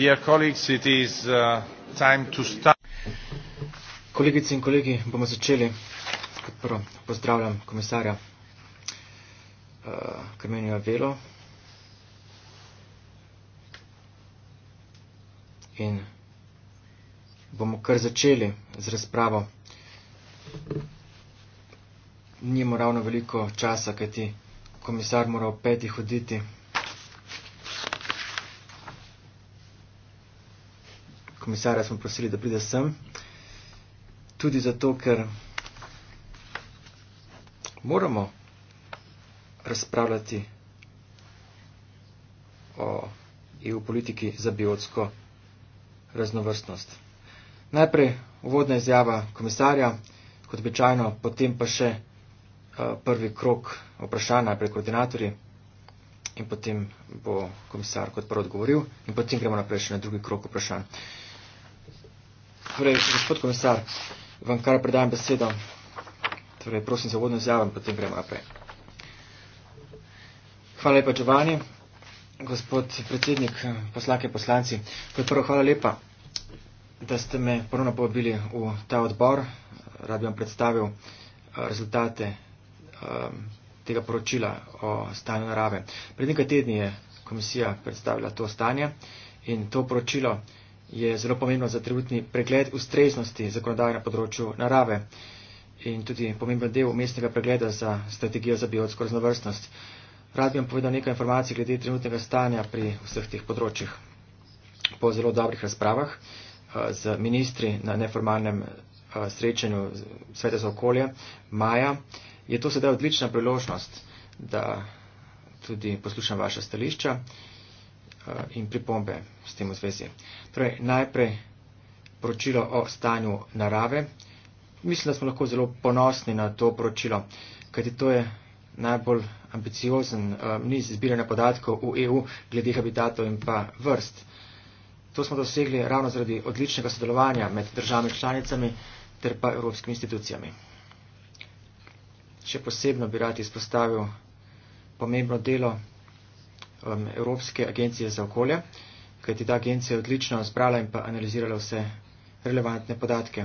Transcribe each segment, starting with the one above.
Uh, Kolegice in kolegi, bomo začeli. Kot prvo pozdravljam komisarja uh, Krmenija Velo in bomo kar začeli z razpravo. Nimo ravno veliko časa, kaj ti komisar mora v petih hoditi. komisarja smo prosili, da pride sem. Tudi zato, ker moramo razpravljati o EU politiki za biotsko raznovrstnost. Najprej uvodna izjava komisarja, kot običajno, potem pa še eh, prvi krok vprašanj, najprej koordinatorji in potem bo komisar kot prvo odgovoril in potem gremo naprej še na drugi krok vprašanj. Uh, Torej, gospod komisar, vam kar predajam besedo. Torej, prosim za vodno izjavo in potem gremo naprej. Hvala lepa, Giovanni. Gospod predsednik, poslake, poslanci. Kot prvo, hvala lepa, da ste me ponovno povabili v ta odbor. Rad bi vam predstavil eh, rezultate eh, tega poročila o stanju narave. Pred nekaj tedni je komisija predstavila to stanje in to poročilo je zelo pomembno za trenutni pregled ustreznosti zakonodaje na področju narave in tudi pomemben del umestnega pregleda za strategijo za biotsko raznovrstnost. Rad bi vam povedal nekaj informacij glede trenutnega stanja pri vseh teh področjih. Po zelo dobrih razpravah eh, z ministri na neformalnem eh, srečanju Sveta za okolje maja je to sedaj odlična priložnost, da tudi poslušam vaše stališča. Eh, in pripombe s tem v zvezi. Torej, najprej poročilo o stanju narave. Mislim, da smo lahko zelo ponosni na to poročilo, kajti to je najbolj ambiciozen uh, niz zbiranja podatkov v EU glede habitatov in pa vrst. To smo dosegli ravno zaradi odličnega sodelovanja med državami članicami ter pa evropskimi institucijami. Še posebno bi rad izpostavil pomembno delo Um, Evropske agencije za okolje, kajti ta agencija je odlično zbrala in pa analizirala vse relevantne podatke.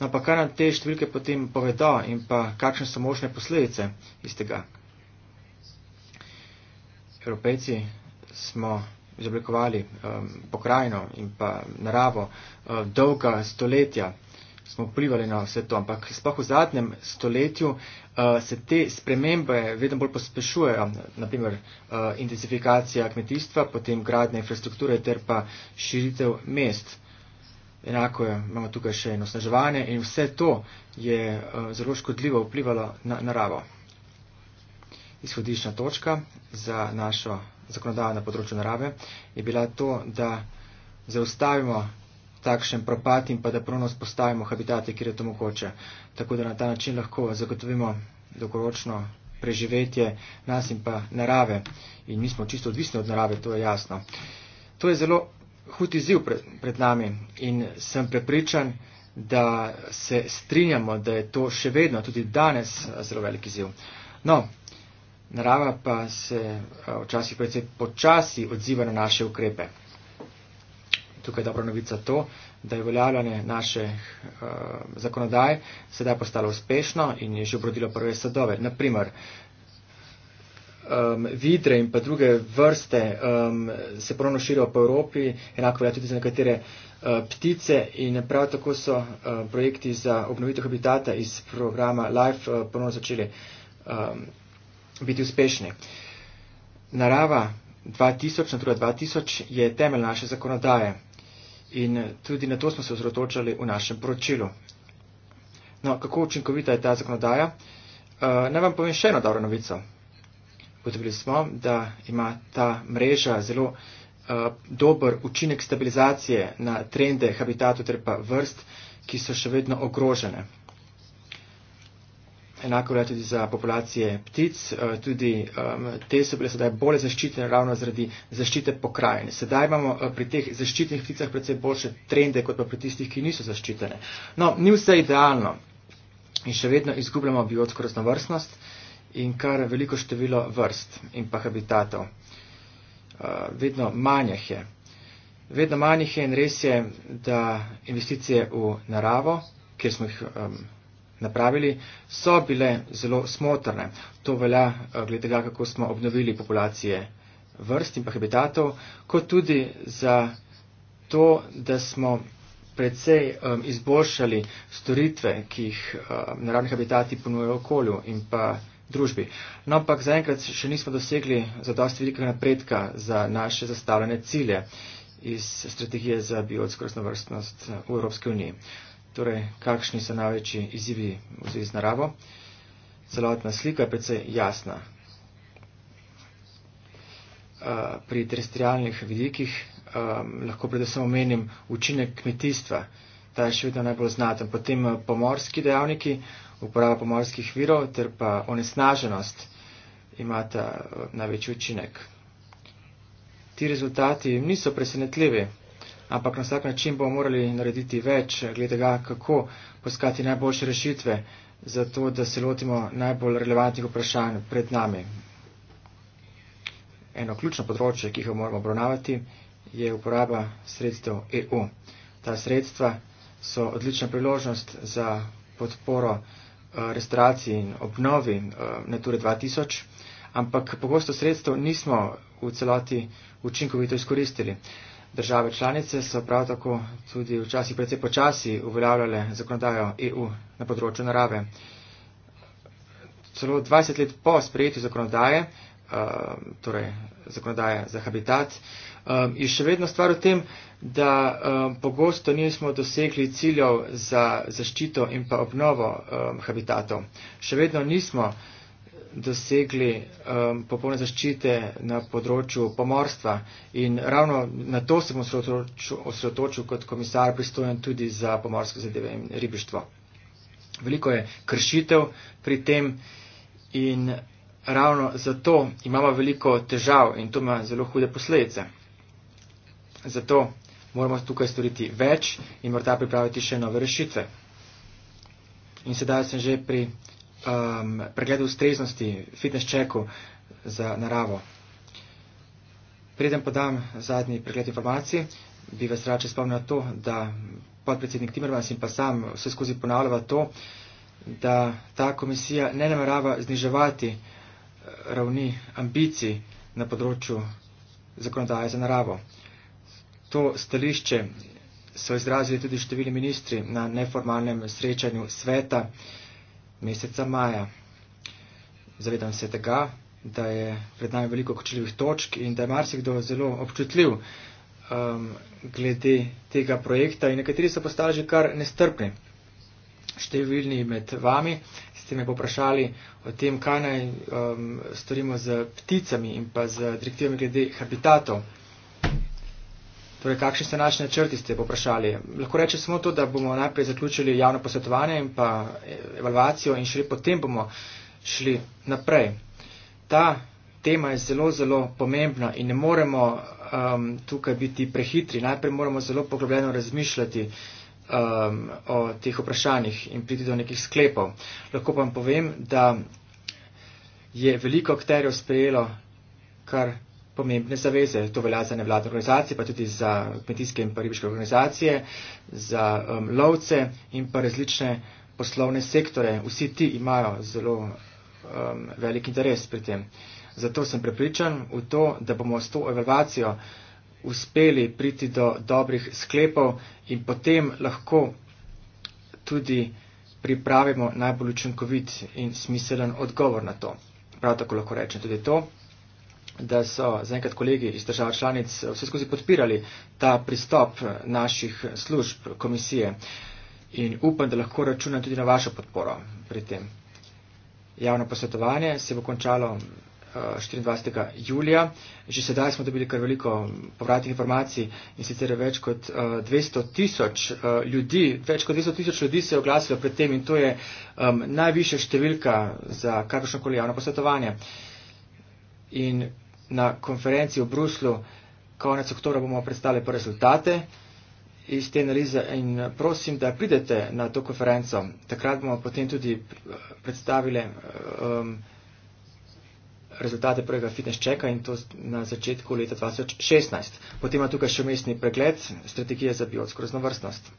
No pa kar nam te številke potem povedo in pa kakšne so možne posledice iz tega? Evropejci smo izoblikovali um, pokrajino in pa naravo um, dolga stoletja, smo vplivali na vse to, ampak sploh v zadnjem stoletju uh, se te spremembe vedno bolj pospešujejo, naprimer uh, eh, intensifikacija kmetijstva, potem gradnja infrastrukture ter pa širitev mest. Enako je, imamo tukaj še eno snaževanje in vse to je uh, zelo škodljivo vplivalo na naravo. Izhodišna točka za našo zakonodajo na področju narave je bila to, da zaustavimo takšen propad in pa da ponovno spostavimo habitate, kjer je to mogoče. Tako da na ta način lahko zagotovimo dolgoročno preživetje nas in pa narave. In mi smo čisto odvisni od narave, to je jasno. To je zelo hud izziv pred, pred nami in sem prepričan, da se strinjamo, da je to še vedno, tudi danes, zelo velik izziv. No, narava pa se eh, včasih precej počasi odziva na naše ukrepe tukaj dobra novica to, da je uveljavljanje naših uh, eh, zakonodaj sedaj postalo uspešno in je že obrodilo prve sadove. Naprimer, um, vidre in pa druge vrste um, se ponovno širijo po Evropi, enako velja tudi za nekatere uh, ptice in prav tako so uh, projekti za obnovitev habitata iz programa LIFE uh, ponovno začeli um, biti uspešni. Narava 2000, natura 2000 je temelj naše zakonodaje in eh, tudi na to smo se ozrotočali v našem poročilu. No, kako učinkovita je ta zakonodaja? Uh, naj vam povem še eno dobro novico. Potrebili smo, da ima ta mreža zelo uh, dober učinek stabilizacije na trende habitatu ter pa vrst, ki so še vedno ogrožene. Enako je tudi za populacije ptic, eh, tudi um, te so bile sedaj bolje zaščitene ravno zaradi zaščite pokrajine. Sedaj imamo eh, pri teh zaščitnih pticah predvsej boljše trende, kot pa pri tistih, ki niso zaščitene. No, ni vse idealno in še vedno izgubljamo biotsko raznovrstnost in kar veliko število vrst in pa habitatov. Uh, vedno manj je. Vedno manj je in res je, da investicije v naravo, kjer smo jih. Um, napravili, so bile zelo smotrne. To velja eh, glede tega, kako smo obnovili populacije vrst in pa habitatov, kot tudi za to, da smo predvsej um, izboljšali storitve, ki jih um, naravni habitati ponujejo okolju in pa družbi. No, ampak zaenkrat še nismo dosegli zadosti velikega napredka za naše zastavljene cilje iz strategije za biotsko raznovrstnost eh, v Evropski uniji torej kakšni so največji izzivi v zvezi z naravo. Celotna slika je precej jasna. Eh, pri terestrialnih vidikih eh, lahko predvsem omenim učinek kmetijstva, ta je še vedno najbolj znaten. Potem eh, pomorski dejavniki, uporaba pomorskih virov ter pa onesnaženost imata največji učinek. Ti rezultati niso presenetljivi ampak na vsak način bomo morali narediti več, glede ga, kako poskati najboljše rešitve za to, da se lotimo najbolj relevantnih vprašanj pred nami. Eno ključno področje, ki ga moramo obravnavati, je uporaba sredstev EU. Ta sredstva so odlična priložnost za podporo eh, restauraciji in obnovi eh, Nature 2000, ampak pogosto sredstev nismo v celoti učinkovito izkoristili. Države članice so prav tako tudi včasih precej počasi uveljavljale zakonodajo EU na področju narave. Celo 20 let po sprejetju zakonodaje, um, torej zakonodaje za habitat, um, je še vedno stvar v tem, da um, pogosto nismo dosegli ciljev za zaščito in pa obnovo habitatov. Še vedno nismo dosegli um, popolne zaščite na področju pomorstva in ravno na to sem osredotočil kot komisar pristojen tudi za pomorske zadeve in ribištvo. Veliko je kršitev pri tem in ravno zato imamo veliko težav in to ima zelo hude posledice. Zato moramo tukaj storiti več in morda pripraviti še nove rešitve. In sedaj sem že pri um, pregledu ustreznosti, fitness checku za naravo. Preden podam zadnji pregled informacij, bi vas rače spomnil to, da podpredsednik Timmermans in pa sam vse skozi ponavljava to, da ta komisija ne namerava zniževati eh, ravni ambicij na področju zakonodaje za naravo. To stališče so izrazili tudi številni ministri na neformalnem srečanju sveta, uh, meseca maja. Zavedam se tega, da je pred nami veliko kočljivih točk in da je marsikdo zelo občutljiv um, glede tega projekta in nekateri so postali že kar nestrpni. Številni med vami ste me poprašali o tem, kaj naj um, storimo z pticami in pa z direktivami glede habitatov. Torej, kakšni ste naši načrti, ste poprašali. Lahko rečem samo to, da bomo najprej zaključili javno posvetovanje in pa e, evalvacijo in šli potem bomo šli naprej. Ta tema je zelo, zelo pomembna in ne moremo um, tukaj biti prehitri. Najprej moramo zelo poglobljeno razmišljati um, o teh vprašanjih in priti do nekih sklepov. Lahko vam povem, da je veliko akterjev sprejelo kar pomembne zaveze. To velja za nevladne organizacije, pa tudi za kmetijske in ribiške organizacije, za um, lovce in pa različne poslovne sektore. Vsi ti imajo zelo um, velik interes pri tem. Zato sem prepričan v to, da bomo s to evalvacijo uspeli priti do dobrih sklepov in potem lahko tudi pripravimo najbolj učinkovit in smiselen odgovor na to. Prav tako lahko rečem tudi to, da so zaenkrat kolegi iz država članic vse skozi podpirali ta pristop naših služb komisije in upam, da lahko računam tudi na vašo podporo pri tem. Javno posvetovanje se bo končalo 24. Eh, julija. Že sedaj smo dobili kar veliko povratnih informacij in sicer več kot 200 eh, tisoč eh, ljudi, več kot 200 tisoč ljudi se je oglasilo pred tem in to je um, najviše številka za kakršnokoli javno posvetovanje. In na konferenci v Bruslu, konec oktobra bomo predstavili pa rezultate iz te analize in prosim, da pridete na to konferenco. Takrat bomo potem tudi eh, predstavili um, rezultate prvega fitness checka in to na začetku leta 2016. Potem ima tukaj še mestni pregled strategije za biotsko raznovrstnost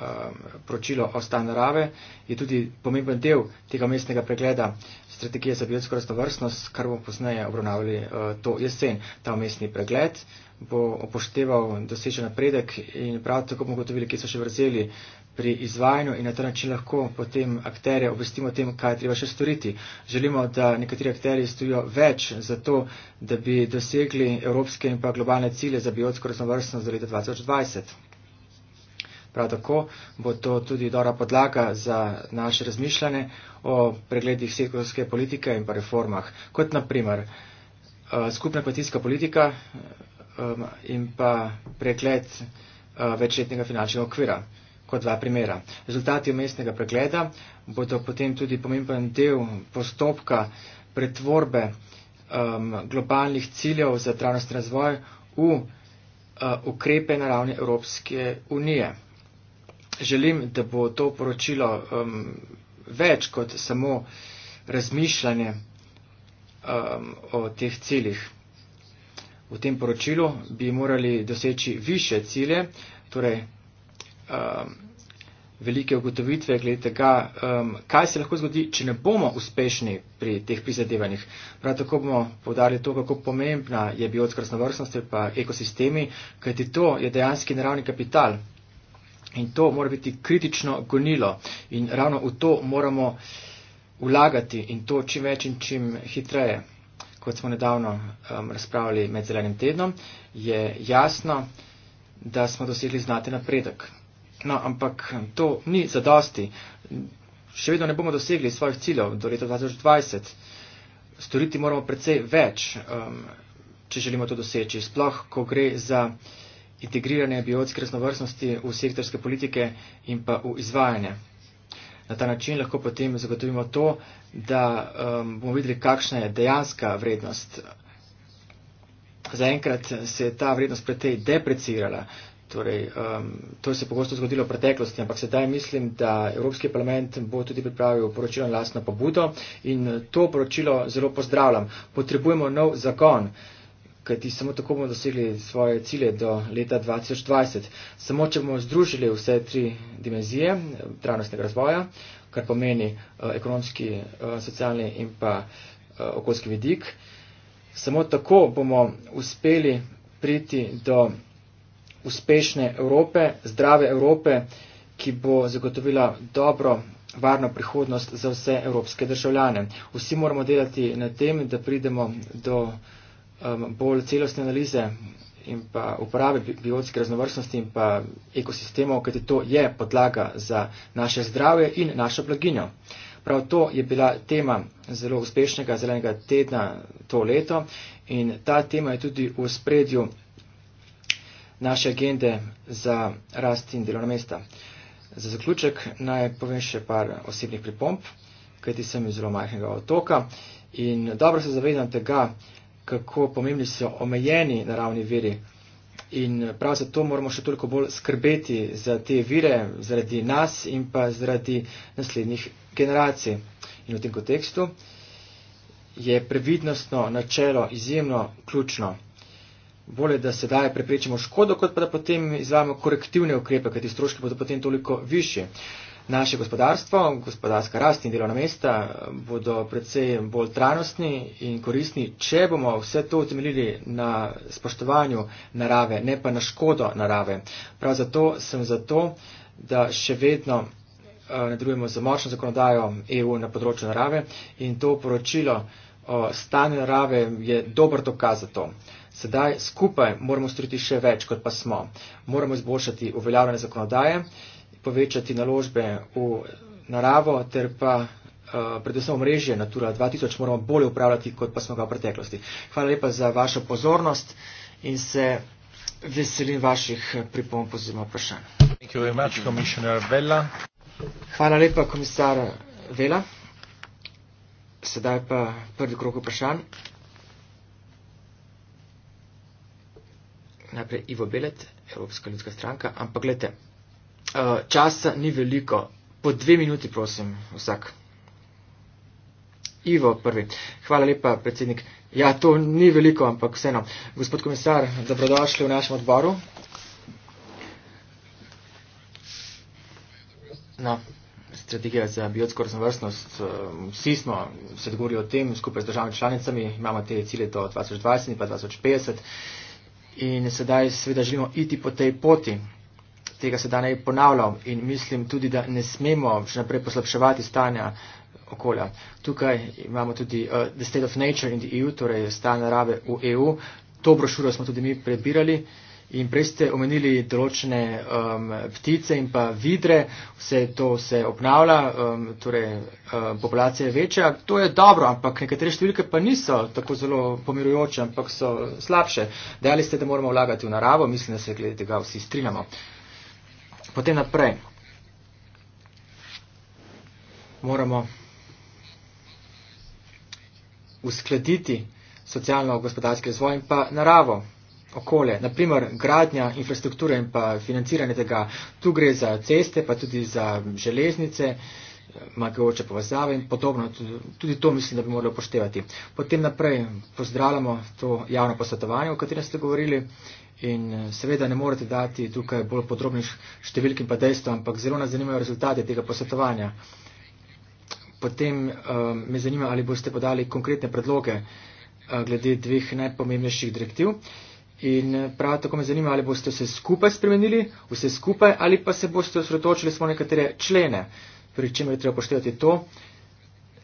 um, pročilo o stanju narave, je tudi pomemben del tega mestnega pregleda strategije za biotsko raznovrstnost, kar bomo posneje obravnavali uh, to jesen. Ta mestni pregled bo upošteval dosežen napredek in prav tako bomo gotovili, kje so še vrzeli pri izvajanju in na ta način lahko potem akterje obvestimo o tem, kaj je treba še storiti. Želimo, da nekateri akterji stojijo več za to, da bi dosegli evropske in pa globalne cilje za biotsko raznovrstnost do leta 2020. Prav tako bo to tudi dobra podlaga za naše razmišljanje o pregledih sektorske politike in pa reformah, kot naprimer eh, skupna kvatijska politika in pa pregled eh, večletnega finančnega okvira, kot dva primera. Rezultati umestnega pregleda bodo potem tudi pomemben del postopka pretvorbe globalnih ciljev za trajnostni razvoj v eh, ukrepe na ravni Evropske unije želim, da bo to poročilo um, več kot samo razmišljanje um, o teh ciljih. V tem poročilu bi morali doseči više cilje, torej um, velike ugotovitve glede tega, um, kaj se lahko zgodi, če ne bomo uspešni pri teh prizadevanjih. Prav tako bomo povdarili to, kako pomembna je biotska raznovrstnost in pa ekosistemi, kajti to je dejanski naravni kapital. In to mora biti kritično gonilo in ravno v to moramo vlagati in to čim več in čim hitreje. Kot smo nedavno um, razpravljali med zelenim tednom, je jasno, da smo dosegli znati napredek. No, ampak um, to ni zadosti. Še vedno ne bomo dosegli svojih ciljev do leta 2020. Storiti moramo precej več, um, če želimo to doseči. Sploh, ko gre za integrirane biotske raznovrstnosti v sektorske politike in pa v izvajanje. Na ta način lahko potem zagotovimo to, da um, bomo videli, kakšna je dejanska vrednost. Zaenkrat se je ta vrednost pred tej deprecirala. Torej, um, to se je pogosto zgodilo v preteklosti, ampak sedaj mislim, da Evropski parlament bo tudi pripravil poročilo na lastno pobudo in to poročilo zelo pozdravljam. Potrebujemo nov zakon. Uh, kajti samo tako bomo dosegli svoje cilje do leta 2020. Samo če bomo združili vse tri dimenzije trajnostnega razvoja, kar pomeni uh, ekonomski, uh, socialni in pa uh, okoljski vidik, samo tako bomo uspeli priti do uspešne Evrope, zdrave Evrope, ki bo zagotovila dobro, varno prihodnost za vse evropske državljane. Vsi moramo delati na tem, da pridemo do um, bolj celostne analize in pa uporabe biotske raznovrstnosti in pa ekosistemov, kajti to je podlaga za naše zdravje in našo blaginjo. Prav to je bila tema zelo uspešnega zelenega tedna to leto in ta tema je tudi v spredju naše agende za rast in delovna mesta. Za zaključek naj povem še par osebnih pripomp, kajti sem iz zelo majhnega otoka in dobro se zavedam tega, kako pomembni so omejeni naravni viri. In prav zato moramo še toliko bolj skrbeti za te vire, zaradi nas in pa zaradi naslednjih generacij. In v tem kontekstu je previdnostno načelo izjemno ključno. Bolje, da sedaj preprečimo škodo, kot pa da potem izvajamo korektivne ukrepe, kajti stroški bodo potem toliko višji naše gospodarstvo, gospodarska rast in delovna mesta bodo predvsej bolj trajnostni in koristni, če bomo vse to utemeljili na spoštovanju narave, ne pa na škodo narave. Prav zato sem zato, da še vedno eh, nadrujemo za močno zakonodajo EU na področju narave in to poročilo o stanju narave je dober dokaz za to. Sedaj skupaj moramo storiti še več, kot pa smo. Moramo izboljšati uveljavljanje zakonodaje povečati naložbe v naravo ter pa eh, predvsem omrežje Natura 2000 moramo bolje upravljati, kot pa smo ga v preteklosti. Hvala lepa za vašo pozornost in se veselim vaših pripomb oziroma vprašanj. Hvala lepa, komisar Vela. Sedaj pa prvi krok vprašanj. Najprej Ivo Belet, Evropska ljudska stranka, ampak gledajte. Eh, časa ni veliko. Po dve minuti, prosim, vsak. Ivo, prvi. Hvala lepa, predsednik. Ja, to ni veliko, ampak vseeno. Gospod komisar, dobrodošli v našem odboru. No, strategija za biotsko raznovrstnost. Eh, vsi smo se dogovorili o tem, skupaj z državami članicami, imamo te cilje do 2020 in pa 2050. In sedaj seveda želimo iti po tej poti tega se danes ponavljal in mislim tudi, da ne smemo še naprej poslabševati stanja okolja. Tukaj imamo tudi uh, The State of Nature in the EU, torej stanje narave v EU. To brošuro smo tudi mi prebirali. In prej ste omenili določene um, ptice in pa vidre, vse to se obnavlja, um, torej um, populacija je večja. To je dobro, ampak nekatere številke pa niso tako zelo pomirujoče, ampak so slabše. Dejali ste, da moramo vlagati v naravo, mislim, da se glede tega vsi strinjamo. Potem naprej. Moramo uskladiti socialno-gospodarski razvoj in pa naravo, okolje. Naprimer, gradnja infrastrukture in pa financiranje tega. Tu gre za ceste, pa tudi za železnice, magoče povezave in podobno. Tudi to mislim, da bi morali upoštevati. Potem naprej pozdravljamo to javno posvetovanje, o katerem ste govorili in eh, seveda ne morete dati tukaj bolj podrobnih številk in pa dejstva, ampak zelo nas zanimajo rezultate tega posvetovanja. Potem um, me zanima, ali boste podali konkretne predloge uh, glede dveh najpomembnejših direktiv. In prav tako me zanima, ali boste vse skupaj spremenili, vse skupaj, ali pa se boste osredotočili samo nekatere člene, pri čemer je treba poštevati to,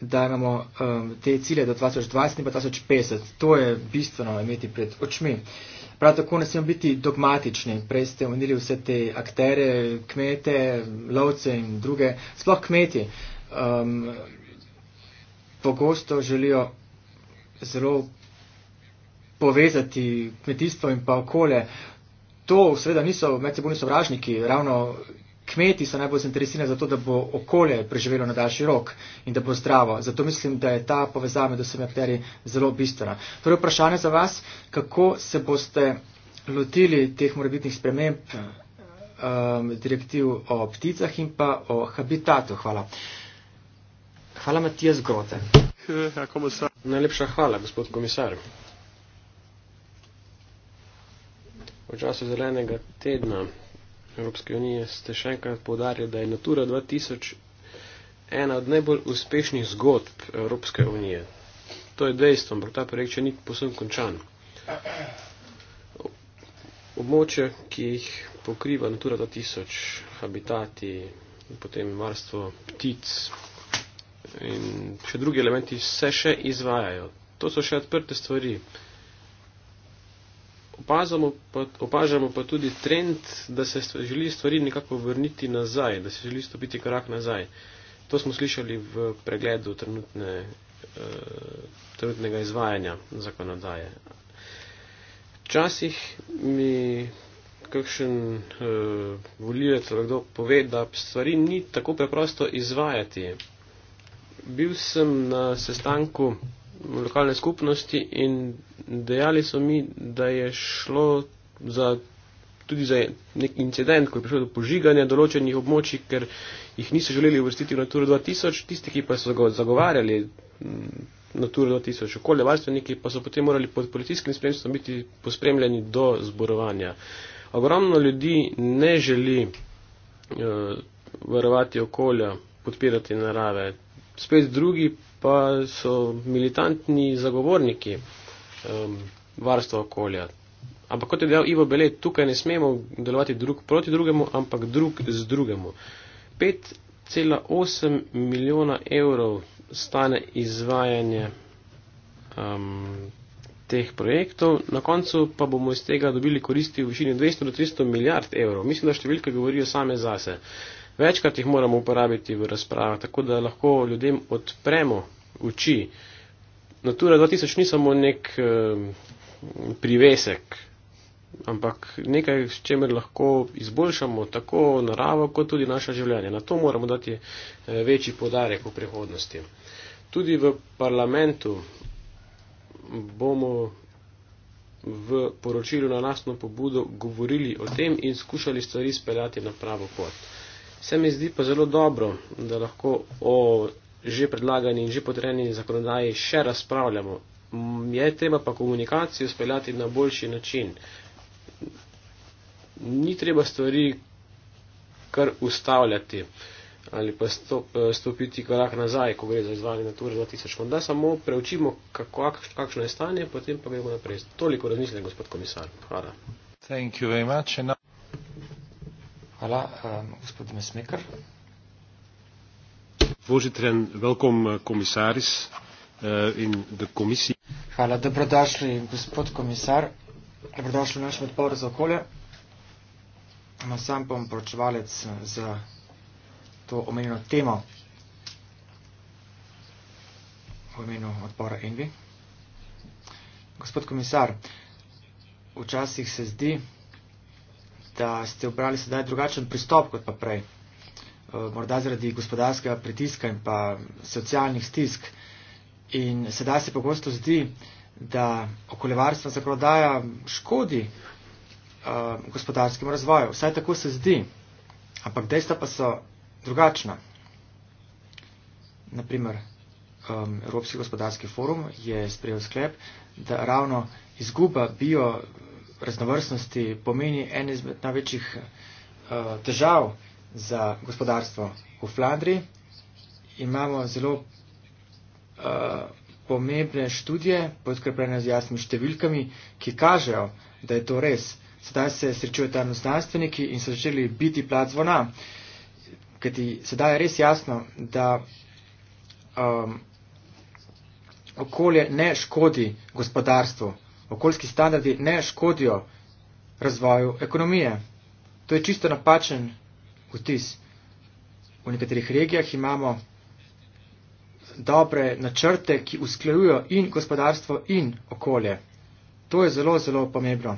da imamo um, te cilje do 2020 in pa 2050. To je bistveno imeti pred očmi. Uh, Prav tako ne smemo biti dogmatični. Prej ste omenili vse te aktere, kmete, lovce in druge, sploh kmeti. Um, pogosto želijo zelo povezati kmetijstvo in pa okolje. To seveda niso medsebojni sovražniki, ravno kmeti so najbolj zainteresirani za to, da bo okolje preživelo na daljši rok in da bo zdravo. Zato mislim, da je ta povezava med vsemi akterji zelo bistvena. Torej vprašanje za vas, kako se boste lotili teh morebitnih sprememb um, direktiv o pticah in pa o habitatu. Hvala. Hvala, Matija Zgrote. Najlepša hvala, gospod komisar. V času zelenega tedna Evropske unije ste še enkrat povdarjali, da je Natura 2000 ena od najbolj uspešnih zgodb Evropske unije. To je dejstvo, ampak ta projekt še ni posebno končan. Območje, ki jih pokriva Natura 2000, habitati, potem varstvo ptic in še drugi elementi, se še izvajajo. To so še odprte stvari opazamo pa, opažamo pa tudi trend, da se stv, želi stvari nekako vrniti nazaj, da se želi stopiti korak nazaj. To smo slišali v pregledu trenutne, uh, trenutnega izvajanja zakonodaje. Včasih mi kakšen uh, volivec ali kdo pove, da stvari ni tako preprosto izvajati. Bil sem na sestanku lokalne skupnosti in dejali so mi, da je šlo za, tudi za nek incident, ko je prišlo do požiganja določenih območij, ker jih niso želeli uvrstiti v Natura 2000, tisti, ki pa so zagovarjali mm, Natura 2000, okoljevarstveniki pa so potem morali pod policijskim spremstvom biti pospremljeni do zborovanja. Ogromno ljudi ne želi uh, varovati okolja, podpirati narave. Spet drugi pa so militantni zagovorniki um, varstva okolja. Ampak kot je dejal Ivo Bele, tukaj ne smemo delovati drug proti drugemu, ampak drug z drugemu. 5,8 milijona evrov stane izvajanje um, teh projektov, na koncu pa bomo iz tega dobili koristi v višini 200 do 300 milijard evrov. Mislim, da številke govorijo same zase. Večkrat jih moramo uporabiti v razpravah, tako da lahko ljudem odpremo oči. Natura 2000 ni samo nek eh, privesek, ampak nekaj, s čemer lahko izboljšamo tako naravo, kot tudi naša življenja. Na to moramo dati eh, večji podarek v prihodnosti. Tudi v parlamentu bomo v poročilu na lastno pobudo govorili o tem in skušali stvari speljati na pravo pot. Se mi zdi pa zelo dobro, da lahko o že predlagani in že potrebni zakonodaji še razpravljamo. Je treba pa komunikacijo speljati na boljši način. Ni treba stvari kar ustavljati ali pa stop, eh, stopiti korak nazaj, ko gre za izvajanje natura 2000. Da samo preučimo, kako, kakšno je stanje, potem pa gremo naprej. Toliko razmislite, gospod komisar. Hvala. Hvala, um, gospod Mesmeker. Voziter, welkom komisaris eh, uh, eh, in the komisiji. Hvala, dobrodošli, gospod komisar. Dobrodošli v naš odbor za okolje. Na no, sam bom poročevalec eh, za to omenjeno temo v imenu odbora Envi. Gospod komisar, včasih se zdi, da ste obrali sedaj drugačen pristop kot pa prej. Eh, morda zaradi gospodarskega pritiska in pa socialnih stisk. In sedaj se pogosto zdi, da okoljevarstva zakonodaja škodi eh, gospodarskemu razvoju. Vsaj tako se zdi. Ampak dejstva pa so drugačna. Naprimer, Evropski gospodarski forum je sprejel sklep, da ravno izguba bio raznovrstnosti pomeni en izmed največjih eh, težav za gospodarstvo. V Flandriji imamo zelo eh, pomembne študije, podkrepljene z jasnimi številkami, ki kažejo, da je to res. Sedaj se srečuje tam znanstveniki in so začeli biti plat zvona. Kajti sedaj je res jasno, da um, okolje ne škodi gospodarstvu, okoljski standardi ne škodijo razvoju ekonomije. To je čisto napačen vtis. V nekaterih regijah imamo dobre načrte, ki usklajujo in gospodarstvo in okolje. To je zelo, zelo pomembno.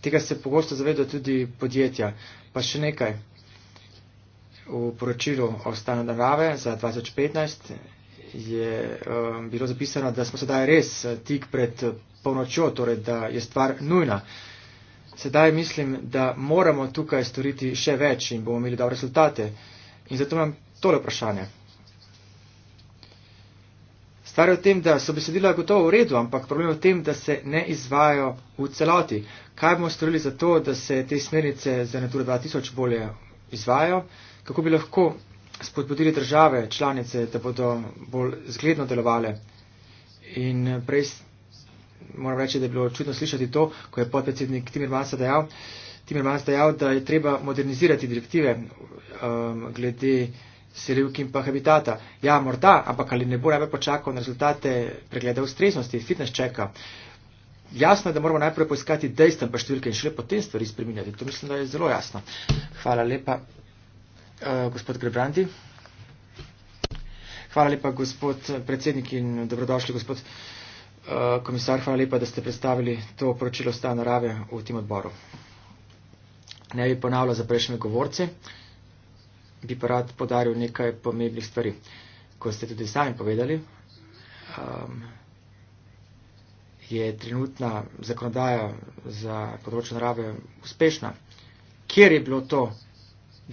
Tega se pogosto zavedajo tudi podjetja. Pa še nekaj. V poročilu o stanju narave za 2015 je um, bilo zapisano, da smo sedaj res eh, tik pred polnočjo, torej da je stvar nujna. Sedaj mislim, da moramo tukaj storiti še več in bomo imeli dobre rezultate. In zato imam tole vprašanje. Stvar je v tem, da so besedila gotovo v redu, ampak problem je v tem, da se ne izvajo v celoti. Kaj bomo storili za to, da se te smernice za Natura 2000 bolje izvajo? Kako bi lahko spodbudili države članice, da bodo bolj zgledno delovale? In prej moram reči, da je bilo čudno slišati to, ko je podpredsednik Timirmans dejal, Timirmans dejal, da je treba modernizirati direktive um, glede selivk in pa habitata. Ja, morda, ampak ali ne bo najprej počakal na rezultate pregleda ustreznosti, fitness čeka. Jasno je, da moramo najprej poiskati dejstva, pa številke in šele potem stvari spreminjati. To mislim, da je zelo jasno. Hvala lepa, uh, gospod Grebrandi. Hvala lepa, gospod predsednik in dobrodošli, gospod. Eh, komisar, hvala lepa, da ste predstavili to poročilo sta narave v tem odboru. Ne bi ponavlja za prejšnje govorce, bi pa rad podaril nekaj pomembnih stvari. Ko ste tudi sami povedali, um, je trenutna zakonodaja za področje narave uspešna. Kjer je bilo to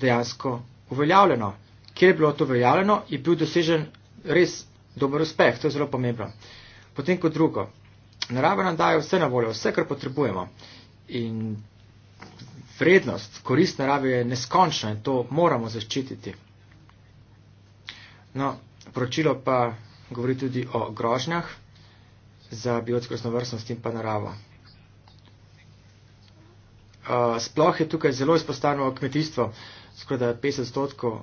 dejansko uveljavljeno? Kjer je bilo to uveljavljeno, je bil dosežen res dober uspeh. To je zelo pomembno. Uh, Potem kot drugo, narava nam daje vse na voljo, vse, kar potrebujemo. In vrednost, korist narave je neskončna in to moramo zaščititi. No, poročilo pa govori tudi o grožnjah za biotsko raznovrstnost in pa naravo. Uh, sploh je tukaj zelo izpostavljeno kmetijstvo, skoraj da 50 odstotkov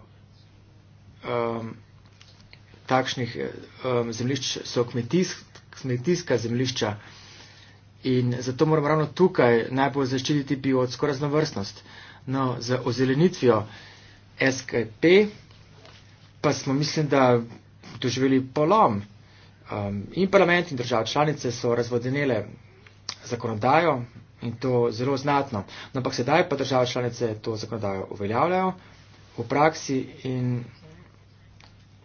um, takšnih um, zemljišč so kmetijsk, kmetijska zemlišča. In zato moramo ravno tukaj najbolj zaščititi biotsko raznovrstnost. No, z ozelenitvijo SKP pa smo, mislim, da doživeli polom. Um, in parlament in država članice so razvodenele zakonodajo in to zelo znatno. No, ampak sedaj pa države članice to zakonodajo uveljavljajo v praksi in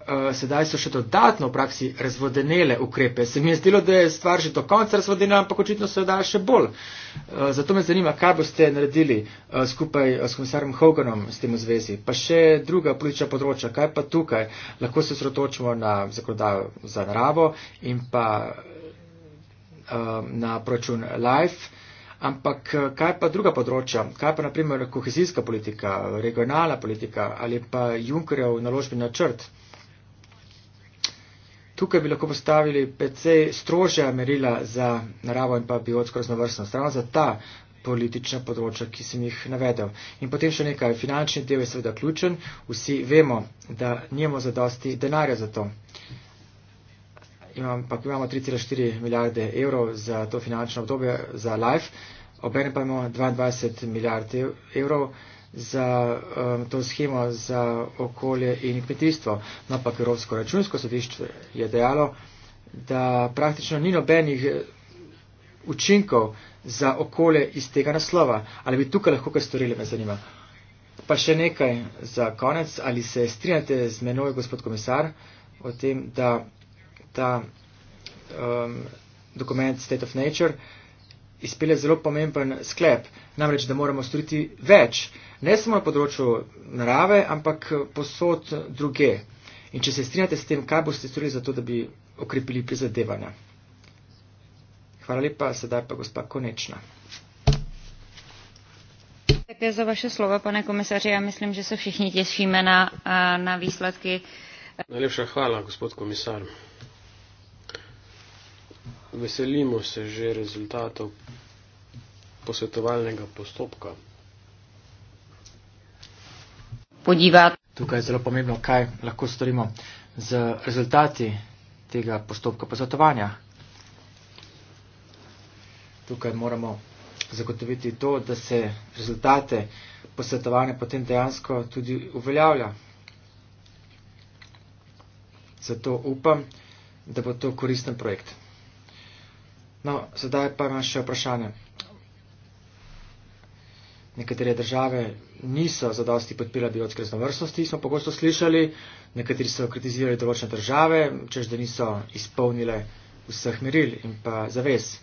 uh, sedaj so še dodatno v praksi razvodenele ukrepe. Se mi je zdelo, da je stvar že do konca razvodenela, ampak očitno se da še bolj. Uh, zato me zanima, kaj boste naredili uh, skupaj s komisarjem Hoganom s tem v zvezi. Pa še druga politična področja, kaj pa tukaj? Lahko se sredotočimo na zakonodajo za naravo in pa uh, na proračun Life. Ampak kaj pa druga področja, kaj pa naprimer kohezijska politika, regionalna politika ali pa Junkerjev naložbeni načrt? Tukaj bi lahko postavili precej strožja merila za naravo in pa biotsko raznovrstnost, ravno za ta politična področja, ki sem jih navedel. In potem še nekaj, finančni del je seveda ključen, vsi vemo, da nijemo zadosti denarja za to. Imam, pa, imamo 3,4 milijarde evrov za to finančno obdobje za LIFE, obenem pa imamo 22 milijarde evrov za um, to schemo za okolje in kmetijstvo. No, pa Evropsko računsko sodišče je dejalo, da praktično ni nobenih eh, učinkov za okolje iz tega naslova. Ali bi tukaj lahko kaj storili, me zanima. Pa še nekaj za konec. Ali se strinjate z menoj, gospod komisar, o tem, da ta um, dokument State of Nature izpelje zelo pomemben sklep, namreč, da moramo storiti več ne samo na področju narave, ampak posod druge. In če se strinjate s tem, kaj boste storili za to, da bi okrepili prizadevanja. Hvala lepa, sedaj pa gospa Konečna. Také za vaše slova, pane komisaři. Já myslím, že se všichni těšíme na, na výsledky. Najlepša hvala, gospod komisar. Veselimo se že rezultatov posvetovalnega postopka podivati. Tukaj je zelo pomembno, kaj lahko storimo z rezultati tega postopka posvetovanja. Tukaj moramo zagotoviti to, da se rezultate posvetovanja potem dejansko tudi uveljavlja. Zato upam, da bo to koristen projekt. No, sedaj pa imam še vprašanje. Nekatere države niso zadosti podpirali biotske raznovrstnosti, smo pogosto slišali, nekateri so kritizirali določene države, čež da niso izpolnile vseh meril in pa zavez.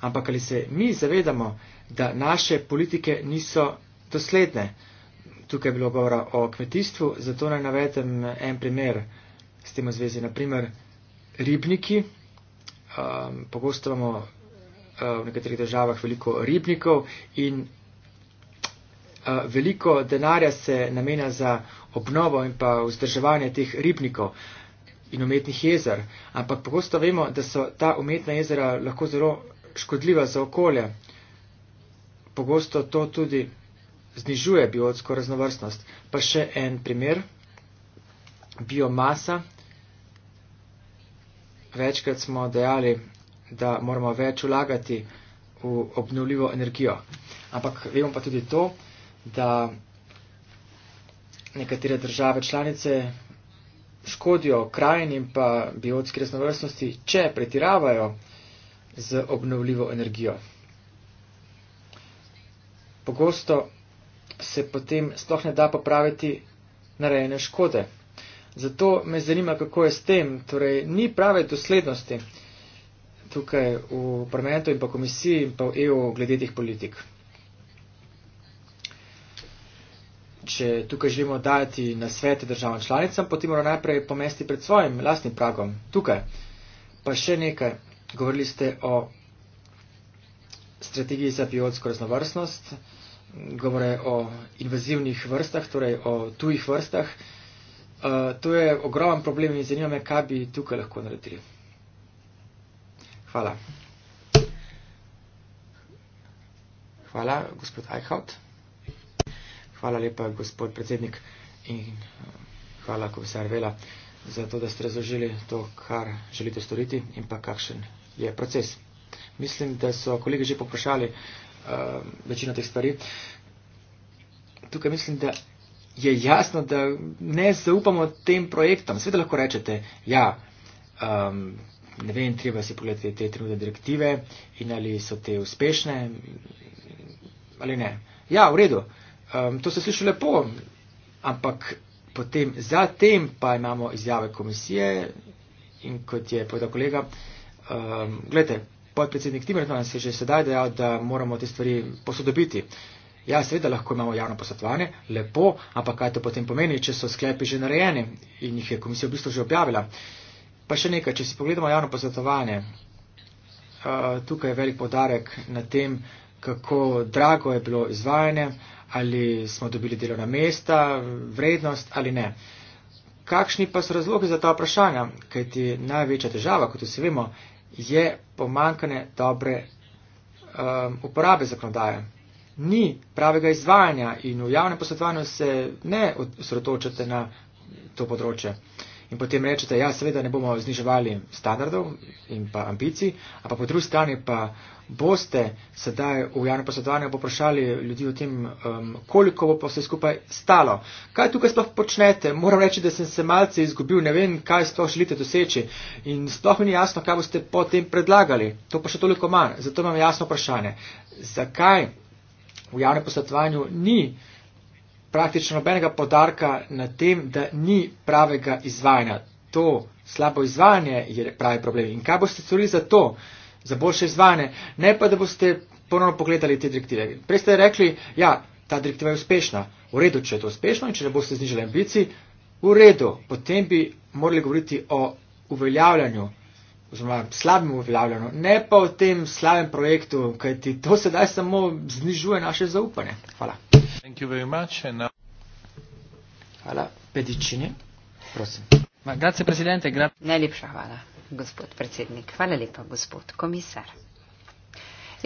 Ampak ali se mi zavedamo, da naše politike niso dosledne? Tukaj je bilo govora o kmetijstvu, zato naj navedem en primer s tem v zvezi. Naprimer, ribniki. Um, pogosto imamo uh, v nekaterih državah veliko ribnikov in veliko denarja se namenja za obnovo in pa vzdrževanje teh ribnikov in umetnih jezer, ampak pogosto vemo, da so ta umetna jezera lahko zelo škodljiva za okolje. Pogosto to tudi znižuje biotsko raznovrstnost. Pa še en primer. Biomasa. Večkrat smo dejali, da moramo več ulagati v obnovljivo energijo. Ampak vemo pa tudi to, da nekatere države članice škodijo krajin in pa biotski raznovrstnosti, če pretiravajo z obnovljivo energijo. Pogosto se potem sploh ne da popraviti narejene škode. Zato me zanima, kako je s tem. Torej, ni prave doslednosti tukaj v parlamentu in pa komisiji in pa v EU glede teh politik. če tukaj želimo dajati na svet državam članicam, potem moramo najprej pomesti pred svojim lastnim pragom. Tukaj. Pa še nekaj. Govorili ste o strategiji za biotsko raznovrstnost, govore o invazivnih vrstah, torej o tujih vrstah. Uh, to je ogromen problem in zanima me, kaj bi tukaj lahko naredili. Hvala. Hvala, gospod Eichhardt. Hvala lepa, gospod predsednik, in eh, hvala, komisar Vela, za to, da ste razložili to, kar želite storiti in pa kakšen je proces. Mislim, da so kolegi že poprašali uh, večino teh stvari. Tukaj mislim, da je jasno, da ne zaupamo tem projektom. Sveda lahko rečete, ja, um, ne vem, treba si pogledati te trenutne direktive in ali so te uspešne ali ne. Ja, v redu. Uh, Um, to se sliši lepo, ampak potem, zatem pa imamo izjave komisije in kot je povedal kolega, um, gledajte, podpredsednik Timerton se je že sedaj dejal, da moramo te stvari posodobiti. Ja, seveda lahko imamo javno posvetovanje, lepo, ampak kaj to potem pomeni, če so sklepi že narejeni in jih je komisija v bistvu že objavila. Pa še nekaj, če si pogledamo javno posvetovanje, uh, tukaj je velik podarek na tem, kako drago je bilo izvajanje. Uh, ali smo dobili delovna mesta, vrednost ali ne. Kakšni pa so razlogi za ta vprašanja? Kaj ti največja težava, kot vsi vemo, je pomankanje dobre um, uporabe zakonodaje. Ni pravega izvajanja in v javnem posvetovanju se ne osredotočate na to področje. Uh, in potem rečete, ja, seveda ne bomo zniževali standardov in pa ambicij, a pa po drugi strani pa boste sedaj v javno posvetovanje poprašali ljudi o tem, um, koliko bo pa vse skupaj stalo. Kaj tukaj sploh počnete? Moram reči, da sem se malce izgubil, ne vem, kaj sploh želite doseči in sploh mi ni jasno, kaj boste potem predlagali. To pa še toliko manj, zato imam jasno vprašanje. Zakaj v javnem posvetovanju ni? praktično nobenega podarka na tem, da ni pravega izvajanja. To slabo izvajanje je pravi problem. In kaj boste storili za to, za boljše izvajanje? Ne pa, da boste ponovno pogledali te direktive. Prej ste rekli, ja, ta direktiva je uspešna. V redu, če je to uspešno in če ne boste znižali ambicij, v redu, potem bi morali govoriti o uveljavljanju oziroma slabem uveljavljanju, ne pa o tem slabem projektu, kajti to sedaj samo znižuje naše zaupanje. Hvala. Thank you very much and now... Hvala. Pediccini, prosim. Ma, grazie, presidente. Gra... Najlepša hvala, gospod predsednik. Hvala lepa, gospod komisar.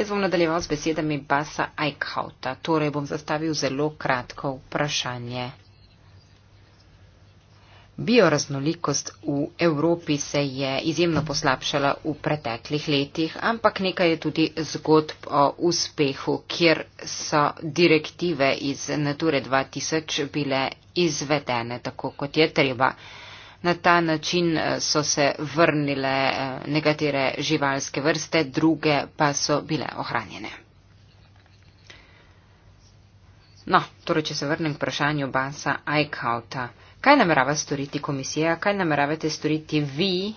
Jaz bom nadaljeval z besedami Basa Eichhauta, torej bom zastavil zelo kratko vprašanje Bioraznolikost v Evropi se je izjemno poslabšala v preteklih letih, ampak nekaj je tudi zgodb o uspehu, kjer so direktive iz Nature 2000 bile izvedene tako, kot je treba. Na ta način eh, so se vrnile eh, nekatere živalske vrste, druge pa so bile ohranjene. No, torej, če se vrnem k vprašanju Basa Eichhauta. Kaj namerava storiti komisija, kaj nameravate storiti vi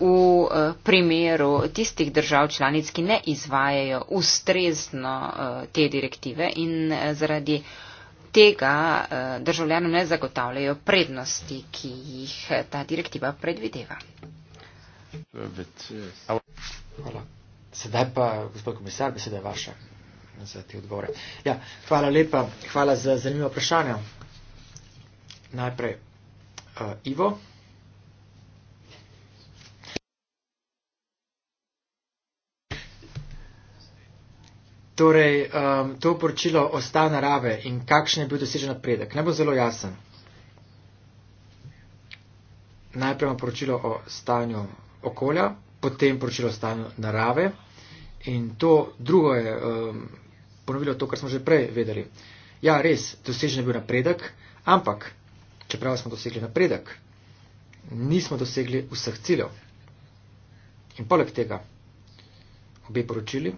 v eh, primeru tistih držav članic, ki ne izvajajo ustrezno eh, te direktive in eh, zaradi tega državljanov ne zagotavljajo prednosti, ki jih ta direktiva predvideva? Hvala. Sedaj pa, gospod komisar, beseda je vaša za te odgovore. Ja, hvala lepa, hvala za zanimivo vprašanje najprej uh, Ivo. Torej, um, to poročilo o stanju narave in kakšen je bil dosežen napredek, ne bo zelo jasen. Najprej imamo poročilo o stanju okolja, potem poročilo o stanju narave in to drugo je um, ponovilo to, kar smo že prej vedeli. Ja, res, dosežen je bil napredek, ampak čeprav smo dosegli napredek, nismo dosegli vseh ciljev. In poleg tega, obe poročili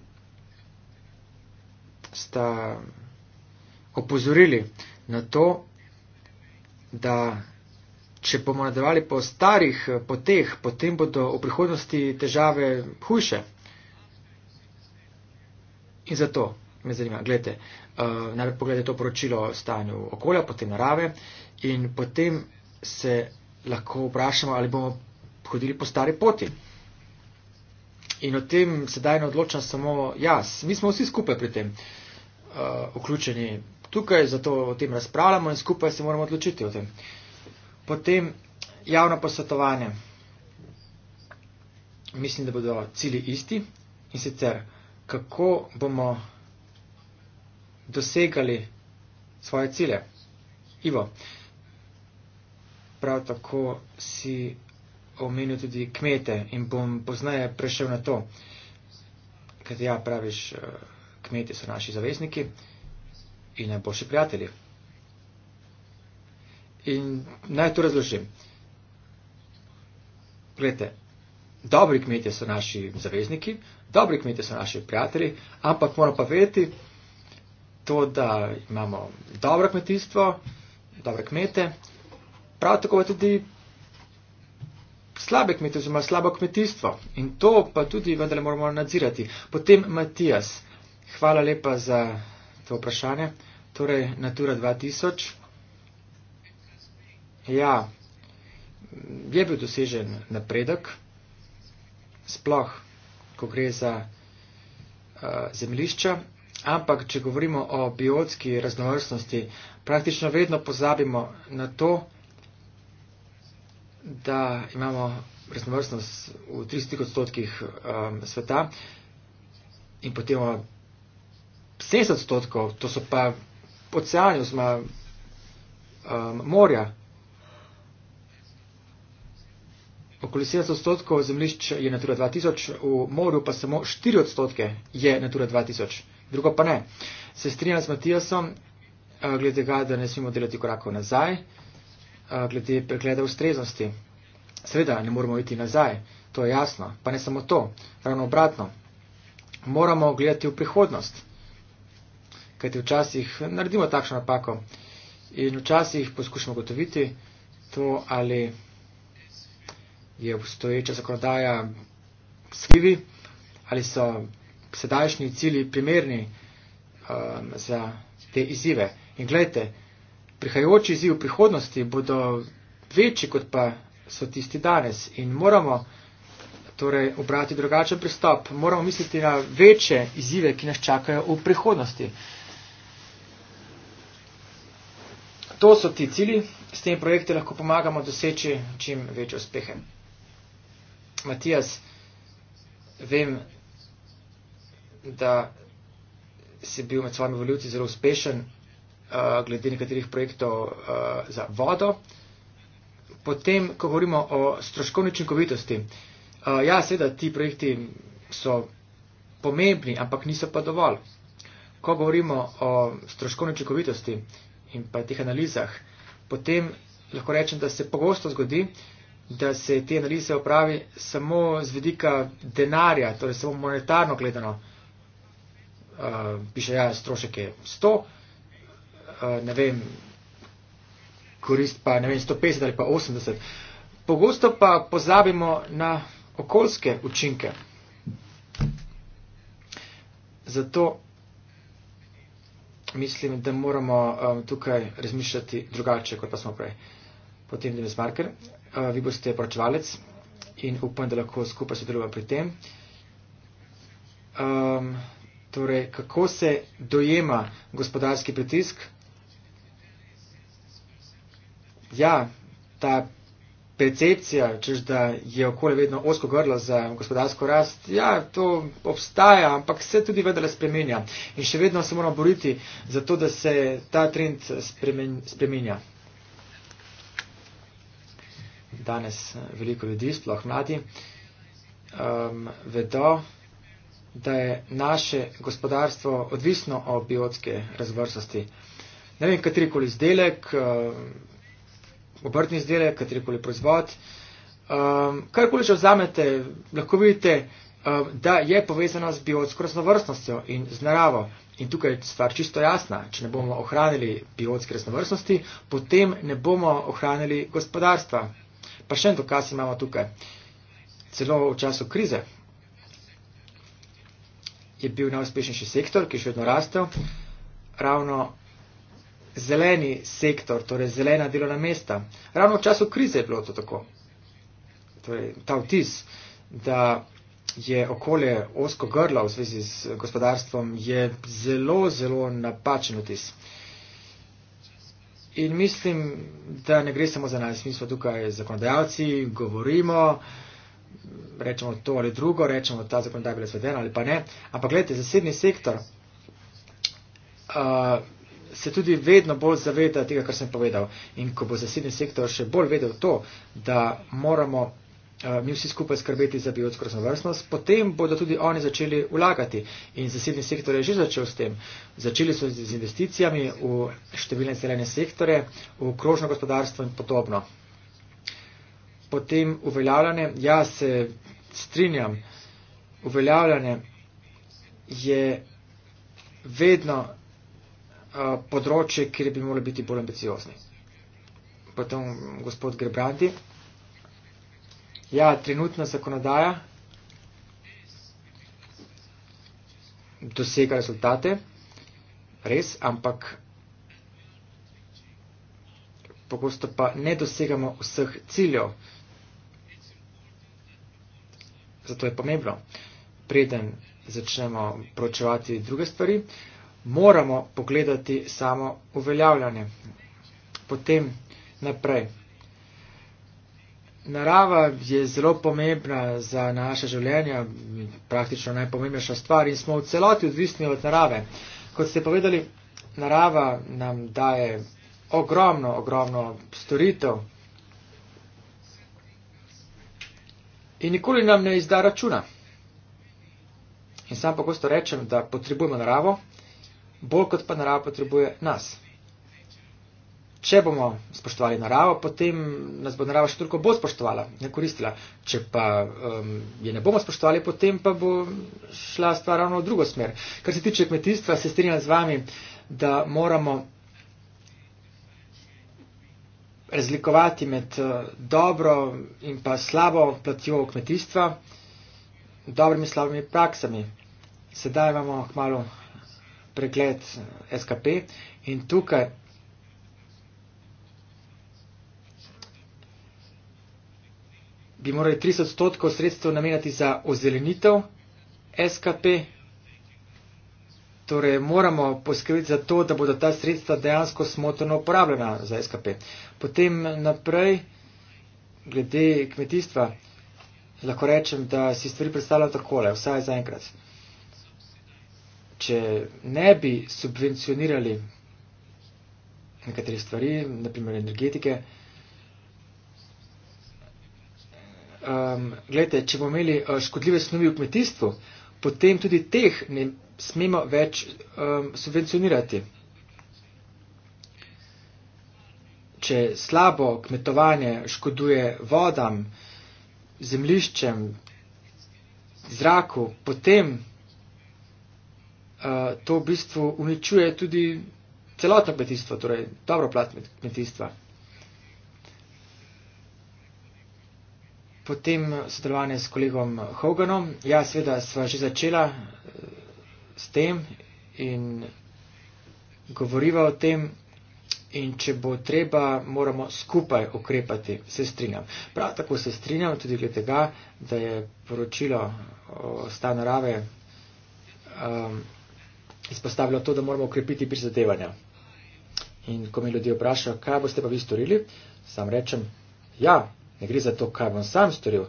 sta opozorili na to, da če bomo nadaljevali po starih poteh, potem bodo v prihodnosti težave hujše. In zato me zanima, gledajte, uh, eh, najprej pogledajte to poročilo o stanju okolja, potem narave, uh, in potem se lahko vprašamo, ali bomo hodili po stari poti. In o tem sedaj ne odločam samo jaz. Mi smo vsi skupaj pri tem uh, vključeni tukaj, zato o tem razpravljamo in skupaj se moramo odločiti o tem. Potem javno posvetovanje. Mislim, da bodo cili isti in sicer kako bomo dosegali svoje cilje. Ivo. Uh, prav tako si omenil tudi kmete in bom poznaje prešel na to, ker ja praviš, eh, kmete so naši zavezniki in najboljši prijatelji. In naj to razložim. Glede, dobri kmete so naši zavezniki, dobri kmete so naši prijatelji, ampak moram pa vedeti to, da imamo dobro kmetijstvo, dobre kmete Prav tako pa tudi slabe kmetije, oziroma slabo kmetijstvo. In to pa tudi vendar moramo nadzirati. Potem Matijas, hvala lepa za to vprašanje. Torej, Natura 2000. Ja, je bil dosežen napredek, sploh, ko gre za uh, eh, zemlišča, ampak če govorimo o biotski raznovrstnosti, praktično vedno pozabimo na to, da imamo raznovrstnost v 30 odstotkih um, sveta in potem 60 odstotkov, to so pa oceani, oziroma um, morja. Okoli 60 odstotkov zemljišč je Natura 2000, v morju pa samo 4 odstotke je Natura 2000, drugo pa ne. Se strinjam s Matijasom, uh, glede tega, da ne smemo delati korakov nazaj. Uh, glede preglede ustreznosti. Seveda ne moramo iti nazaj, to je jasno, pa ne samo to, ravno obratno. Moramo gledati v prihodnost, kajti včasih naredimo takšno napako in včasih poskušamo gotoviti to, ali je obstoječa zakonodaja skrivi, ali so sedajšnji cili primerni um, za te izzive. In gledajte, prihajajoči izziv v prihodnosti bodo večji, kot pa so tisti danes. In moramo torej obrati drugačen pristop, moramo misliti na večje izzive, ki nas čakajo v prihodnosti. To so ti cili, s tem projekti lahko pomagamo doseči čim večje uspehe. Matijas, vem, da si bil med svojimi voljivci zelo uspešen, Eh, glede nekaterih projektov eh, za vodo. Potem, ko govorimo o stroškovni učinkovitosti, eh, ja, seveda ti projekti so pomembni, ampak niso pa dovolj. Ko govorimo o stroškovni učinkovitosti in pa teh analizah, potem lahko rečem, da se pogosto zgodi, da se te analize opravi samo z vidika denarja, torej samo monetarno gledano, uh, piše ja, strošek je 100, Eh, ne vem, korist pa ne vem, 150 ali pa 80. Pogosto pa pozabimo na okoljske učinke. Zato mislim, da moramo um, tukaj razmišljati drugače, kot pa smo prej. Potem Denis Marker, uh, vi boste poročevalec in upam, da lahko skupaj sodelujemo pri tem. Um, torej, kako se dojema gospodarski pritisk ja, ta percepcija, češ da je okolje vedno osko grlo za gospodarsko rast, ja, to obstaja, ampak se tudi vedele spremenja. In še vedno se moramo boriti za to, da se ta trend spremen, spremenja. Danes eh, veliko ljudi, sploh mladi, um, vedo, da je naše gospodarstvo odvisno od biotske razvrstosti. Ne vem, katerikoli izdelek, um, obrtni izdelek, katerikoli proizvod. Um, karkoli že vzamete, lahko vidite, um, da je povezana z biotsko raznovrstnostjo in z naravo. In tukaj je stvar čisto jasna. Če ne bomo ohranili biotske raznovrstnosti, potem ne bomo ohranili gospodarstva. Pa še en dokaz imamo tukaj. Celo v času krize je bil najuspešnejši sektor, ki še vedno rastel, ravno zeleni sektor, torej zelena delovna mesta. Ravno v času krize je bilo to tako. Torej, ta vtis, da je okolje osko grla v zvezi z gospodarstvom, je zelo, zelo napačen vtis. In mislim, da ne gre samo za nas, mi smo tukaj zakonodajalci, govorimo, rečemo to ali drugo, rečemo, da ta zakonodaja je bila izvedena ali pa ne. Ampak gledajte, zasebni sektor. Uh, se tudi vedno bolj zaveda tega, kar sem povedal. In ko bo zasebni sektor še bolj vedel to, da moramo eh, mi vsi skupaj skrbeti za biotsko raznovrstnost, potem bodo tudi oni začeli vlagati. In zasebni sektor je že začel s tem. Začeli so z investicijami v številne zelene sektore, v krožno gospodarstvo in podobno. Potem uveljavljanje, ja se strinjam, uveljavljanje je vedno Eh, področje, kjer bi morali biti bolj ambiciozni. Potem gospod Grebrandi. Ja, trenutna zakonodaja dosega rezultate, res, ampak pogosto pa ne dosegamo vseh ciljev. Zato je pomembno, preden začnemo pročevati druge stvari, uh, moramo pogledati samo uveljavljanje. Potem naprej. Narava je zelo pomembna za naše življenje, praktično najpomembnejša stvar in smo v celoti odvisni od narave. Kot ste povedali, narava nam daje ogromno, ogromno storitev in nikoli nam ne izda računa. In sam pogosto rečem, da potrebujemo naravo, bolj kot pa narava potrebuje nas. Če bomo spoštovali naravo, potem nas bo narava še toliko bolj spoštovala, ne koristila. Če pa um, je ne bomo spoštovali, potem pa bo šla stvar ravno v drugo smer. Kar se tiče kmetijstva, se strinjam z vami, da moramo razlikovati med uh, dobro in pa slabo platjo kmetijstva, dobrimi in slabimi praksami. Sedaj imamo k malu pregled SKP in tukaj bi morali 300 odstotkov sredstev namenjati za ozelenitev SKP. Torej, moramo poskrbiti za to, da bodo ta sredstva dejansko smotrno uporabljena za SKP. Potem naprej, glede kmetijstva, lahko rečem, da si stvari predstavljam takole, vsaj za enkrat če ne bi subvencionirali nekatere stvari, naprimer energetike, um, gledajte, če bomo imeli uh, škodljive snovi v kmetijstvu, potem tudi teh ne smemo več um, subvencionirati. Če slabo kmetovanje škoduje vodam, zemliščem, zraku, potem to v bistvu uničuje tudi celotno kmetijstvo, torej dobro plat kmetijstva. Potem sodelovanje s kolegom Hoganom. Ja, seveda sva že začela e, s tem in govoriva o tem in če bo treba, moramo skupaj ukrepati. Se strinjam. Prav tako se strinjam tudi glede tega, da je poročilo o stanu narave um, izpostavljal to, da moramo ukrepiti prizadevanja. In ko me ljudje vprašajo, kaj boste pa vi storili, sam rečem, ja, ne gre za to, kaj bom sam storil.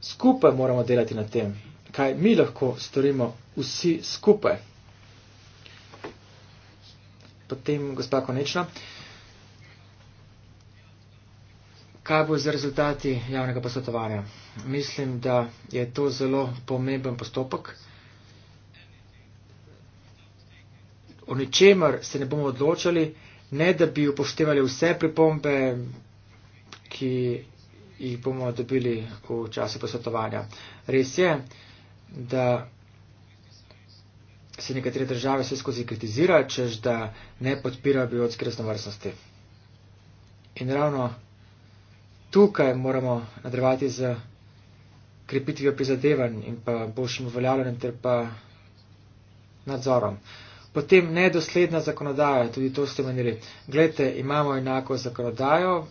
Skupaj moramo delati na tem, kaj mi lahko storimo vsi skupaj. Potem, gospa Konečna, kaj bo z rezultati javnega posvetovanja? Mislim, da je to zelo pomemben postopek. o ničemer se ne bomo odločali, ne da bi upoštevali vse pripombe, ki jih bomo dobili v času posvetovanja. Res je, da se nekatere države vse skozi kritizira, čež da ne podpira biotske raznovrstnosti. In ravno tukaj moramo nadrevati z krepitvijo prizadevanj in pa boljšim uveljavljanjem ter pa nadzorom. Uh, Potem nedosledna zakonodaja, tudi to ste menili. Glejte, imamo enako zakonodajo,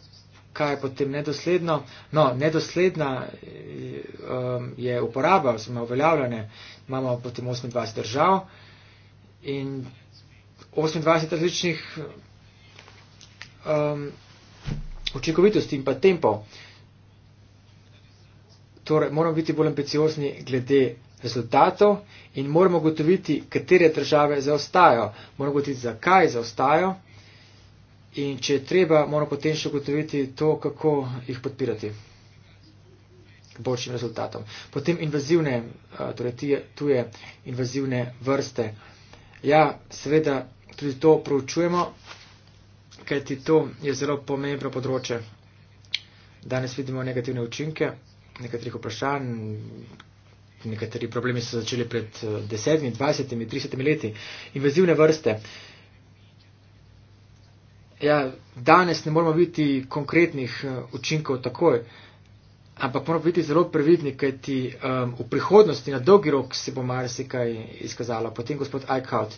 kaj je potem nedosledno? No, nedosledna um, je uporaba, oziroma uveljavljanje, imamo potem 28 držav in 28 različnih um, učinkovitosti in pa tempov. Torej, moramo biti bolj ambiciozni glede rezultatov in moramo gotoviti, katere države zaostajajo, moramo gotoviti, zakaj zaostajajo in če je treba, moramo potem še gotoviti to, kako jih podpirati k boljšim rezultatom. Potem invazivne, eh, torej tuje invazivne vrste. Ja, seveda, tudi to proučujemo, kajti to je zelo pomembno področje. Danes vidimo negativne učinke nekaterih vprašanj, nekateri problemi so začeli pred eh, desetimi, dvajsetimi, tridesetimi leti, invazivne vrste. Ja, danes ne moramo biti konkretnih eh, učinkov takoj, ampak moramo biti zelo previdni, kajti um, v prihodnosti na dolgi rok se bo marsikaj izkazalo. Potem gospod Eichhout,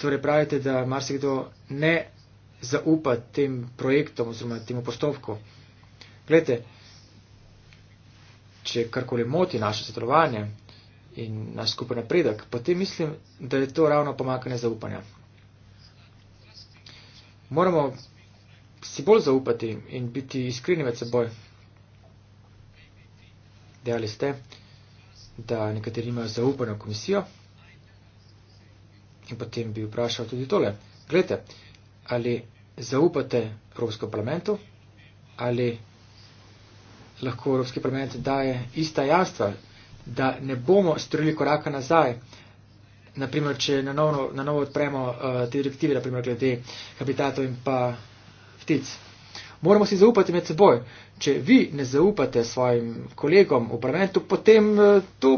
torej pravite, da marsikdo ne zaupa tem projektom oziroma temu postopku. Gledajte, če karkoli moti naše sodelovanje in naš skupen napredek, potem mislim, da je to ravno pomakanje zaupanja. Moramo si bolj zaupati in biti iskreni med seboj. Dejali ste, da nekateri imajo zaupanje v komisijo in potem bi vprašal tudi tole. Glejte, ali zaupate Evropskemu parlamentu ali lahko Evropski parlament daje ista jastva, da ne bomo strili koraka nazaj. Naprimer, če na novo, na novo odpremo uh, te direktive, naprimer glede habitatov in pa ptic. Moramo si zaupati med seboj. Če vi ne zaupate svojim kolegom v parlamentu, potem uh, tu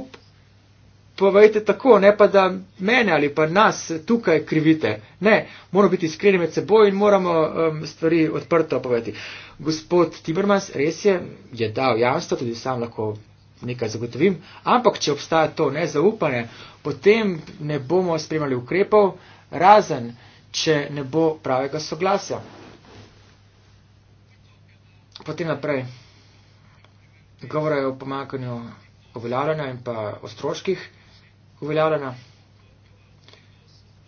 povejte tako, ne pa da mene ali pa nas tukaj krivite. Ne, moramo biti iskreni med seboj in moramo um, stvari odprto povedati. Gospod Tibermans res je, je dal jamstvo, tudi sam lahko nekaj zagotovim, ampak če obstaja to nezaupanje, potem ne bomo spremljali ukrepov, razen če ne bo pravega soglasja. Potem naprej. Govora je o pomankanju uveljavljanja in pa o stroških uveljavljena.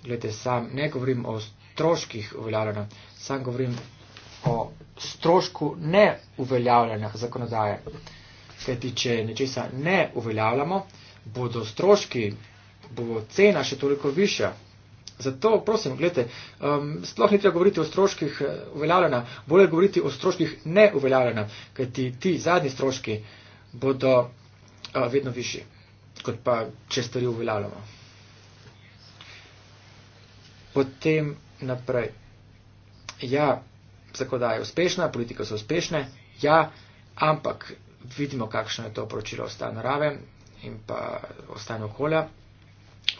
Glede, sam ne govorim o stroških uveljavljena, sam govorim o strošku ne uveljavljena zakonodaje. Kajti, če nečesa ne uveljavljamo, bodo stroški, bo cena še toliko višja. Zato, prosim, gledajte, um, sploh ni treba govoriti o stroških eh, uveljavljena, bolje govoriti o stroških ne uveljavljena, kajti ti zadnji stroški bodo uh, vedno višji kot pa če stvari uveljavljamo. Potem naprej. Ja, tako da je uspešna, politika so uspešne, ja, ampak vidimo, kakšno je to poročilo ostaje narave in pa ostaje okolja.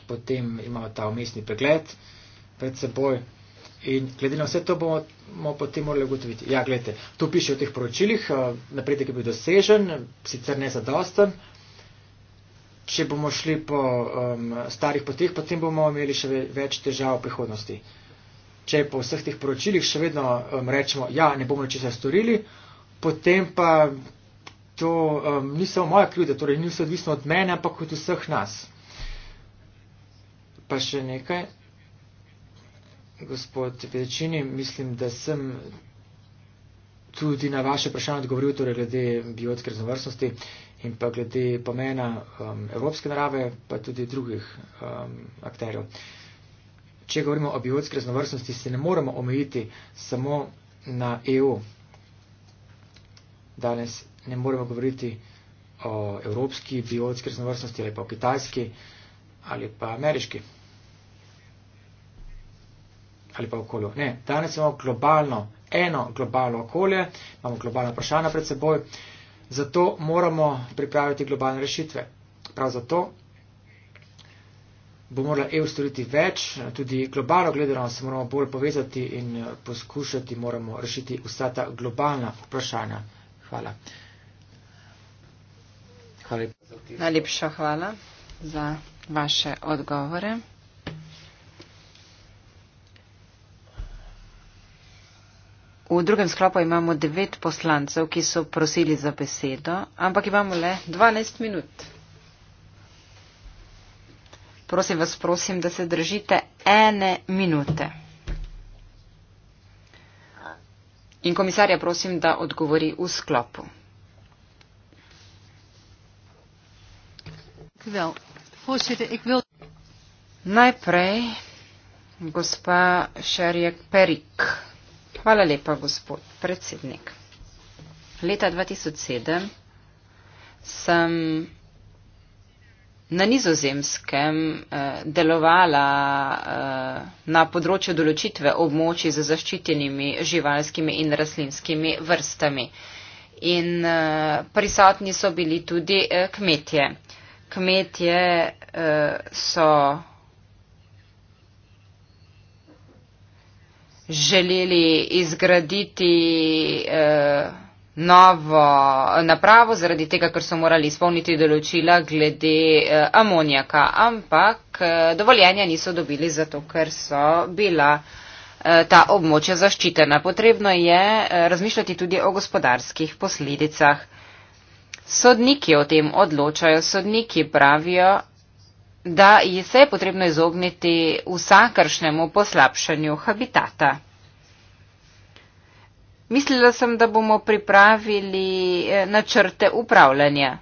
Potem imamo ta umestni pregled pred seboj in glede na vse to bomo, bomo potem morali ugotoviti. Ja, gledajte, tu piše o teh poročilih, eh, napredek je bil dosežen, sicer ne zadosten, če bomo šli po um, starih poteh, potem bomo imeli še več težav v prihodnosti. Če po vseh teh poročilih še vedno um, rečemo, ja, ne bomo česa storili, potem pa to um, ni samo moja krivda, torej ni vse odvisno od mene, ampak od vseh nas. Pa še nekaj. Gospod Večini, mislim, da sem tudi na vaše vprašanje odgovoril, torej glede biotske raznovrstnosti in pa glede pomena um, evropske narave, pa tudi drugih um, akterjev. Če govorimo o biotski raznovrstnosti, se ne moramo omejiti samo na EU. Danes ne moramo govoriti o evropski biotski raznovrstnosti ali pa o kitajski ali pa ameriški ali pa okolju. Ne, danes imamo globalno, eno globalno okolje, imamo globalno vprašanje pred seboj. Zato moramo pripraviti globalne rešitve. Prav zato bo morala EU storiti več, tudi globalno gledano se moramo bolj povezati in eh, poskušati moramo rešiti vsa ta globalna vprašanja. Hvala. Najlepša hvala za vaše odgovore. V drugem sklopu imamo devet poslancev, ki so prosili za besedo, ampak imamo le 12 minut. Prosim vas, prosim, da se držite ene minute. In komisarja prosim, da odgovori v sklopu. Najprej gospa Šerjek Perik. Hvala lepa, gospod predsednik. Leta 2007 sem na nizozemskem eh, delovala eh, na področju določitve območij za zaščitenimi živalskimi in rastlinskimi vrstami. In eh, prisotni so bili tudi kmetje. Kmetje so želeli izgraditi eh, novo eh, napravo, zaradi tega, ker so morali izpolniti določila glede eh, amonijaka, ampak eh, dovoljenja niso dobili zato, ker so bila eh, ta območja zaščitena. Potrebno je eh, razmišljati tudi o gospodarskih posledicah. Sodniki o tem odločajo, sodniki pravijo, da ji se je potrebno izogniti vsakršnemu poslabšanju habitata. Mislila sem, da bomo pripravili eh, načrte upravljanja.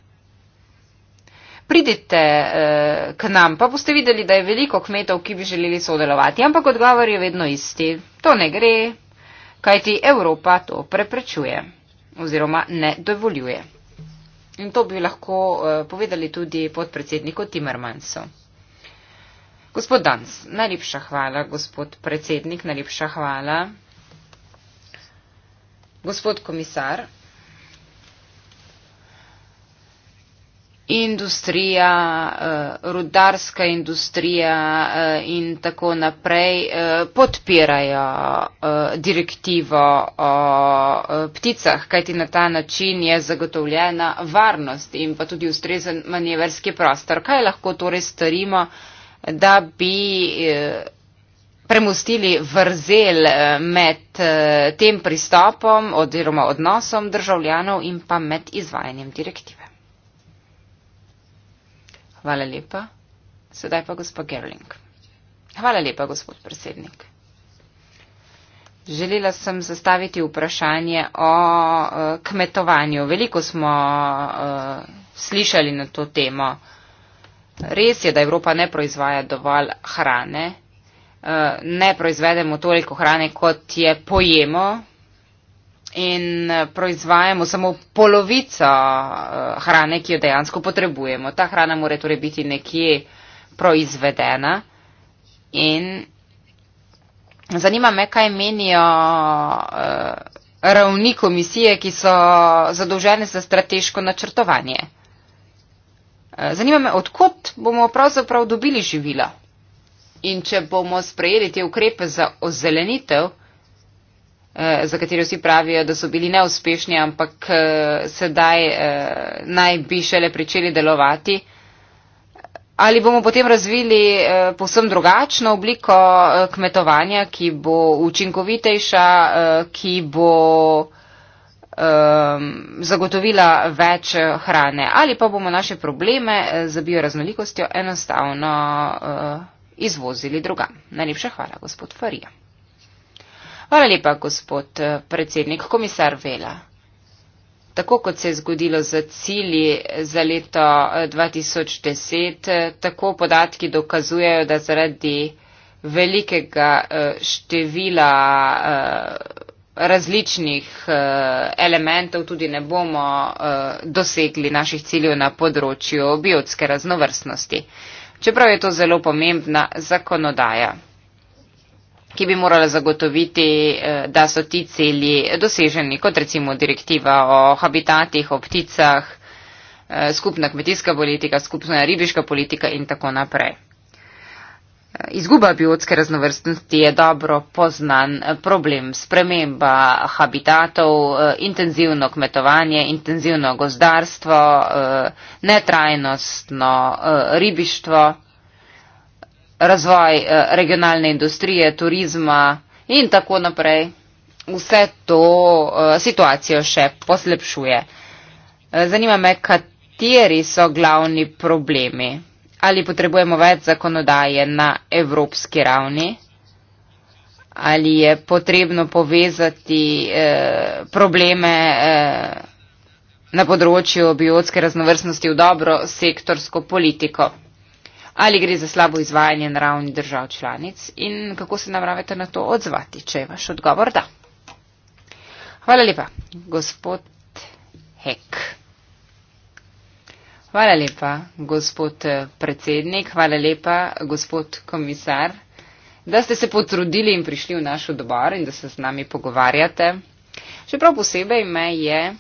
Pridite eh, k nam, pa boste videli, da je veliko kmetov, ki bi želeli sodelovati, ampak odgovor je vedno isti. To ne gre, kajti Evropa to preprečuje oziroma ne dovoljuje. In to bi lahko eh, povedali tudi podpredsedniku Timmermansu. Gospod Danc, najlepša hvala, gospod predsednik, najlepša hvala. Gospod komisar, industrija, eh, rudarska industrija eh, in tako naprej eh, podpirajo direktivo o pticah, kajti na ta način je zagotovljena varnost in pa tudi ustrezen manjeverski prostor. Kaj lahko torej storimo, da bi premustili vrzel med tem pristopom oziroma odnosom državljanov in pa med izvajanjem direktive? Hvala lepa. Sedaj pa gospod Gerling. Hvala lepa, gospod predsednik. Želela sem zastaviti vprašanje o uh, kmetovanju. Veliko smo uh, slišali na to temo. Res je, da Evropa ne proizvaja dovolj hrane. Uh, ne proizvedemo toliko hrane, kot je pojemo, in eh, proizvajamo samo polovico eh, hrane, ki jo dejansko potrebujemo. Ta hrana mora torej biti nekje proizvedena. In zanima me, kaj menijo eh, ravni komisije, ki so zadolžene za strateško načrtovanje. Zanima me, odkot bomo pravzaprav dobili živila. In če bomo sprejeli te ukrepe za ozelenitev, Eh, za katere vsi pravijo, da so bili neuspešni, ampak eh, sedaj eh, naj bi šele pričeli delovati. Ali bomo potem razvili posebno drugačno obliko kmetovanja, ki bo učinkovitejša, ki bo ehm, zagotovila več hrane ali pa bomo naše probleme z bioraznolikostjo enostavno izvozili drugam. Najlepša hvala, gospod Farija. Hvala lepa, gospod eh, predsednik, komisar Vela. Tako kot se je zgodilo za cilji za leto 2010, eh, eh, tako podatki dokazujejo, da zaradi velikega števila različnih elementov tudi ne bomo dosegli naših ciljev na področju biotske raznovrstnosti. Čeprav je to zelo pomembna zakonodaja ki bi morala zagotoviti, eh, da so ti cilji doseženi, kot recimo direktiva o habitatih, o pticah, eh, skupna kmetijska politika, skupna ribiška politika in tako naprej. Eh, izguba biotske raznovrstnosti je dobro poznan problem. Sprememba habitatov, intenzivno kmetovanje, intenzivno gozdarstvo, netrajnostno ribištvo razvoj eh, regionalne industrije, turizma in tako naprej. Vse to eh, situacijo še poslepšuje. Eh, zanima me, kateri so glavni problemi. Ali potrebujemo več zakonodaje na evropski ravni? Ali je potrebno povezati probleme na področju biotske raznovrstnosti v dobro sektorsko politiko? ali gre za slabo izvajanje na ravni držav članic in kako se namravete na to odzvati, če je vaš odgovor da. Hvala lepa, gospod Hek. Hvala lepa, gospod eh, predsednik. Hvala lepa, gospod komisar, da ste se potrudili in prišli v naš odbor in da se z nami pogovarjate. Še prav posebej me je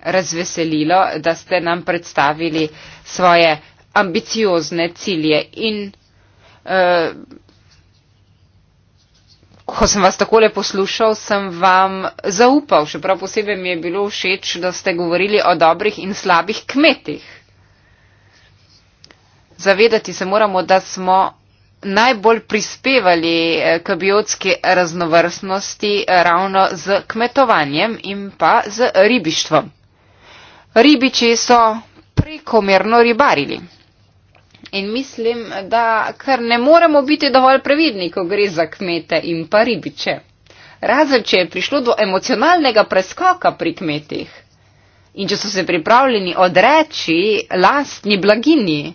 razveselilo, da ste nam predstavili svoje ambiciozne cilje. In uh, ko sem vas takole poslušal, sem vam zaupal. Še prav posebej mi je bilo všeč, da ste govorili o dobrih in slabih kmetih. Zavedati se moramo, da smo najbolj prispevali eh, k biotski raznovrstnosti eh, ravno z kmetovanjem in pa z ribištvom. Ribiči so prekomerno ribarili. In mislim, da kar ne moremo biti dovolj previdni, ko gre za kmete in pa ribiče. Razen, če je prišlo do emocionalnega preskoka pri kmetih in če so se pripravljeni odreči lastni blagini,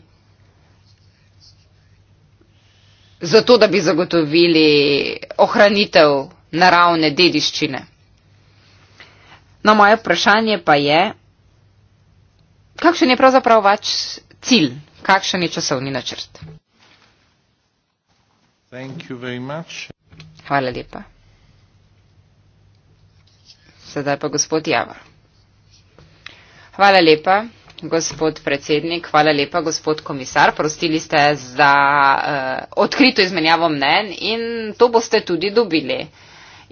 zato da bi zagotovili ohranitev naravne dediščine. No, moje vprašanje pa je, kakšen je pravzaprav vaš cilj? kakšen je časovni načrt. Hvala lepa. Sedaj pa gospod Javor. Hvala lepa, gospod predsednik, hvala lepa, gospod komisar. Prostili ste za uh, odkrito izmenjavo mnen in to boste tudi dobili.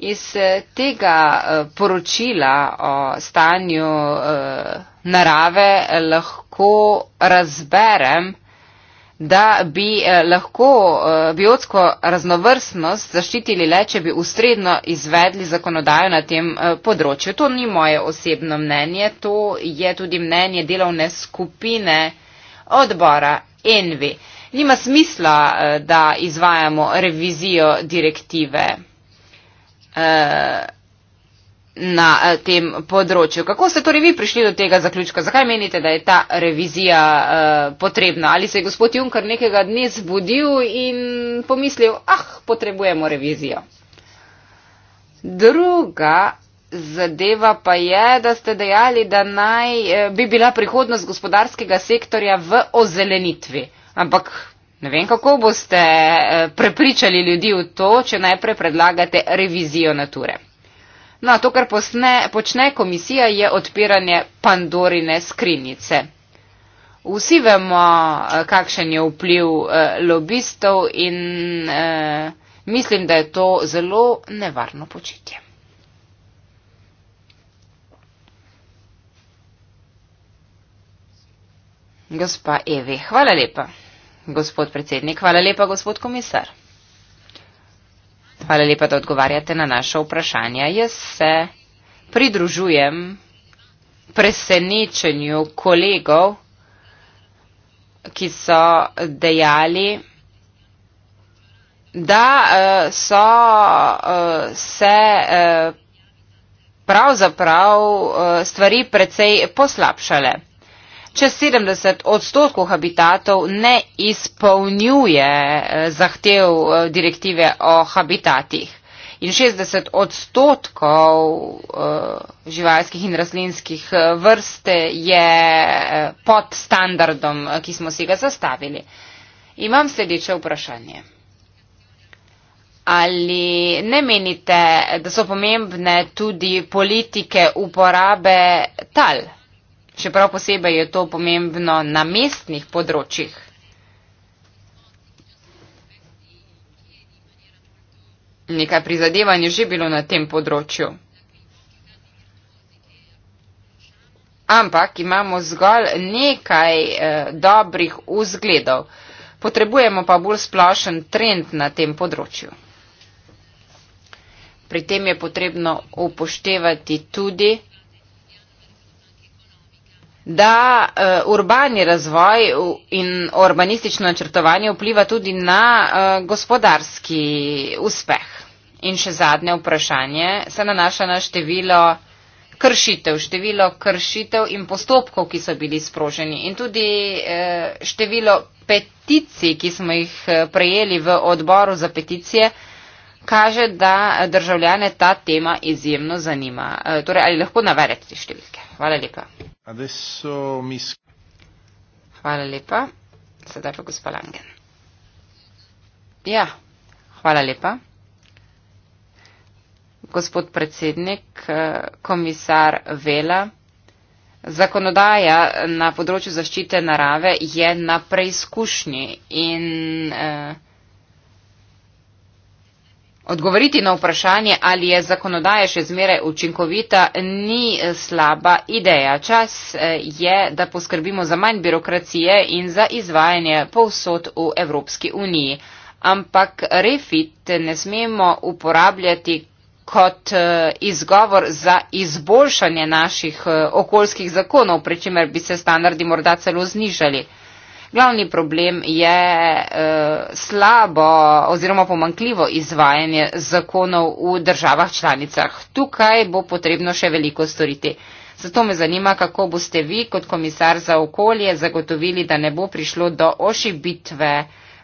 Iz eh, tega eh, poročila o stanju eh, narave lahko razberem, da bi lahko biotsko raznovrstnost zaščitili le, če bi ustredno izvedli zakonodajo na tem področju. To ni moje osebno mnenje, to je tudi mnenje delovne skupine odbora Envi. Nima smisla, da izvajamo revizijo direktive. Eh, na eh, tem področju. Kako ste torej vi prišli do tega zaključka? Zakaj menite, da je ta revizija eh, potrebna? Ali se je gospod Juncker nekega dne zbudil in pomislil, ah, potrebujemo revizijo? Druga zadeva pa je, da ste dejali, da naj bi bila prihodnost gospodarskega sektorja v ozelenitvi. Ampak Ne vem, kako boste eh, prepričali ljudi v to, če najprej predlagate revizijo nature. No, to, kar posne, počne komisija, je odpiranje Pandorine skrinjice. Vsi vemo, eh, kakšen je vpliv eh, lobistov in mislim, da je to zelo nevarno početje. Gospa Evi, hvala lepa gospod predsednik. Hvala lepa, gospod komisar. Hvala lepa, da odgovarjate na naše vprašanja. Jaz se pridružujem presenečenju kolegov, ki so dejali, da uh, so uh, se uh, pravzaprav uh, stvari precej poslabšale če 70 odstotkov habitatov ne izpolnjuje eh, zahtev eh, direktive o habitatih in 60 odstotkov eh, živalskih in rastlinskih vrste je pod standardom, ki smo si ga zastavili. Imam sledeče vprašanje. Ali ne menite, da so pomembne tudi politike uporabe tal? še prav posebej je to pomembno na mestnih področjih. Nekaj prizadevanj je že bilo na tem področju. Ampak imamo zgolj nekaj eh, dobrih vzgledov. Potrebujemo pa bolj splošen trend na tem področju. Pri tem je potrebno upoštevati tudi da uh, urbani razvoj in urbanistično načrtovanje vpliva tudi na uh, gospodarski uspeh. In še zadnje vprašanje se nanaša na število kršitev, število kršitev in postopkov, ki so bili sproženi in tudi uh, število peticij, ki smo jih prejeli v odboru za peticije kaže, da državljane ta tema izjemno zanima. Torej, ali lahko navedete te številke? Hvala lepa. Hvala lepa. Sedaj pa gospod Langen. Ja, hvala lepa. Gospod predsednik, eh, komisar Vela, zakonodaja na področju zaščite narave je na preizkušnji in eh, Odgovoriti na vprašanje, ali je zakonodaja še zmeraj učinkovita, ni eh, slaba ideja. Čas eh, je, da poskrbimo za manj birokracije in za izvajanje povsod v Evropski uniji. Ampak refit ne smemo uporabljati kot eh, izgovor za izboljšanje naših okoljskih zakonov, pri čemer bi se standardi morda celo znižali. Glavni problem je uh, slabo oziroma pomankljivo izvajanje zakonov v državah članicah. Tukaj bo potrebno še veliko storiti. Zato me zanima, kako boste vi kot komisar za okolje zagotovili, da ne bo prišlo do ošibitve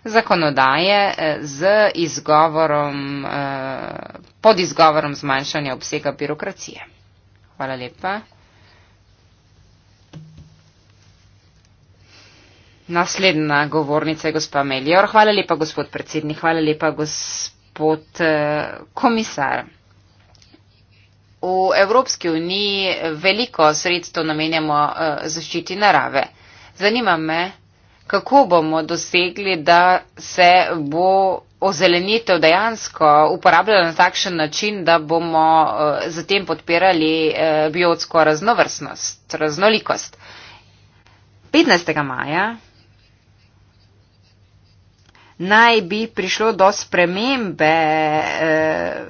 zakonodaje eh, z izgovorom, eh, pod izgovorom zmanjšanja obsega birokracije. Hvala lepa. Naslednja govornica je gospa Melior. Hvala lepa, gospod predsednik. Hvala lepa, gospod eh, komisar. V Evropski uniji veliko sredstev namenjamo eh, zaščiti narave. Zanima me, kako bomo dosegli, da se bo ozelenitev dejansko uporabljala na takšen način, da bomo eh, zatem podpirali biotsko raznovrstnost, raznolikost. 15. maja naj bi prišlo do spremembe eh,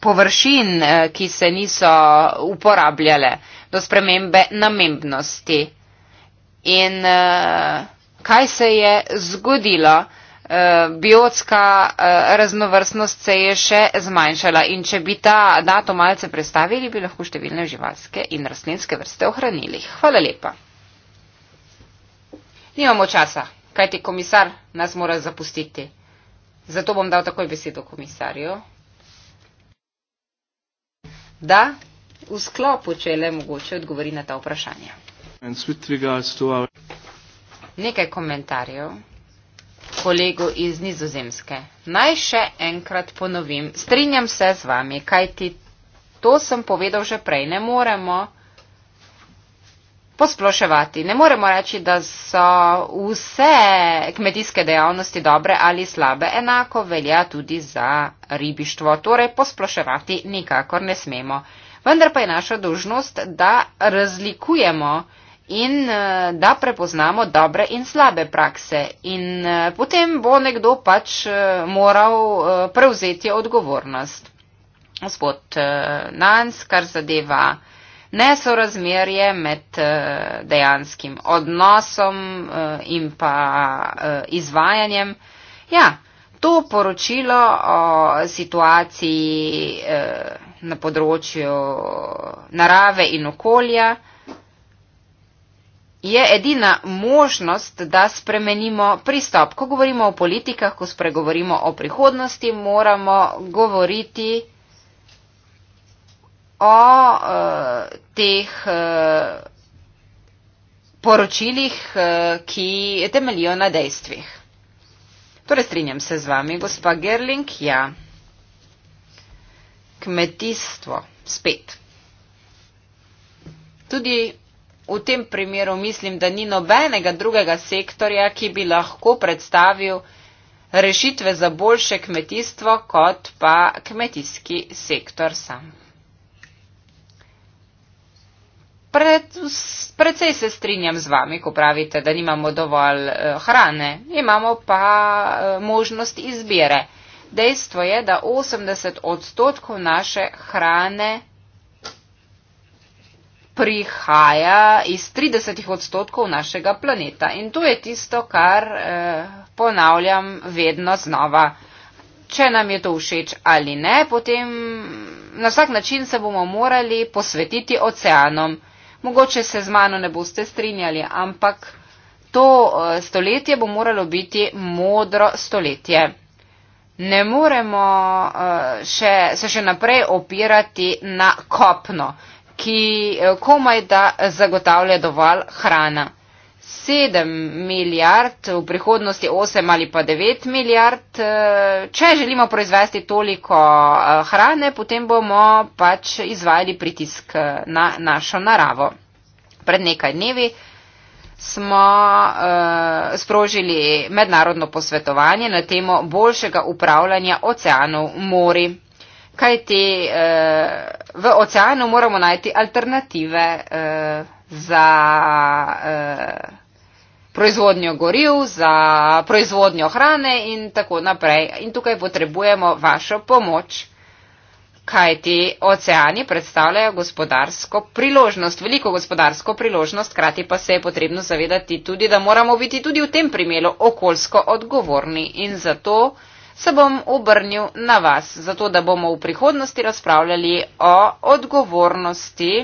površin, eh, ki se niso uporabljale, do spremembe namembnosti. In eh, kaj se je zgodilo? Biotska raznovrstnost se je še zmanjšala in če bi ta dato malce predstavili, bi lahko številne živalske in rastlinske vrste ohranili. Hvala lepa. Nimamo časa kaj ti komisar nas mora zapustiti. Zato bom dal takoj besedo komisarju. Da, v sklopu, če le mogoče, odgovori na ta vprašanja. Nekaj komentarjev kolego iz Nizozemske. Naj še enkrat ponovim, strinjam se z vami, kaj ti to sem povedal že prej, ne moremo posploševati. Ne moremo reči, da so vse kmetijske dejavnosti dobre ali slabe. Enako velja tudi za ribištvo. Torej, posploševati nikakor ne smemo. Vendar pa je naša dožnost, da razlikujemo in eh, da prepoznamo dobre in slabe prakse. In eh, potem bo nekdo pač eh, moral prevzeti odgovornost. Gospod Nans, kar zadeva nesorazmerje med eh, dejanskim odnosom eh, in pa eh, izvajanjem. Ja, to poročilo o situaciji na področju narave in okolja je edina možnost, da spremenimo pristop. Ko govorimo o politikah, ko spregovorimo o prihodnosti, moramo govoriti o uh, teh uh, poročilih, uh, ki temeljijo na dejstvih. Torej, strinjam se z vami, gospa Gerling, ja. Kmetijstvo, spet. Tudi v tem primeru mislim, da ni nobenega drugega sektorja, ki bi lahko predstavil rešitve za boljše kmetijstvo, kot pa kmetijski sektor sam. Pred, predvsej se strinjam z vami, ko pravite, da nimamo dovolj eh, hrane, imamo pa eh, možnost izbire. Dejstvo je, da 80 odstotkov naše hrane prihaja iz 30 odstotkov našega planeta. In to je tisto, kar eh, ponavljam vedno znova. Če nam je to všeč ali ne, potem na vsak način se bomo morali posvetiti oceanom. Mogoče se z mano ne boste strinjali, ampak to eh, stoletje bo moralo biti modro stoletje. Ne moremo eh, še, se še naprej opirati na kopno, ki eh, komaj da zagotavlja dovolj hrana sedem milijard, v prihodnosti osem ali pa devet milijard. Eh, Če želimo proizvesti toliko eh, hrane, potem bomo pač izvajali pritisk eh, na našo naravo. Pred nekaj dnevi smo uh, sprožili mednarodno posvetovanje na temo boljšega upravljanja oceanov mori. Kaj ti uh, v oceanu moramo najti alternative uh, za. Uh, proizvodnjo goriv, za proizvodnjo hrane in tako naprej. In tukaj potrebujemo vašo pomoč, kajti oceani predstavljajo gospodarsko priložnost, veliko gospodarsko priložnost, krati pa se je potrebno zavedati tudi, da moramo biti tudi v tem primeru okoljsko odgovorni in zato se bom obrnil na vas, zato da bomo v prihodnosti razpravljali o odgovornosti.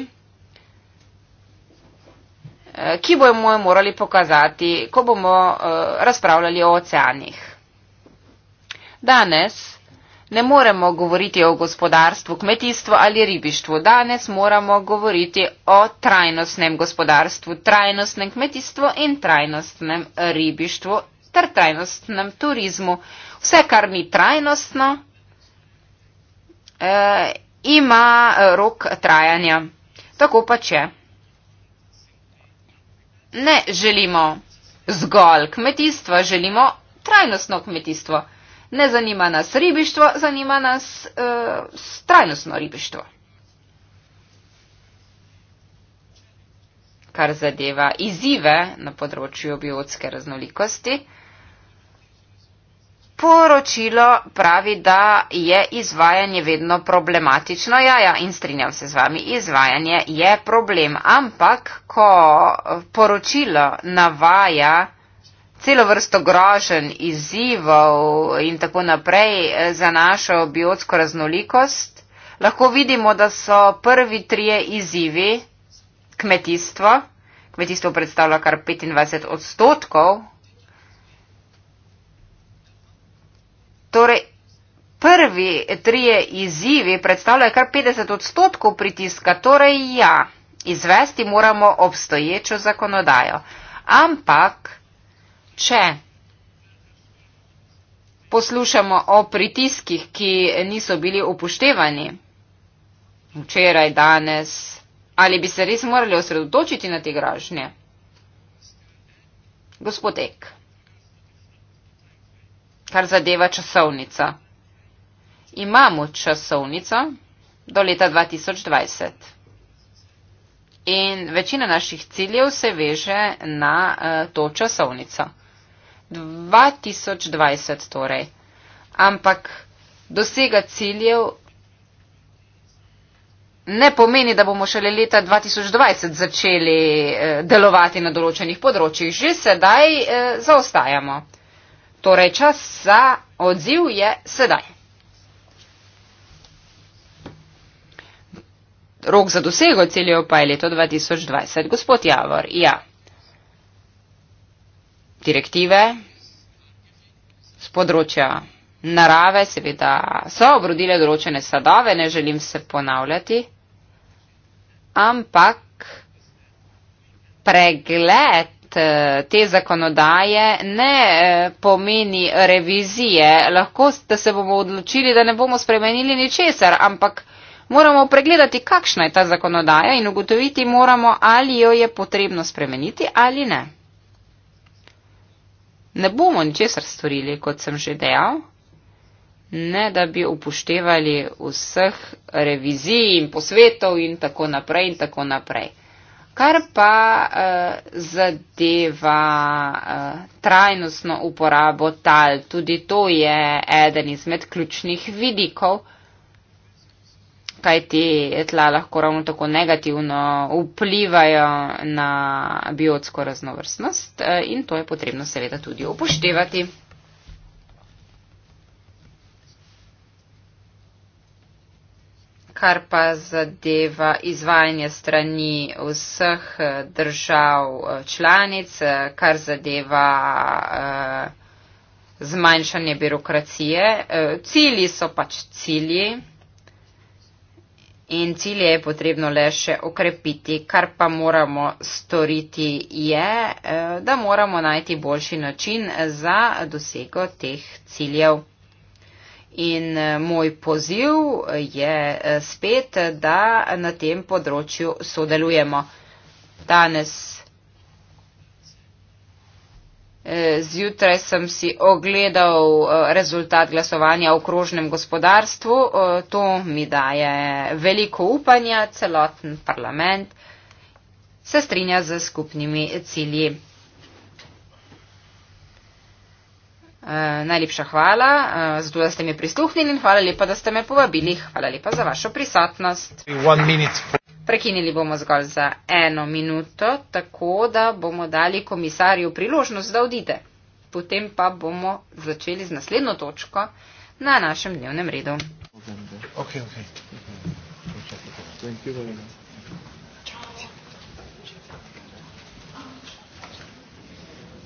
Eh, ki bomo jo morali pokazati, ko bomo eh, razpravljali o oceanih. Danes ne moremo govoriti o gospodarstvu, kmetijstvu ali ribištvu. Danes moramo govoriti o trajnostnem gospodarstvu, trajnostnem kmetijstvu in trajnostnem ribištvu ter trajnostnem turizmu. Vse, kar ni trajnostno, eh, ima eh, rok trajanja. Tako pa če ne želimo zgolj kmetijstva, želimo trajnostno kmetijstvo. Ne zanima nas ribištvo, zanima nas uh, trajnostno ribištvo. Kar zadeva izzive na področju biotske raznolikosti, poročilo pravi, da je izvajanje vedno problematično. Ja, ja, in strinjam se z vami, izvajanje je problem. Ampak, ko poročilo navaja celo vrsto grožen, izzivov in tako naprej za našo biotsko raznolikost, lahko vidimo, da so prvi trije izzivi kmetijstvo. Kmetijstvo predstavlja kar 25 odstotkov Torej, prvi trije izzivi predstavljajo kar 50 odstotkov pritiska, torej ja, izvesti moramo obstoječo zakonodajo. Ampak, če poslušamo o pritiskih, ki niso bili upoštevani včeraj, danes, ali bi se res morali osredotočiti na te gražnje? Gospod Ek kar zadeva časovnico. Imamo časovnico do leta 2020. In večina naših ciljev se veže na uh, to časovnico. 2020 torej. Ampak dosega ciljev ne pomeni, da bomo šele leta 2020 začeli uh, delovati na določenih področjih. Že sedaj uh, zaostajamo. Uh, Torej, čas za odziv je sedaj. Rok za dosego ciljev pa je leto 2020. Gospod Javor, ja. Direktive z področja narave seveda so obrodile določene sadove, ne želim se ponavljati, ampak pregled Eh, te zakonodaje ne eh, pomeni revizije. Lahko da se bomo odločili, da ne bomo spremenili ničesar, ampak moramo pregledati, kakšna je ta zakonodaja in ugotoviti moramo, ali jo je potrebno spremeniti ali ne. Ne bomo ničesar storili, kot sem že dejal, ne da bi upoštevali vseh revizij in posvetov in tako naprej in tako naprej. Kar pa uh, zadeva uh, trajnostno uporabo tal, tudi to je eden izmed ključnih vidikov, kaj ti tla lahko ravno tako negativno vplivajo na biotsko raznovrstnost uh, in to je potrebno seveda tudi upoštevati. kar pa zadeva izvajanje strani vseh eh, držav eh, članic, eh, kar zadeva zmanjšanje birokracije. Cilji so pač cilji in cilje je potrebno le še okrepiti. Kar pa moramo storiti je, da moramo najti boljši način za dosego teh ciljev. In eh, moj poziv eh, je eh, spet, da na tem področju sodelujemo. Danes zjutraj sem si ogledal rezultat glasovanja v krožnem gospodarstvu. To mi daje veliko upanja, celoten parlament se strinja z skupnimi cilji. najlepša hvala, uh, zato da ste mi prisluhnili in hvala lepa, da ste me povabili. Hvala lepa za vašo prisotnost. Prekinili bomo zgolj za eno minuto, tako da bomo dali komisarju priložnost, da odide. Potem pa bomo začeli z naslednjo točko na našem dnevnem redu. Okay, okay.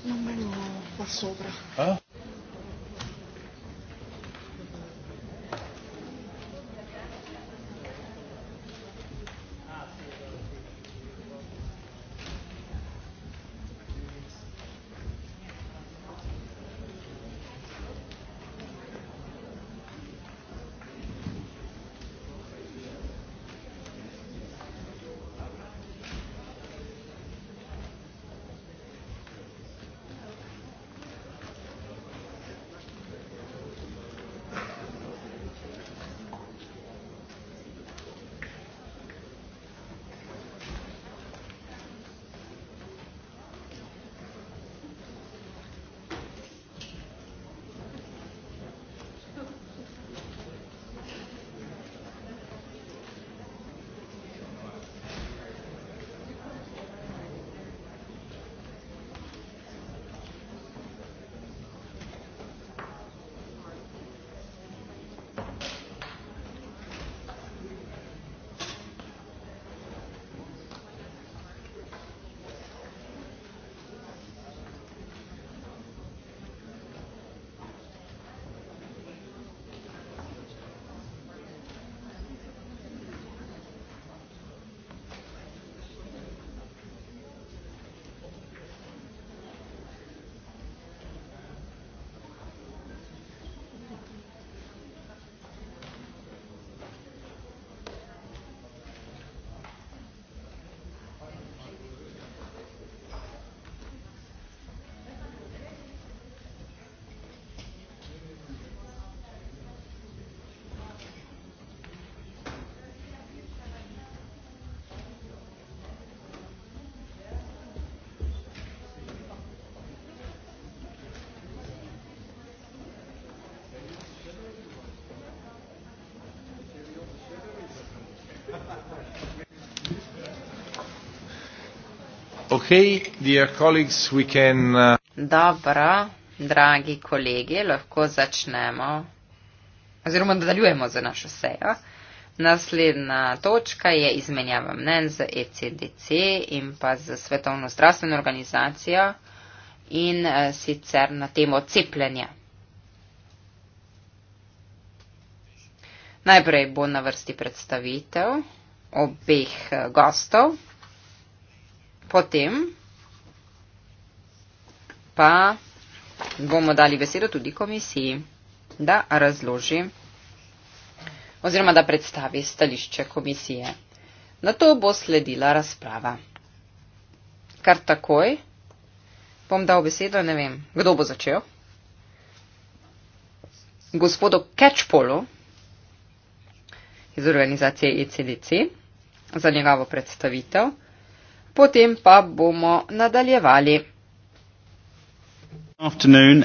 Non me lo fa sopra. Eh? Okay, dear colleagues, we can, uh... Dobro, dragi kolegi, lahko začnemo oziroma nadaljujemo za našo sejo. Naslednja točka je izmenjava mnen z ECDC in pa z Svetovno zdravstveno organizacijo in uh, sicer na temo cepljenja. Najprej bo na vrsti predstavitev obeh eh, gostov. Potem pa bomo dali besedo tudi komisiji, da razloži oziroma da predstavi stališče komisije. Na to bo sledila razprava. Kar takoj bom dal besedo, ne vem, kdo bo začel. Gospodu Catchpolu iz organizacije ECDC za njegovo predstavitev potem pa bomo nadaljevali.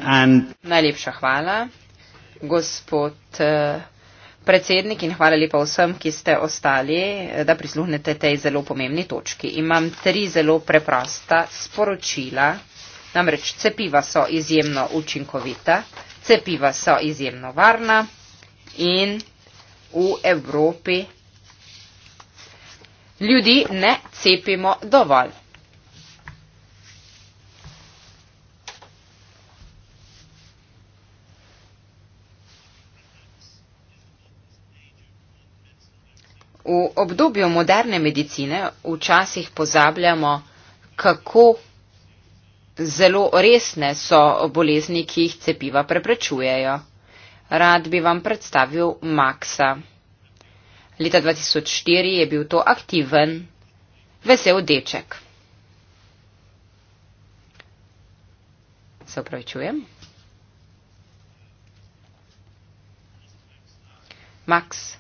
And... Najlepša hvala, gospod eh, predsednik, in hvala lepa vsem, ki ste ostali, eh, da prisluhnete tej zelo pomembni točki. Imam tri zelo preprosta sporočila. Namreč cepiva so izjemno učinkovita, cepiva so izjemno varna in v Evropi Ljudi ne cepimo dovolj. V obdobju moderne medicine včasih pozabljamo, kako zelo resne so bolezni, ki jih cepiva preprečujejo. Rad bi vam predstavil Maksa. Leta 2004 je bil to aktiven, vesel deček. Se upravičujem. Max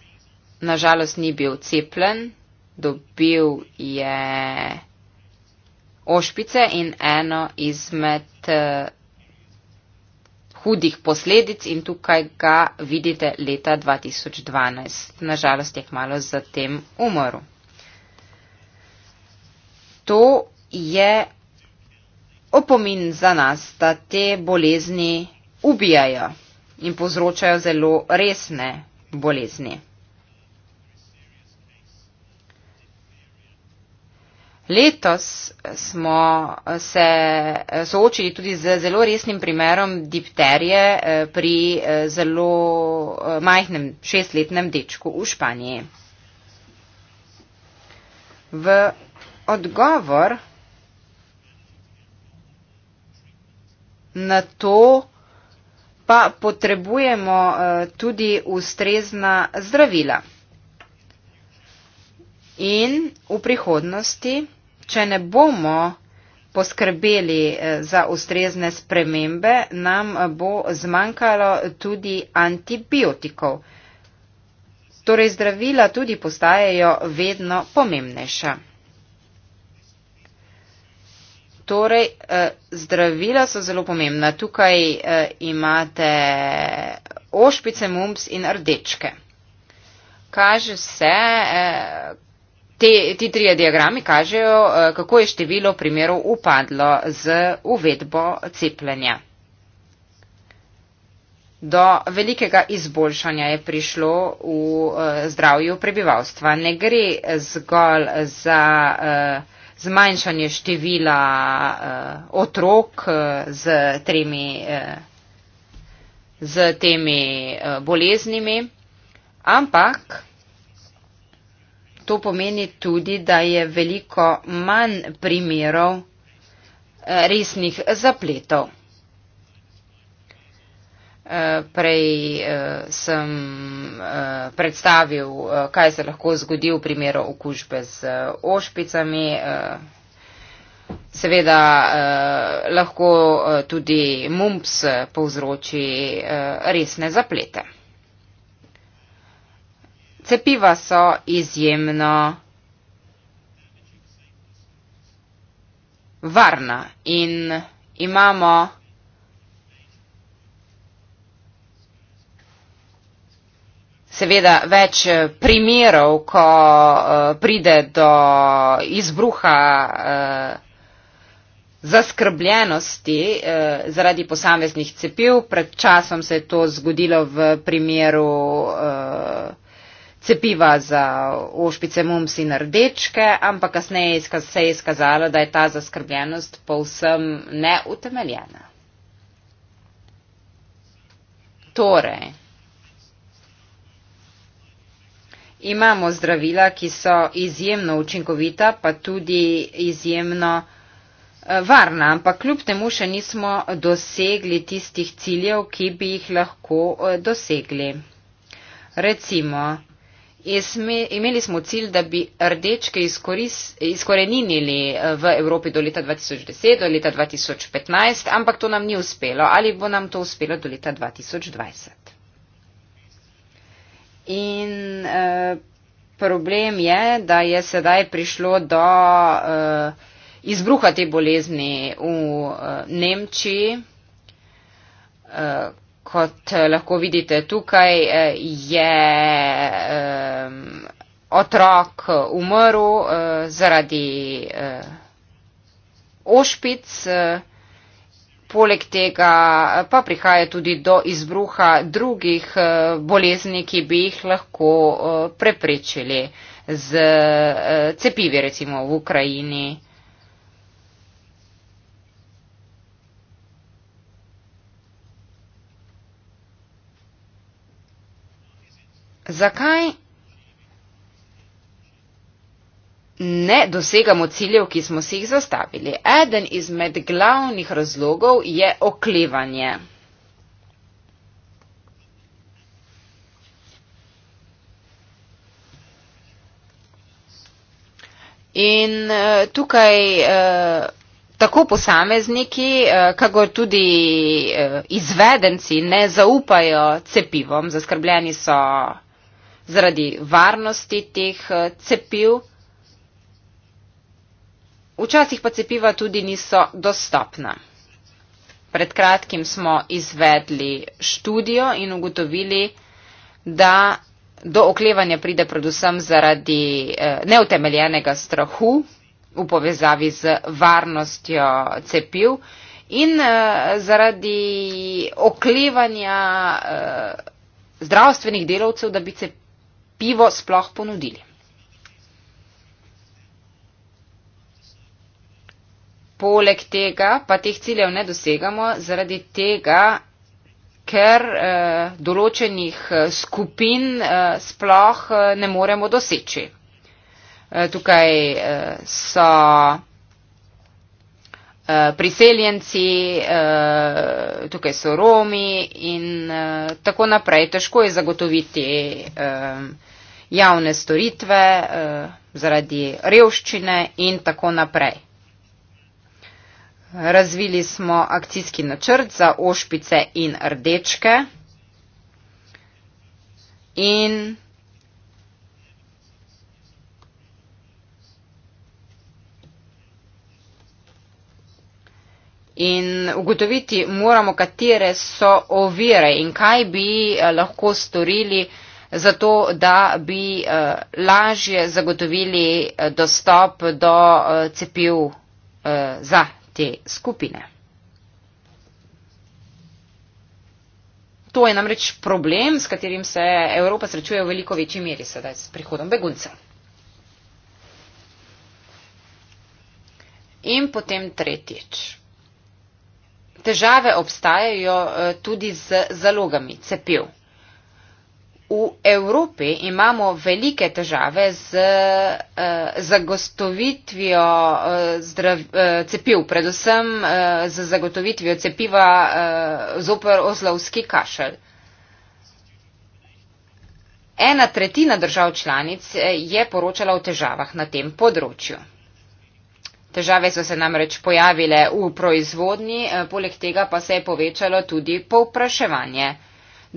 nažalost ni bil cepljen, dobil je ošpice in eno izmed. Uh, hudih posledic in tukaj ga vidite leta 2012. Nažalost je kmalo zatem umrl. To je opomin za nas, da te bolezni ubijajo in povzročajo zelo resne bolezni. Letos smo se soočili tudi z zelo resnim primerom dipterije eh, pri eh, zelo eh, majhnem šestletnem dečku v Španiji. V odgovor na to pa potrebujemo tudi ustrezna zdravila. In v prihodnosti če ne bomo poskrbeli eh, za ustrezne spremembe, nam eh, bo zmanjkalo tudi antibiotikov. Torej zdravila tudi postajajo vedno pomembnejša. Torej, eh, zdravila so zelo pomembna. Tukaj imate ošpice, mumps in rdečke. Kaže se, Te, ti trije diagrami kažejo, eh, kako je število primerov upadlo z uvedbo cepljenja. Do velikega izboljšanja je prišlo v eh, zdravju prebivalstva. Ne gre zgolj za eh, zmanjšanje števila otrok z, tremi, z temi boleznimi, ampak to pomeni tudi, da je veliko manj primerov eh, resnih zapletov. Eh, prej eh, sem predstavil, kaj se lahko zgodi v primeru okužbe z ošpicami. Seveda lahko tudi mumps povzroči resne zaplete cepiva so izjemno varna in imamo seveda več eh, primerov, ko eh, pride do izbruha eh, zaskrbljenosti eh, zaradi posameznih cepiv. Pred časom se je to zgodilo v primeru eh, cepiva za ošpice mums in rdečke, ampak kasneje se je izkazalo, da je ta zaskrbljenost povsem neutemeljena. Torej, imamo zdravila, ki so izjemno učinkovita, pa tudi izjemno eh, varna, ampak kljub temu še nismo dosegli tistih ciljev, ki bi jih lahko eh, dosegli. Recimo, imeli smo cilj, da bi rdečke izkorenili eh, v Evropi do leta 2010, do leta 2015, ampak to nam ni uspelo. Ali bo nam to uspelo do leta 2020? In uh, problem je, da je sedaj prišlo do uh, izbruha te bolezni v uh, Nemčiji. Uh, kot eh, lahko vidite tukaj, eh, je um, otrok umrl uh, zaradi uh, ošpic. Poleg tega pa prihaja tudi do izbruha drugih bolezni, ki bi jih lahko preprečili z cepivi, recimo v Ukrajini. Zakaj ne dosegamo ciljev, ki smo si jih zastavili? Eden izmed glavnih razlogov je oklevanje. In eh, tukaj eh, tako posamezniki, eh, kakor tudi izvedenci ne zaupajo cepivom, zaskrbljeni so zaradi varnosti teh eh, cepiv. Včasih pa cepiva tudi niso dostopna. Pred kratkim smo izvedli študijo in ugotovili, da do oklevanja pride predvsem zaradi eh, neutemeljenega strahu v povezavi z varnostjo cepiv in eh, zaradi oklevanja zdravstvenih delavcev, da bi cepili pivo sploh ponudili. Poleg tega pa teh ciljev ne dosegamo zaradi tega, ker eh, določenih eh, skupin eh, sploh eh, ne moremo doseči. Eh, tukaj eh, so Eh, priseljenci, eh, tukaj so Romi in eh, tako naprej. Težko je zagotoviti javne storitve zaradi revščine in tako naprej. Razvili smo akcijski načrt za ošpice in rdečke in in ugotoviti moramo, katere so ovire in kaj bi eh, lahko storili zato, da bi eh, lažje zagotovili eh, dostop do cepiv za te skupine. To je namreč problem, s katerim se Evropa srečuje v veliko večji meri sedaj s prihodom beguncev. In potem tretjič težave obstajajo eh, tudi z zalogami cepiv. V Evropi imamo velike težave z eh, zagotovitvijo eh, cepiv, predvsem z zagotovitvijo cepiva zoper oslovski kašelj. Ena tretjina držav članic je poročala o težavah na tem področju. Težave so se namreč pojavile v proizvodnji, eh, poleg tega pa se je povečalo tudi povpraševanje.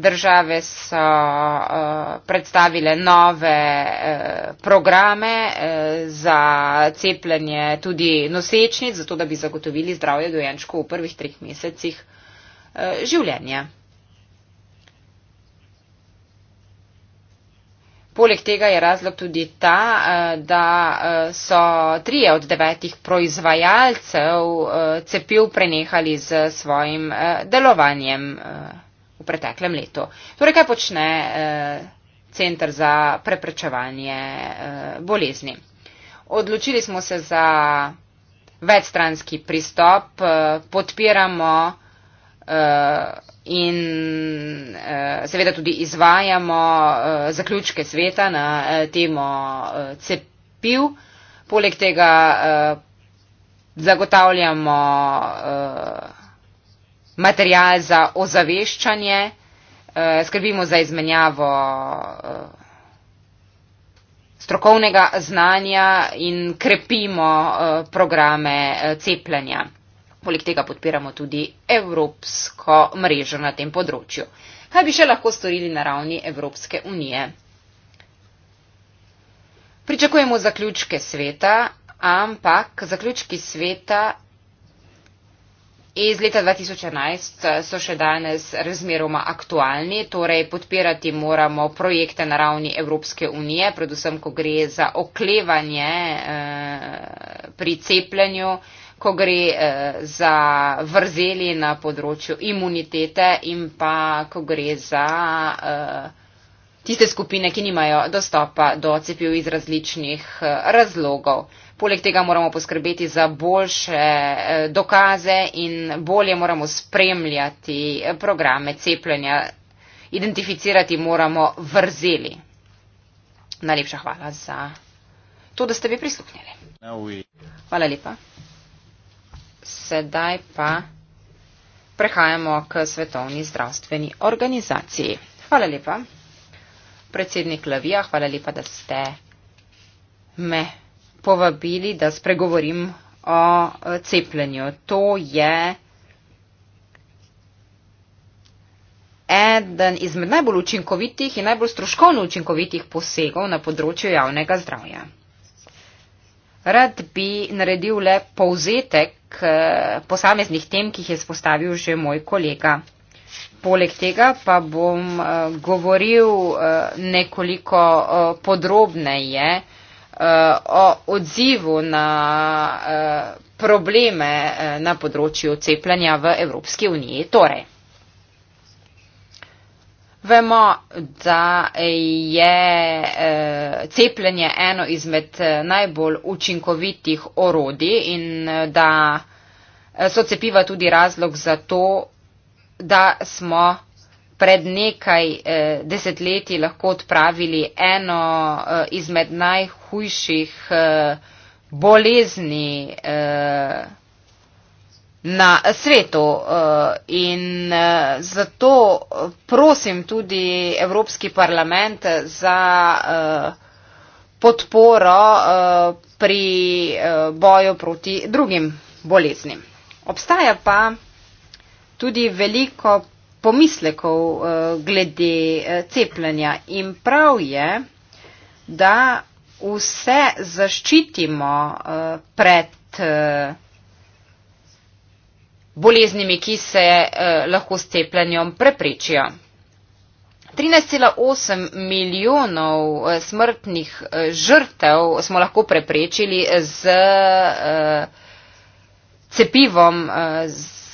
Države so uh, predstavile nove uh, programe uh, za cepljenje tudi nosečnic, zato da bi zagotovili zdravje dojenčkov v prvih treh mesecih uh, življenja. Poleg tega je razlog tudi ta, eh, da eh, so trije od devetih proizvajalcev eh, cepiv prenehali z svojim delovanjem v preteklem letu. Torej, kaj počne Centr za preprečevanje bolezni? Odločili smo se za. Večstranski pristop podpiramo uh, in uh, seveda tudi izvajamo uh, zaključke sveta na uh, temo uh, cepiv. Poleg tega uh, zagotavljamo uh, material za ozaveščanje, uh, skrbimo za izmenjavo. Uh, strokovnega znanja in krepimo uh, programe uh, cepljanja. Poleg tega podpiramo tudi evropsko mrežo na tem področju. Kaj bi še lahko storili na ravni Evropske unije? Pričakujemo zaključke sveta, ampak zaključki sveta iz leta 2011 eh, so še danes razmeroma aktualni, torej podpirati moramo projekte na ravni Evropske unije, predvsem ko gre za oklevanje eh, pri cepljenju. Eh, ko gre eh, za vrzeli na področju imunitete in pa ko gre za eh, tiste skupine, ki nimajo dostopa do cepiv iz različnih eh, razlogov. Poleg tega moramo poskrbeti za boljše eh, dokaze in bolje moramo spremljati eh, programe cepljenja. Identificirati moramo vrzeli. Najlepša hvala za to, da ste mi prisluhnili. Hvala lepa sedaj pa prehajamo k Svetovni zdravstveni organizaciji. Hvala lepa, predsednik Lavija, hvala lepa, da ste me povabili, da spregovorim o eh, cepljenju. To je eden izmed najbolj učinkovitih in najbolj stroškovno učinkovitih posegov na področju javnega zdravja. Rad bi naredil le povzetek k posameznih tem, ki jih je spostavil že moj kolega. Poleg tega pa bom eh, govoril eh, nekoliko eh, podrobneje o odzivu na probleme na področju cepljenja v Evropski uniji. Torej, Vemo, da je eh, cepljenje eno izmed eh, najbolj učinkovitih orodij in eh, da so cepiva tudi razlog za to, da smo pred nekaj desetletji lahko odpravili eno izmed najhujših bolezni na svetu. Eh, in eh, zato prosim tudi Evropski parlament za eh, podporo pri boju proti drugim boleznim. Obstaja pa tudi veliko pomislekov glede cepljenja in prav je, da vse zaščitimo pred boleznimi, ki se eh, lahko s cepljenjem preprečijo. 13,8 milijonov eh, smrtnih eh, žrtev smo lahko preprečili z eh, cepivom eh,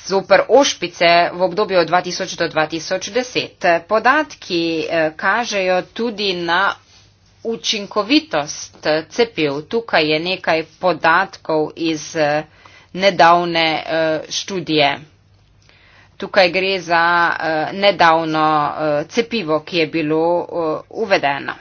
zoper ošpice v obdobju 2000 do 2010. Podatki eh, kažejo tudi na učinkovitost eh, cepiv. Tukaj je nekaj podatkov iz. Eh, nedavne eh, študije. Tukaj gre za eh, nedavno eh, cepivo, ki je bilo uvedeno.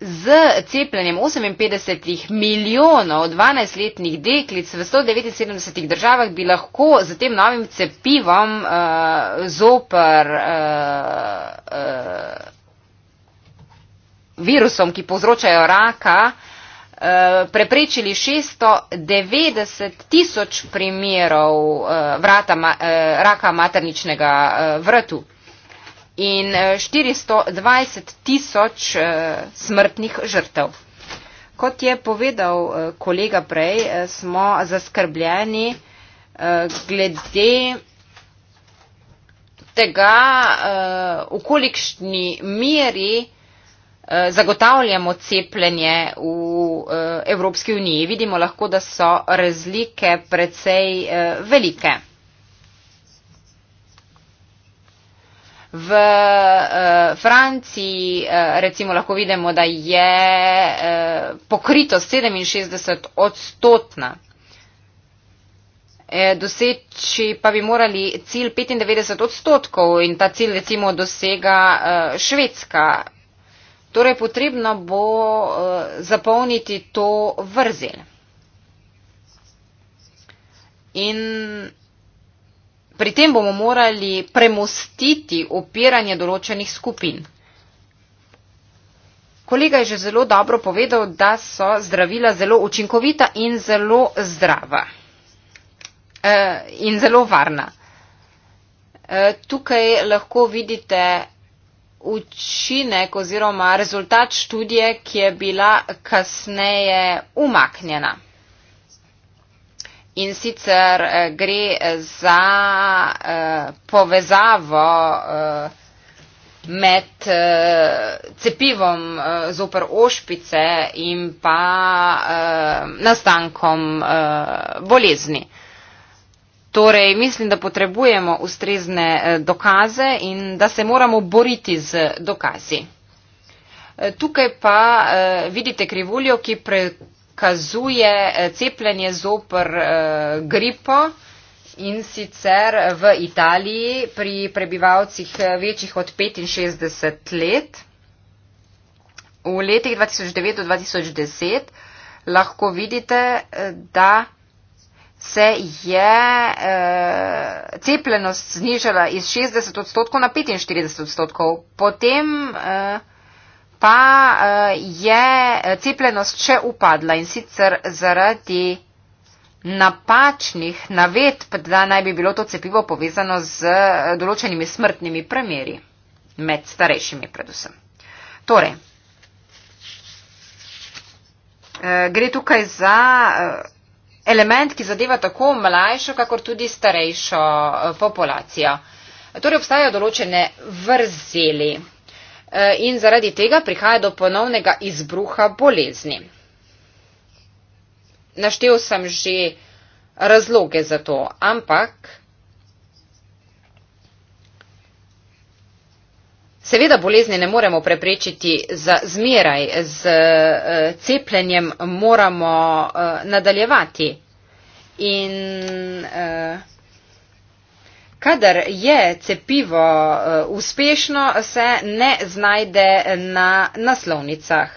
Z cepljenjem 58 milijonov 12-letnih deklic v 179 državah bi lahko z tem novim cepivom uh, zoper uh, uh, virusom, ki povzročajo raka, eh, preprečili 690 tisoč primerov eh, vrata, eh, raka materničnega vratu in 420 tisoč smrtnih žrtev. Kot je povedal kolega prej, smo zaskrbljeni glede tega, v kolikšni meri Eh, zagotavljamo cepljenje v eh, Evropski uniji. Vidimo lahko, da so razlike precej eh, velike. V Franciji recimo lahko vidimo, da je pokritost 67 odstotna. Doseči pa bi morali cilj 95 odstotkov in ta cilj recimo dosega švedska Torej, potrebno bo eh, zapolniti to vrzel. In pri tem bomo morali premostiti opiranje določenih skupin. Kolega je že zelo dobro povedal, da so zdravila zelo učinkovita in zelo zdrava e, in zelo varna. E, tukaj lahko vidite učinek oziroma rezultat študije, ki je bila kasneje umaknjena. In sicer eh, gre za eh, povezavo eh, med cepivom zoper ošpice in pa nastankom bolezni. Torej, mislim, da potrebujemo ustrezne eh, dokaze in da se moramo boriti z dokazi. Eh, tukaj pa eh, vidite krivuljo, ki prekazuje cepljenje zopr gripo in sicer v Italiji pri prebivalcih večjih od 65 let. V letih 2009-2010 lahko vidite, da se je uh, cepljenost znižala iz 60 odstotkov na 45 odstotkov. Potem uh, pa uh, je cepljenost še upadla in sicer zaradi napačnih navedb, da naj bi bilo to cepivo povezano z določenimi smrtnimi premjeri, med starejšimi predvsem. Torej, gre tukaj za element, ki zadeva tako mlajšo, kakor tudi starejšo eh, populacijo. Torej obstajajo določene vrzeli eh, in zaradi tega prihaja do ponovnega izbruha bolezni. Naštel sem že razloge za to, ampak Seveda bolezni ne moremo preprečiti za zmeraj, z eh, cepljenjem moramo eh, nadaljevati. In eh, kadar je cepivo uspešno, se ne znajde na naslovnicah.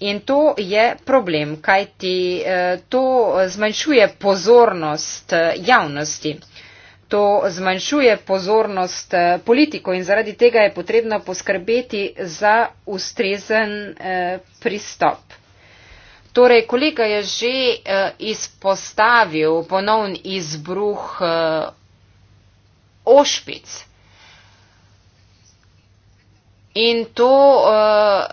In to je problem, kajti to zmanjšuje pozornost javnosti. To zmanjšuje pozornost eh, politiko in zaradi tega je potrebno poskrbeti za ustrezen eh, pristop. Torej, kolega je že eh, izpostavil ponovn izbruh ošpic. In to uh,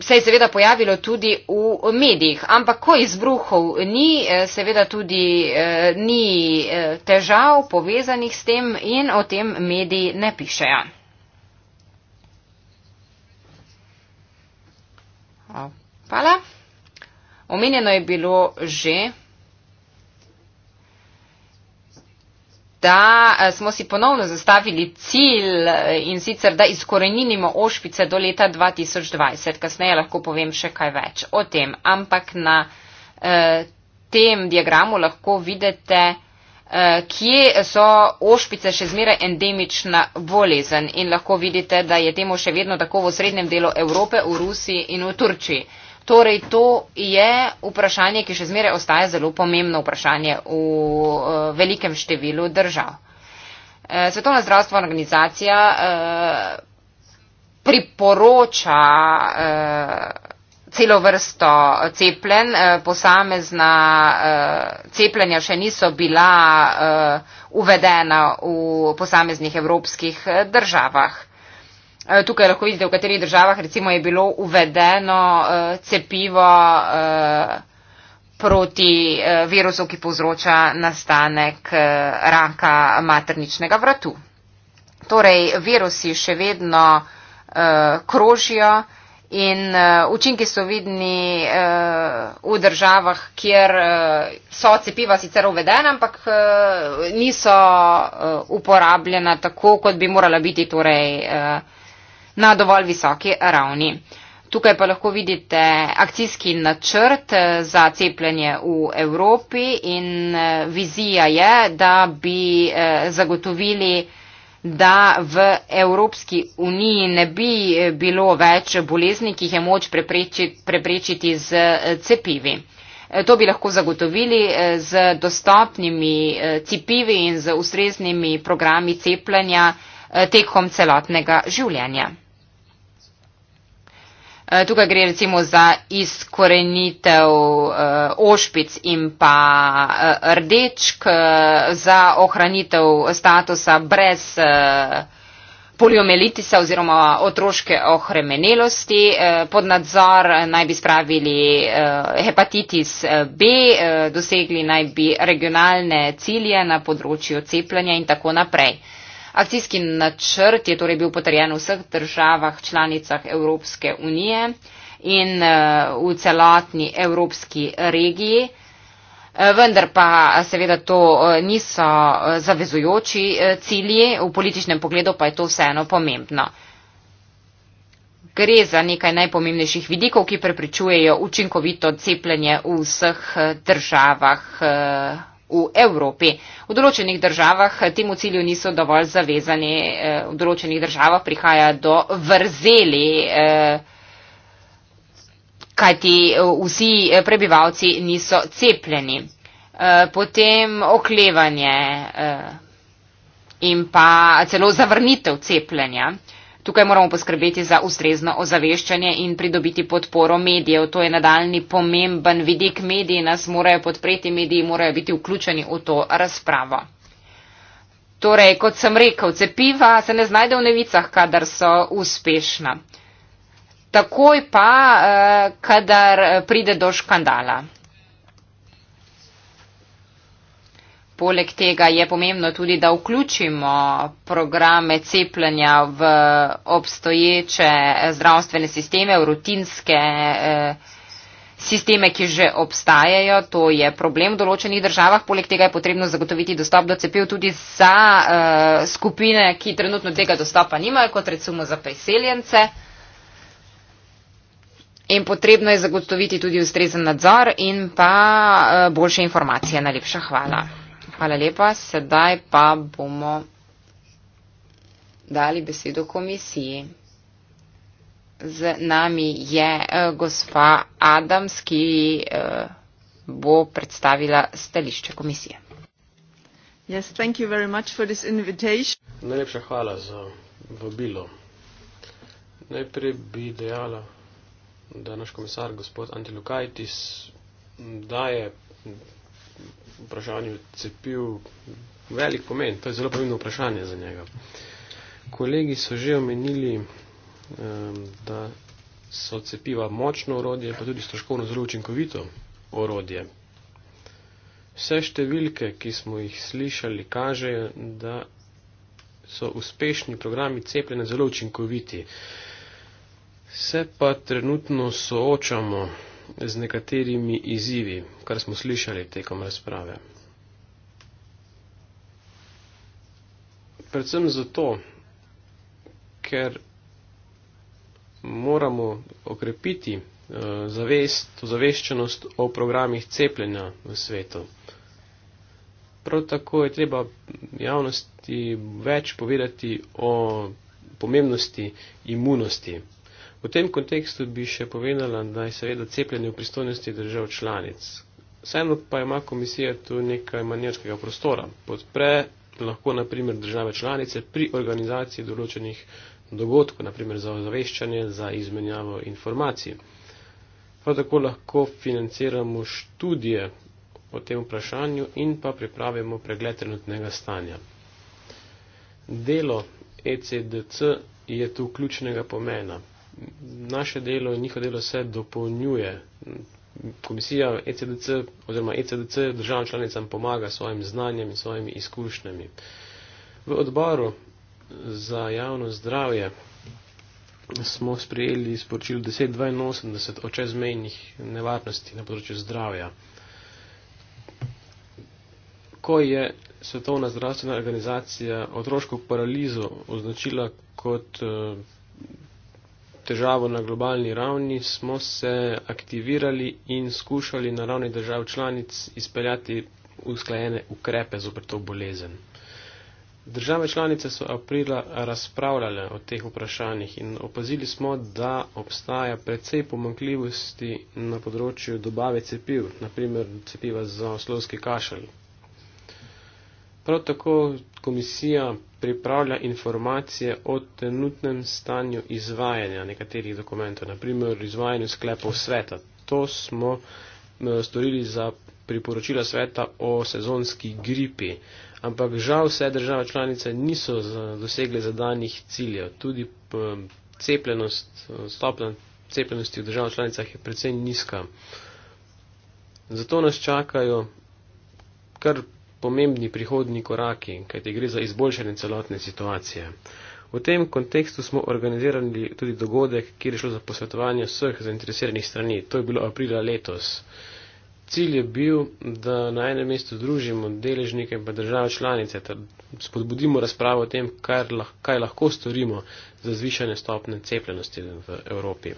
se je seveda pojavilo tudi v medijih, ampak ko izbruhov ni, eh, seveda tudi eh, ni eh, težav povezanih s tem in o tem mediji ne pišejo. Hvala. Omenjeno je bilo že. da eh, smo si ponovno zastavili cilj eh, in sicer, da izkorenimo ošpice do leta 2020. Kasneje lahko povem še kaj več o tem. Ampak na eh, tem diagramu lahko vidite, eh, kje so ošpice še zmeraj endemična bolezen in lahko vidite, da je temu še vedno tako v srednjem delu Evrope, v Rusiji in v Turčiji. Torej, to je vprašanje, ki še zmeraj ostaja zelo pomembno vprašanje v eh, velikem številu držav. Eh, Svetovna zdravstvena organizacija eh, priporoča celo vrsto cepljen, posamezna cepljenja še niso bila uvedena v posameznih evropskih državah. Eh, tukaj lahko vidite, v katerih državah recimo je bilo uvedeno eh, cepivo eh, proti virusu, ki povzroča nastanek raka materničnega vratu. Torej, virusi še vedno krožijo in učinki so vidni v državah, kjer so cepiva sicer uvedena, ampak niso uporabljena tako, kot bi morala biti. Torej, na dovolj visoki ravni. Tukaj pa lahko vidite akcijski načrt eh, za cepljenje v Evropi in eh, vizija je, da bi eh, zagotovili, da v Evropski uniji ne bi bilo več bolezni, ki jih je moč preprečiti z cepivi. To bi lahko zagotovili z dostopnimi cepivi in z ustreznimi programi cepljenja tekom celotnega življenja. Eh, tukaj gre recimo za izkorenitev eh, ošpic in pa eh, rdečk, za ohranitev statusa brez poliomelitisa oziroma otroške ohremenelosti. Pod nadzor naj bi spravili hepatitis B, dosegli naj bi regionalne cilje na področju cepljanja in tako naprej. Akcijski načrt je torej bil potrjen v vseh državah članicah Evropske unije in eh, v celotni evropski regiji. Eh, vendar pa eh, seveda to niso zavezujoči cilji, v političnem pogledu pa je to vseeno pomembno. Gre za nekaj najpomembnejših vidikov, ki preprečujejo učinkovito cepljenje v vseh državah v Evropi. V določenih državah temu cilju niso dovolj zavezani, eh, v določenih državah prihaja do vrzeli, eh, kajti eh, vsi prebivalci niso cepljeni. Potem oklevanje in pa celo zavrnitev cepljenja. Tukaj moramo poskrbeti za ustrezno ozaveščanje in pridobiti podporo medijev. To je nadaljni pomemben vidik. Mediji nas morajo podpreti, mediji morajo biti vključeni v to razpravo. Torej, kot sem rekel, cepiva se ne znajde v nevicah, kadar so uspešna. Takoj pa, eh, kadar pride do škandala. Poleg tega je pomembno tudi, da vključimo programe cepljenja v obstoječe zdravstvene sisteme, v rutinske eh, sisteme, ki že obstajajo. To je problem v določenih državah. Poleg tega je potrebno zagotoviti dostop do cepiv tudi za eh, skupine, ki trenutno tega dostopa nimajo, kot recimo za priseljence. In potrebno je zagotoviti tudi ustrezen nadzor in pa eh, boljše informacije. Najlepša hvala. Hvala lepa. Sedaj pa bomo dali besedo komisiji. Z nami je eh, gospa Adams, ki eh, bo predstavila stališče komisije. Yes, Najlepša hvala za vabilo. Najprej bi dejala, da naš komisar gospod Antilukajtis daje vprašanju cepil velik pomen, to je zelo pomembno vprašanje za njega. Kolegi so že omenili, da so cepiva močno orodje, pa tudi stroškovno zelo učinkovito orodje. Vse številke, ki smo jih slišali, kažejo, da so uspešni programi cepljene zelo učinkoviti. Se pa trenutno soočamo z nekaterimi izzivi, kar smo slišali tekom razprave. Predvsem zato, ker moramo okrepiti eh, zavest, ozaveščenost o programih cepljenja v svetu. Prav tako je treba javnosti več povedati o pomembnosti imunosti. V tem kontekstu bi še povedala, da je seveda cepljenje v pristojnosti držav članic. Vseeno pa ima komisija tu nekaj manjerskega prostora. Podpre lahko naprimer države članice pri organizaciji določenih dogodkov, naprimer za ozaveščanje, za izmenjavo informacij. Prav tako lahko financiramo študije o tem vprašanju in pa pripravimo pregled trenutnega stanja. Delo ECDC je tu ključnega pomena naše delo in njihovo delo se dopolnjuje. Komisija ECDC oziroma ECDC državam članicam pomaga s svojim znanjem in svojimi izkušnjami. V odboru za javno zdravje smo sprejeli sporočilo 1082 o čezmejnih nevarnosti na področju zdravja. Ko je Svetovna zdravstvena organizacija otroško paralizo označila kot uh, težavo na globalni ravni, smo se aktivirali in skušali na ravni držav članic izpeljati usklajene ukrepe zopr to bolezen. Države članice so aprila razpravljale o teh vprašanjih in opazili smo, da obstaja precej pomankljivosti na področju dobave cepiv, naprimer cepiva za oslovski kašelj, Prav tako komisija pripravlja informacije o trenutnem stanju izvajanja nekaterih dokumentov, naprimer izvajanju sklepov sveta. To smo eh, storili za priporočila sveta o sezonski gripi, ampak žal vse države članice niso dosegle zadanjih ciljev. Tudi eh, cepljenost, eh, stopna cepljenosti v državah članicah je predvsej nizka. Zato nas čakajo kar pomembni prihodni koraki, kajti gre za izboljšanje celotne situacije. V tem kontekstu smo organizirali tudi dogodek, kjer je šlo za posvetovanje vseh zainteresiranih strani. To je bilo aprila letos. Cilj je bil, da na enem mestu družimo deležnike in pa države članice, da spodbudimo razpravo o tem, kaj lahko storimo za zvišanje stopne cepljenosti v Evropi.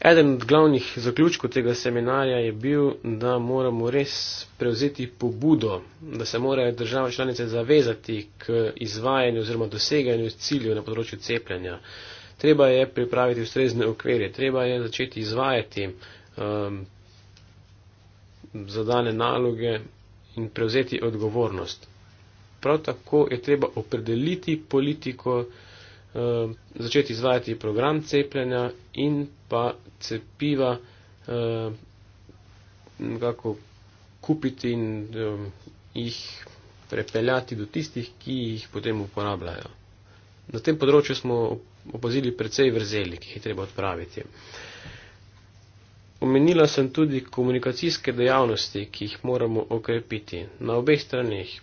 Eden od glavnih zaključkov tega seminarja je bil, da moramo res prevzeti pobudo, da se morajo države članice zavezati k izvajanju oziroma doseganju ciljev na področju cepljenja. Treba je pripraviti ustrezne okvirje, treba je začeti izvajati um, zadane naloge in prevzeti odgovornost. Prav tako je treba opredeliti politiko, Eh, začeti izvajati program cepljenja in pa cepiva eh, nekako kupiti in eh, jih prepeljati do tistih, ki jih potem uporabljajo. Na tem področju smo opazili precej vrzeli, ki jih je treba odpraviti. Omenila sem tudi komunikacijske dejavnosti, ki jih moramo okrepiti na obeh stranih.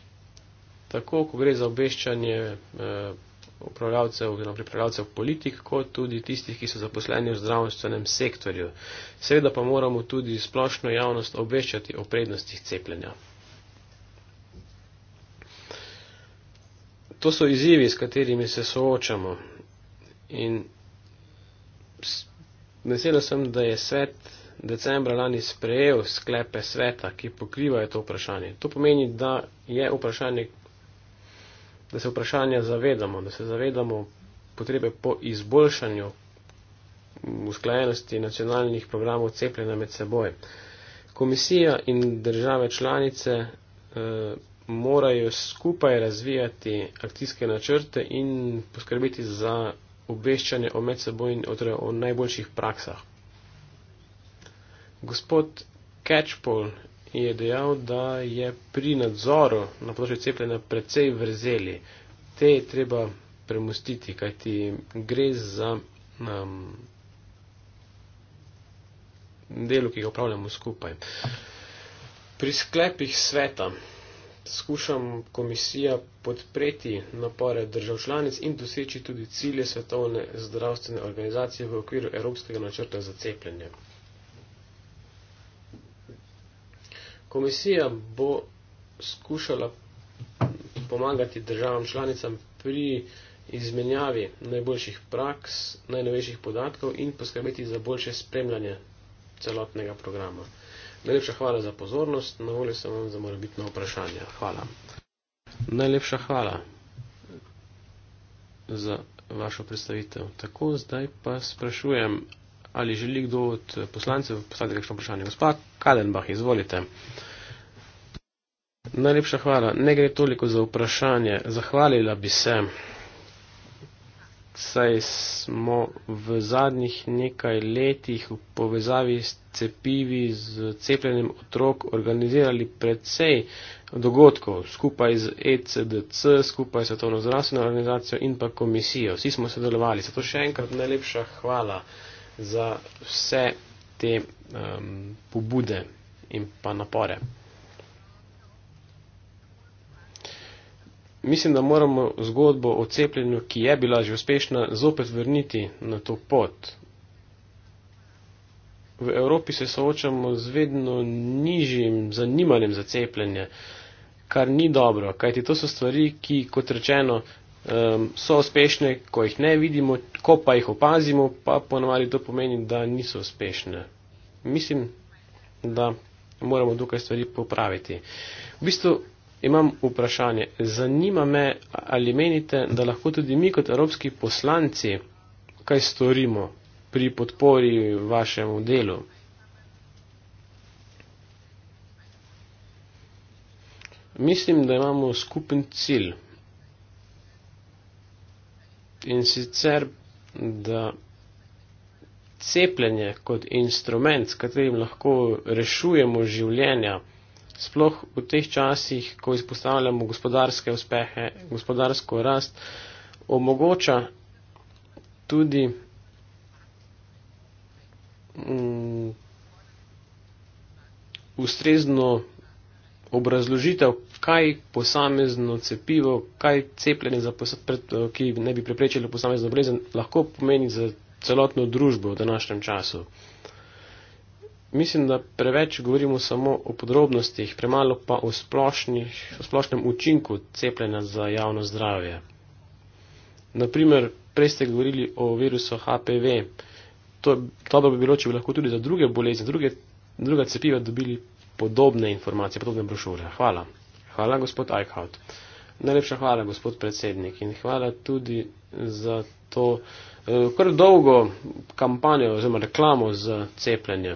Tako, ko gre za obveščanje eh, upravljavcev oziroma pripravljavcev politik, kot tudi tistih, ki so zaposleni v zdravstvenem sektorju. Seveda pa moramo tudi splošno javnost obveščati o prednostih cepljenja. To so izzivi, s katerimi se soočamo. In vesela sem, da je svet decembra lani sprejel sklepe sveta, ki pokrivajo to vprašanje. To pomeni, da je vprašanje da se vprašanja zavedamo, da se zavedamo potrebe po izboljšanju usklajenosti nacionalnih programov cepljenja med seboj. Komisija in države članice eh, morajo skupaj razvijati akcijske načrte in poskrbeti za obveščanje o medsebojni, torej o najboljših praksah. Gospod Catchpole je dejal, da je pri nadzoru na področju cepljenja precej vrzeli. Te je treba premustiti, kajti gre za um, delo, ki ga upravljamo skupaj. Pri sklepih sveta skušam komisija podpreti napore držav članic in doseči tudi cilje Svetovne zdravstvene organizacije v okviru Evropskega načrta za cepljenje. Komisija bo skušala pomagati državam članicam pri izmenjavi najboljših praks, najnovejših podatkov in poskrbeti za boljše spremljanje celotnega programa. Najlepša hvala za pozornost, na voljo sem vam za morebitno vprašanje. Hvala. Najlepša hvala za vašo predstavitev. Tako, zdaj pa sprašujem, ali želi kdo od poslancev postaviti kakšno vprašanje. Gospa Kadenbach, izvolite. Hvala. Najlepša hvala. Ne gre toliko za vprašanje. Zahvalila bi se, saj smo v zadnjih nekaj letih v povezavi s cepivi, z cepljenjem otrok organizirali precej dogodkov skupaj z ECDC, skupaj s Svetovno zdravstveno organizacijo in pa komisijo. Vsi smo sodelovali. Zato še enkrat najlepša hvala za vse te um, pobude in pa napore. mislim, da moramo zgodbo o cepljenju, ki je bila že uspešna, zopet vrniti na to pot. V Evropi se soočamo z vedno nižjim zanimanjem za cepljenje, kar ni dobro, kajti to so stvari, ki, kot rečeno, so uspešne, ko jih ne vidimo, ko pa jih opazimo, pa ponovadi to pomeni, da niso uspešne. Mislim, da moramo tukaj stvari popraviti. V bistvu imam vprašanje. Zanima me, ali menite, da lahko tudi mi kot evropski poslanci kaj storimo pri podpori vašemu delu. Mislim, da imamo skupen cilj in sicer, da cepljenje kot instrument, s katerim lahko rešujemo življenja, sploh v teh časih, ko izpostavljamo gospodarske uspehe, gospodarsko rast, omogoča tudi um, ustrezno obrazložitev, kaj posamezno cepivo, kaj cepljenje, ki ne bi preprečilo posamezno bolezen, lahko pomeni za celotno družbo v današnjem času mislim, da preveč govorimo samo o podrobnostih, premalo pa o, splošnih, o splošnem učinku cepljenja za javno zdravje. Naprimer, prej ste govorili o virusu HPV. To, to bi bilo, če bi lahko tudi za druge bolezni, druge, druga cepiva dobili podobne informacije, podobne brošure. Hvala. Hvala, gospod Eichhout. Najlepša hvala, gospod predsednik. In hvala tudi za to eh, kar dolgo kampanjo oziroma reklamo za cepljenje.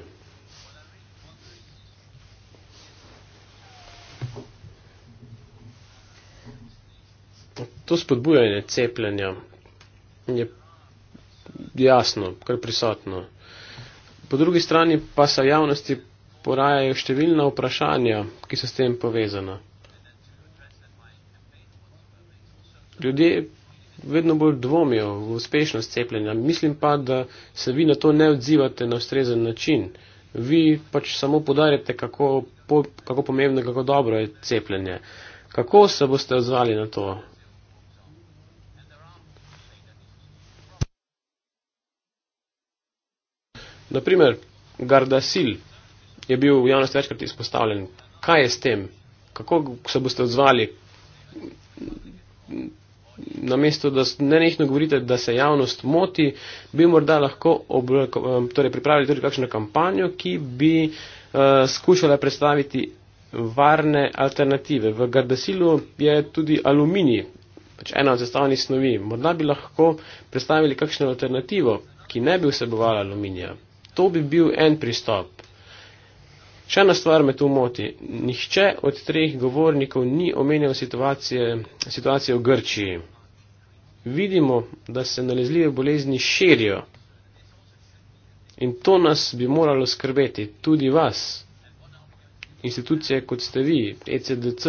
to spodbujanje cepljenja je jasno, kar prisotno. Po drugi strani pa se v javnosti porajajo številna vprašanja, ki so s tem povezana. Ljudje vedno bolj dvomijo v uspešnost cepljenja. Mislim pa, da se vi na to ne odzivate na ustrezen način. Vi pač samo podarite, kako, po, kako pomembno, kako dobro je cepljenje. Kako se boste odzvali na to? Naprimer, Gardasil je bil v javnosti večkrat izpostavljen. Kaj je s tem? Kako se boste odzvali? Namesto, da ne nekno govorite, da se javnost moti, bi morda lahko obliko, torej pripravili tudi kakšno kampanjo, ki bi uh, skušala predstaviti varne alternative. V Gardasilu je tudi aluminij, pač ena od zastavnih snovi. Morda bi lahko predstavili kakšno alternativo, ki ne bi vsebovala aluminija. To bi bil en pristop. Še ena stvar me tu moti. Nihče od treh govornikov ni omenjal situacije, situacije v Grčiji. Vidimo, da se nalezljive bolezni širijo. In to nas bi moralo skrbeti, tudi vas, institucije kot ste vi, ECDC.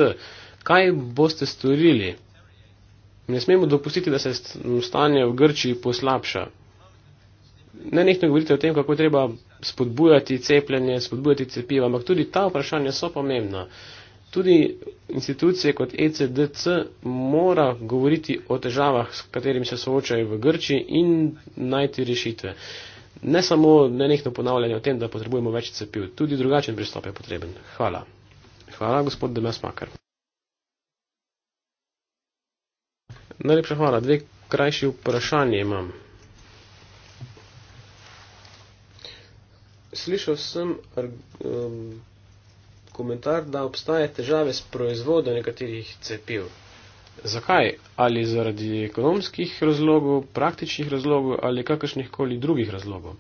Kaj boste storili? Ne smemo dopustiti, da se stanje v Grčiji poslabša ne nekdo govorite o tem, kako treba spodbujati cepljenje, spodbujati cepiva, ampak tudi ta vprašanja so pomembna. Tudi institucije kot ECDC mora govoriti o težavah, s katerimi se soočajo v Grči in najti rešitve. Ne samo nenehno ponavljanje o tem, da potrebujemo več cepiv, tudi drugačen pristop je potreben. Hvala. Hvala, gospod Demesmaker. Najlepša hvala. Dve krajši vprašanje imam. slišal sem um, komentar, da obstaje težave s proizvodom nekaterih cepiv. Zakaj? Ali zaradi ekonomskih razlogov, praktičnih razlogov ali kakršnih koli drugih razlogov?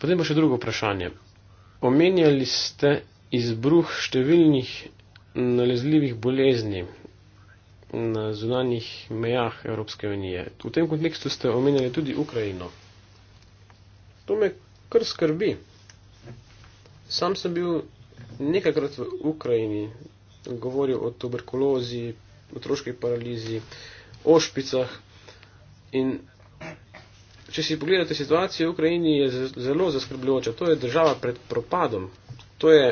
Potem pa še drugo vprašanje. Omenjali ste izbruh številnih nalezljivih bolezni na zunanjih mejah Evropske unije. V tem kontekstu ste omenjali tudi Ukrajino. To me kar skrbi. Sam sem bil nekajkrat v Ukrajini, govoril o tuberkulozi, otroški paralizi, o špicah. In če si pogledate situacijo v Ukrajini, je zelo zaskrbljujoča. To je država pred propadom. To je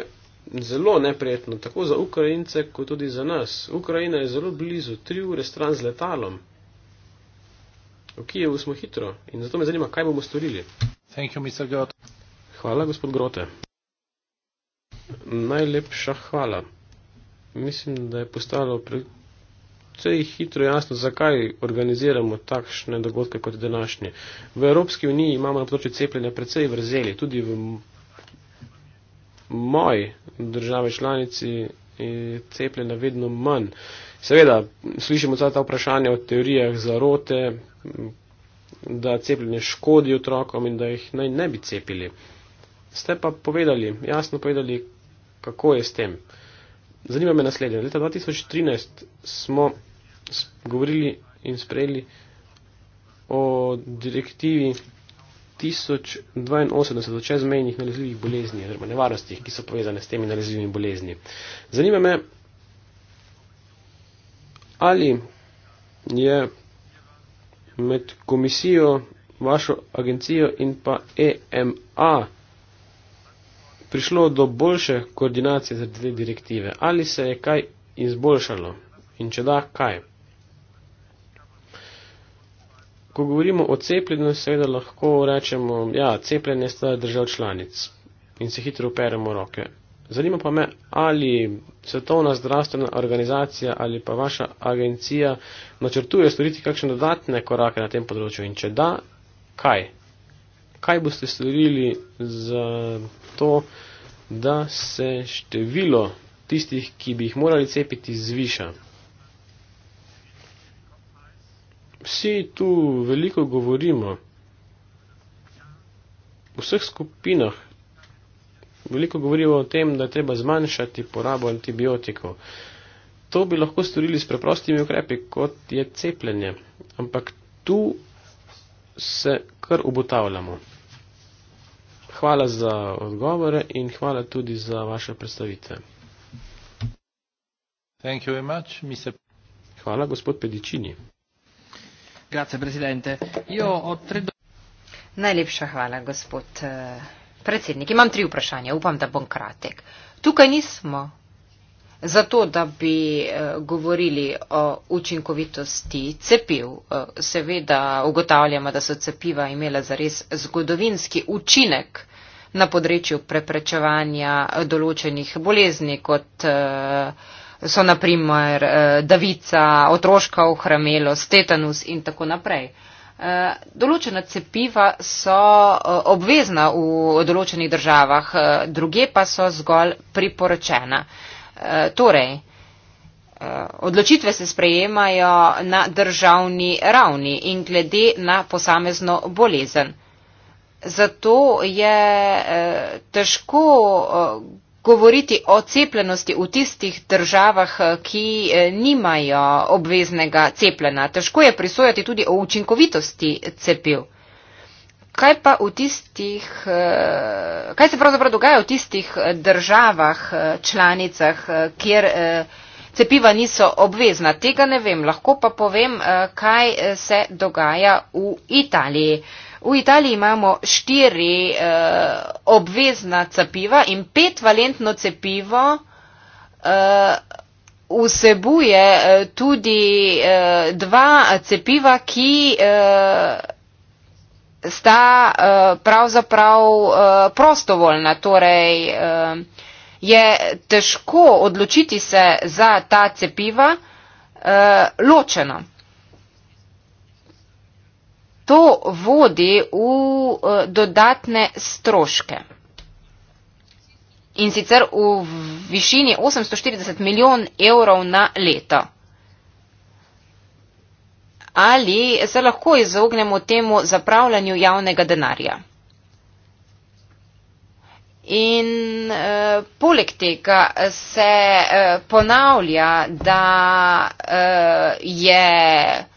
zelo neprijetno, tako za Ukrajince, kot tudi za nas. Ukrajina je zelo blizu, tri ure stran z letalom. V Kijevu smo hitro in zato me zanima, kaj bomo storili. Hvala, gospod Grote. Najlepša hvala. Mislim, da je postalo precej hitro jasno, zakaj organiziramo takšne dogodke kot današnje. V Evropski uniji imamo na področju cepljenja precej vrzeli, tudi v moji državi članici je cepljena vedno manj. Seveda, slišimo ta vprašanja o teorijah zarote, da cepljenje škodi otrokom in da jih naj ne bi cepili. Ste pa povedali, jasno povedali, kako je s tem. Zanima me naslednje. Leta 2013 smo govorili in sprejeli o direktivi 1082 o čezmejnih nalezljivih bolezni, oziroma nevarnostih, ki so povezane s temi nalezljivimi bolezni. Zanima me, ali je med komisijo, vašo agencijo in pa EMA prišlo do boljše koordinacije za dve direktive? Ali se je kaj izboljšalo? In če da, kaj? Ko govorimo o cepljenju, seveda lahko rečemo, ja, cepljenje je stvar držav članic in se hitro operemo roke. Zanima pa me, ali Svetovna zdravstvena organizacija ali pa vaša agencija načrtuje storiti kakšne dodatne korake na tem področju in če da, kaj? Kaj boste storili za to, da se število tistih, ki bi jih morali cepiti, zviša? Vsi tu veliko govorimo. V vseh skupinah Veliko govorimo o tem, da je treba zmanjšati porabo antibiotikov. To bi lahko storili s preprostimi ukrepi, kot je cepljenje. Ampak tu se kar obotavljamo. Hvala za odgovore in hvala tudi za vaše predstavitve. Hvala, gospod Pedičini. Grazie, Presidente. Io ho tre domande. Najlepša hvala, gospod. Uh... Predsednik, imam tri vprašanja, upam, da bom kratek. Tukaj nismo zato, da bi eh, govorili o učinkovitosti cepiv. Eh, seveda ugotavljamo, da so cepiva imela zares zgodovinski učinek na področju preprečevanja eh, določenih bolezni, kot so naprimer davica, otroška ohramelost, tetanus in tako naprej. Eh, določena cepiva so eh, obvezna v določenih državah, eh, druge pa so zgolj priporočena. Torej, odločitve se sprejemajo na državni ravni in glede na posamezno bolezen. Zato je težko govoriti o cepljenosti v tistih državah, eh, ki eh, nimajo obveznega cepljena. Težko je prisojati tudi o učinkovitosti cepiv. Kaj pa v tistih, eh, kaj se pravzaprav dogaja v tistih državah, članicah, kjer cepiva niso obvezna? Tega ne vem, lahko pa povem, kaj se dogaja v Italiji. V Italiji imamo štiri uh, obvezna cepiva in petvalentno cepivo uh, vsebuje uh, tudi uh, dva cepiva, ki uh, sta uh, pravzaprav uh, prostovoljna. Torej, uh, je težko odločiti se za ta cepiva uh, ločeno to vodi v eh, dodatne stroške. In sicer v višini 840 milijon evrov na leto. Ali se lahko izognemo temu zapravljanju javnega denarja? In e, poleg tega se e, ponavlja, da e, je.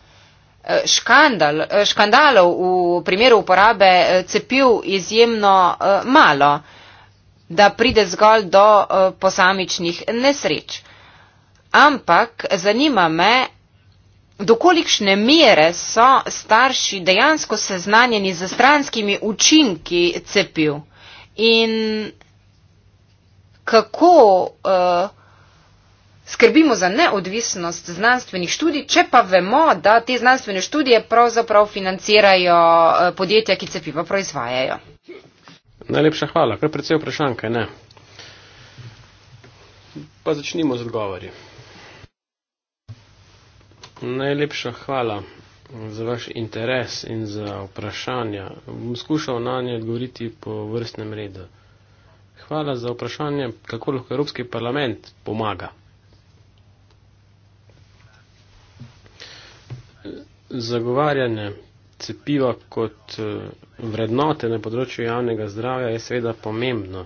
Eh, škandal, eh, škandalov v primeru uporabe eh, cepiv izjemno malo, da pride zgolj do posamičnih nesreč. Ampak zanima me, dokolikšne mere so starši dejansko seznanjeni z stranskimi učinki cepiv in kako uh, skrbimo za neodvisnost znanstvenih študij, če pa vemo, da te znanstvene študije pravzaprav financirajo eh, podjetja, ki cepiva proizvajajo. Najlepša hvala, kar predvsej vprašanj, kaj ne. Pa začnimo z odgovori. Najlepša hvala za vaš interes in za vprašanja. Bom skušal na nje odgovoriti po vrstnem redu. Hvala za vprašanje, kako lahko Evropski parlament pomaga. Zagovarjanje cepiva kot eh, vrednote na področju javnega zdravja je seveda pomembno,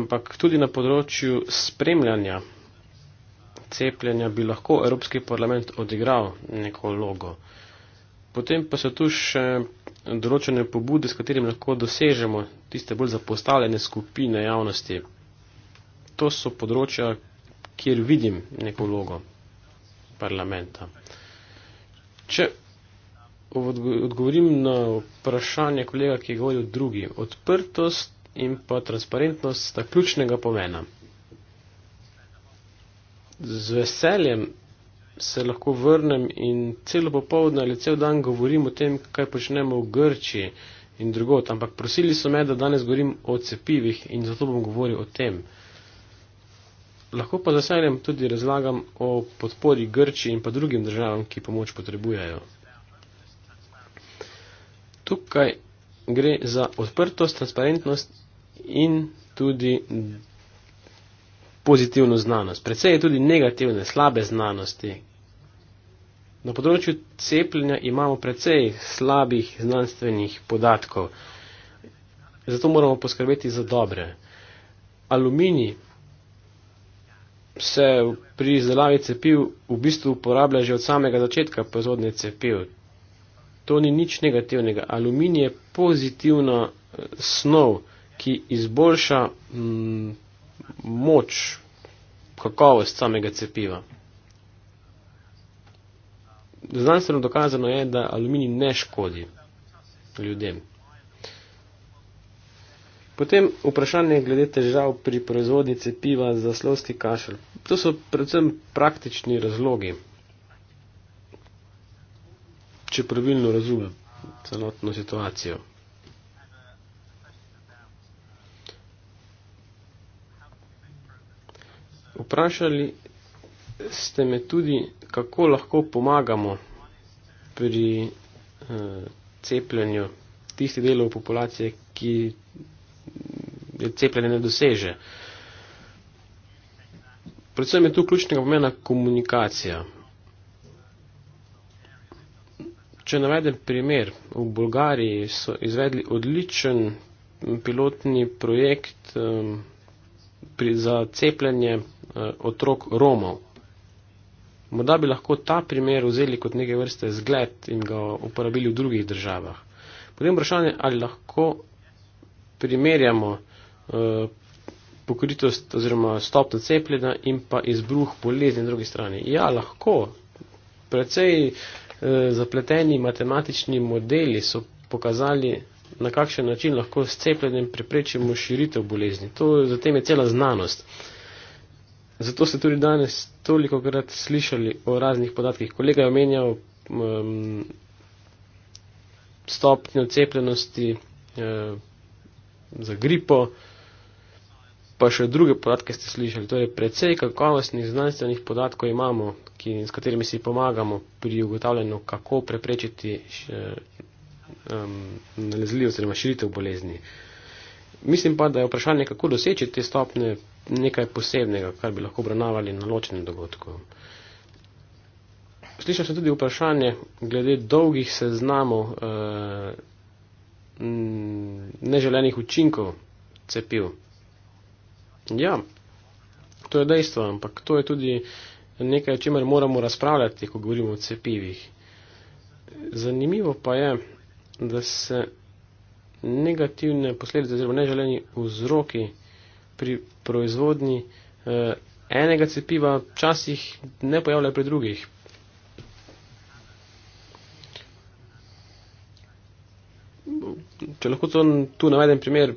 ampak tudi na področju spremljanja cepljenja bi lahko Evropski parlament odigral neko logo. Potem pa so tu še določene pobude, s katerimi lahko dosežemo tiste bolj zapostavljene skupine javnosti. To so področja, kjer vidim neko logo parlamenta. Če odgovorim na vprašanje kolega, ki je govoril drugi, odprtost in pa transparentnost sta ključnega pomena. Z veseljem se lahko vrnem in celo popovdne ali cel dan govorim o tem, kaj počnemo v Grči in drugot, ampak prosili so me, da danes govorim o cepivih in zato bom govoril o tem lahko pa zasajem tudi razlagam o podpori Grči in pa drugim državam, ki pomoč potrebujejo. Tukaj gre za odprtost, transparentnost in tudi pozitivno znanost. Predvsej je tudi negativne, slabe znanosti. Na področju cepljenja imamo predvsej slabih znanstvenih podatkov. Zato moramo poskrbeti za dobre. Aluminij se pri izdelavi cepiv v bistvu uporablja že od samega začetka proizvodnje cepiv. To ni nič negativnega. Aluminij je pozitivna eh, snov, ki izboljša mm, moč, kakovost samega cepiva. Znanstveno dokazano je, da aluminij ne škodi ljudem. Potem vprašanje glede težav pri proizvodnici piva za slovski kašelj. To so predvsem praktični razlogi, če pravilno razumem celotno situacijo. Vprašali ste me tudi, kako lahko pomagamo pri eh, cepljenju tistih delov populacije, ki cepljenje ne doseže. Predvsem je tu ključnega pomena komunikacija. Če navedem primer, v Bulgariji so izvedli odličen pilotni projekt um, pri, za cepljenje uh, otrok Romov. Morda bi lahko ta primer vzeli kot neke vrste zgled in ga uporabili v drugih državah. Potem vprašanje, ali lahko primerjamo Eh, pokritost oziroma stopno cepljena in pa izbruh bolezni na drugi strani. Ja, lahko. Precej eh, zapleteni matematični modeli so pokazali, na kakšen način lahko s cepljenjem preprečimo širitev bolezni. To zatem je cela znanost. Zato ste tudi danes toliko krat slišali o raznih podatkih. Kolega je omenjal um, stopnjo cepljenosti um, za gripo, pa še druge podatke ste slišali. Torej, precej kakovostnih znanstvenih podatkov imamo, ki, s katerimi si pomagamo pri ugotavljanju, kako preprečiti um, eh, nalezljivo oziroma širitev bolezni. Mislim pa, da je vprašanje, kako doseči te stopne, nekaj posebnega, kar bi lahko obravnavali na ločenem dogodku. Slišal sem tudi vprašanje glede dolgih seznamov eh, neželenih učinkov cepiv. Ja, to je dejstvo, ampak to je tudi nekaj, o čemer moramo razpravljati, ko govorimo o cepivih. Zanimivo pa je, da se negativne posledice oziroma neželeni vzroki pri proizvodnji eh, enega cepiva včasih ne pojavljajo pri drugih. Če lahko tu navedem primer,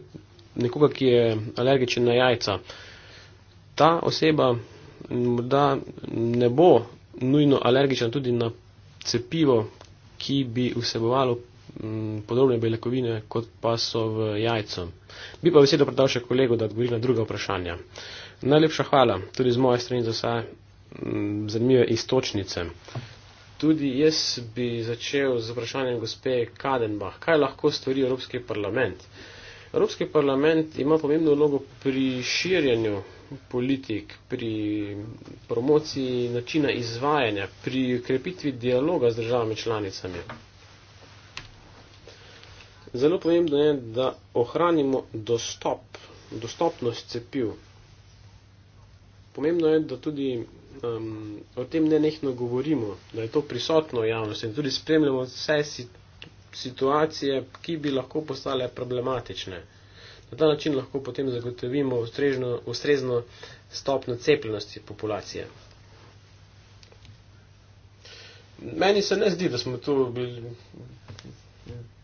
nekoga, ki je alergičen na jajca. Ta oseba morda ne bo nujno alergična tudi na cepivo, ki bi vsebovalo mm, podobne beljakovine, kot pa so v jajcu. Bi pa besedo predal še kolegu, da odgovori na druga vprašanja. Najlepša hvala tudi z moje strani za vse mm, zanimive istočnice. Tudi jaz bi začel z vprašanjem gospe Kadenbach. Kaj lahko stvari Evropski parlament? Uh, Evropski parlament ima pomembno vlogo pri širjanju politik, pri promociji načina izvajanja, pri krepitvi dialoga z državami članicami. Zelo pomembno je, da ohranimo dostop, dostopnost cepiv. Pomembno je, da tudi um, o tem ne nehno govorimo, da je to prisotno v javnosti in tudi spremljamo vse situacije situacije, ki bi lahko postale problematične. Na ta način lahko potem zagotovimo ustrežno, ustrezno stopno cepljenosti populacije. Meni se ne zdi, da smo tu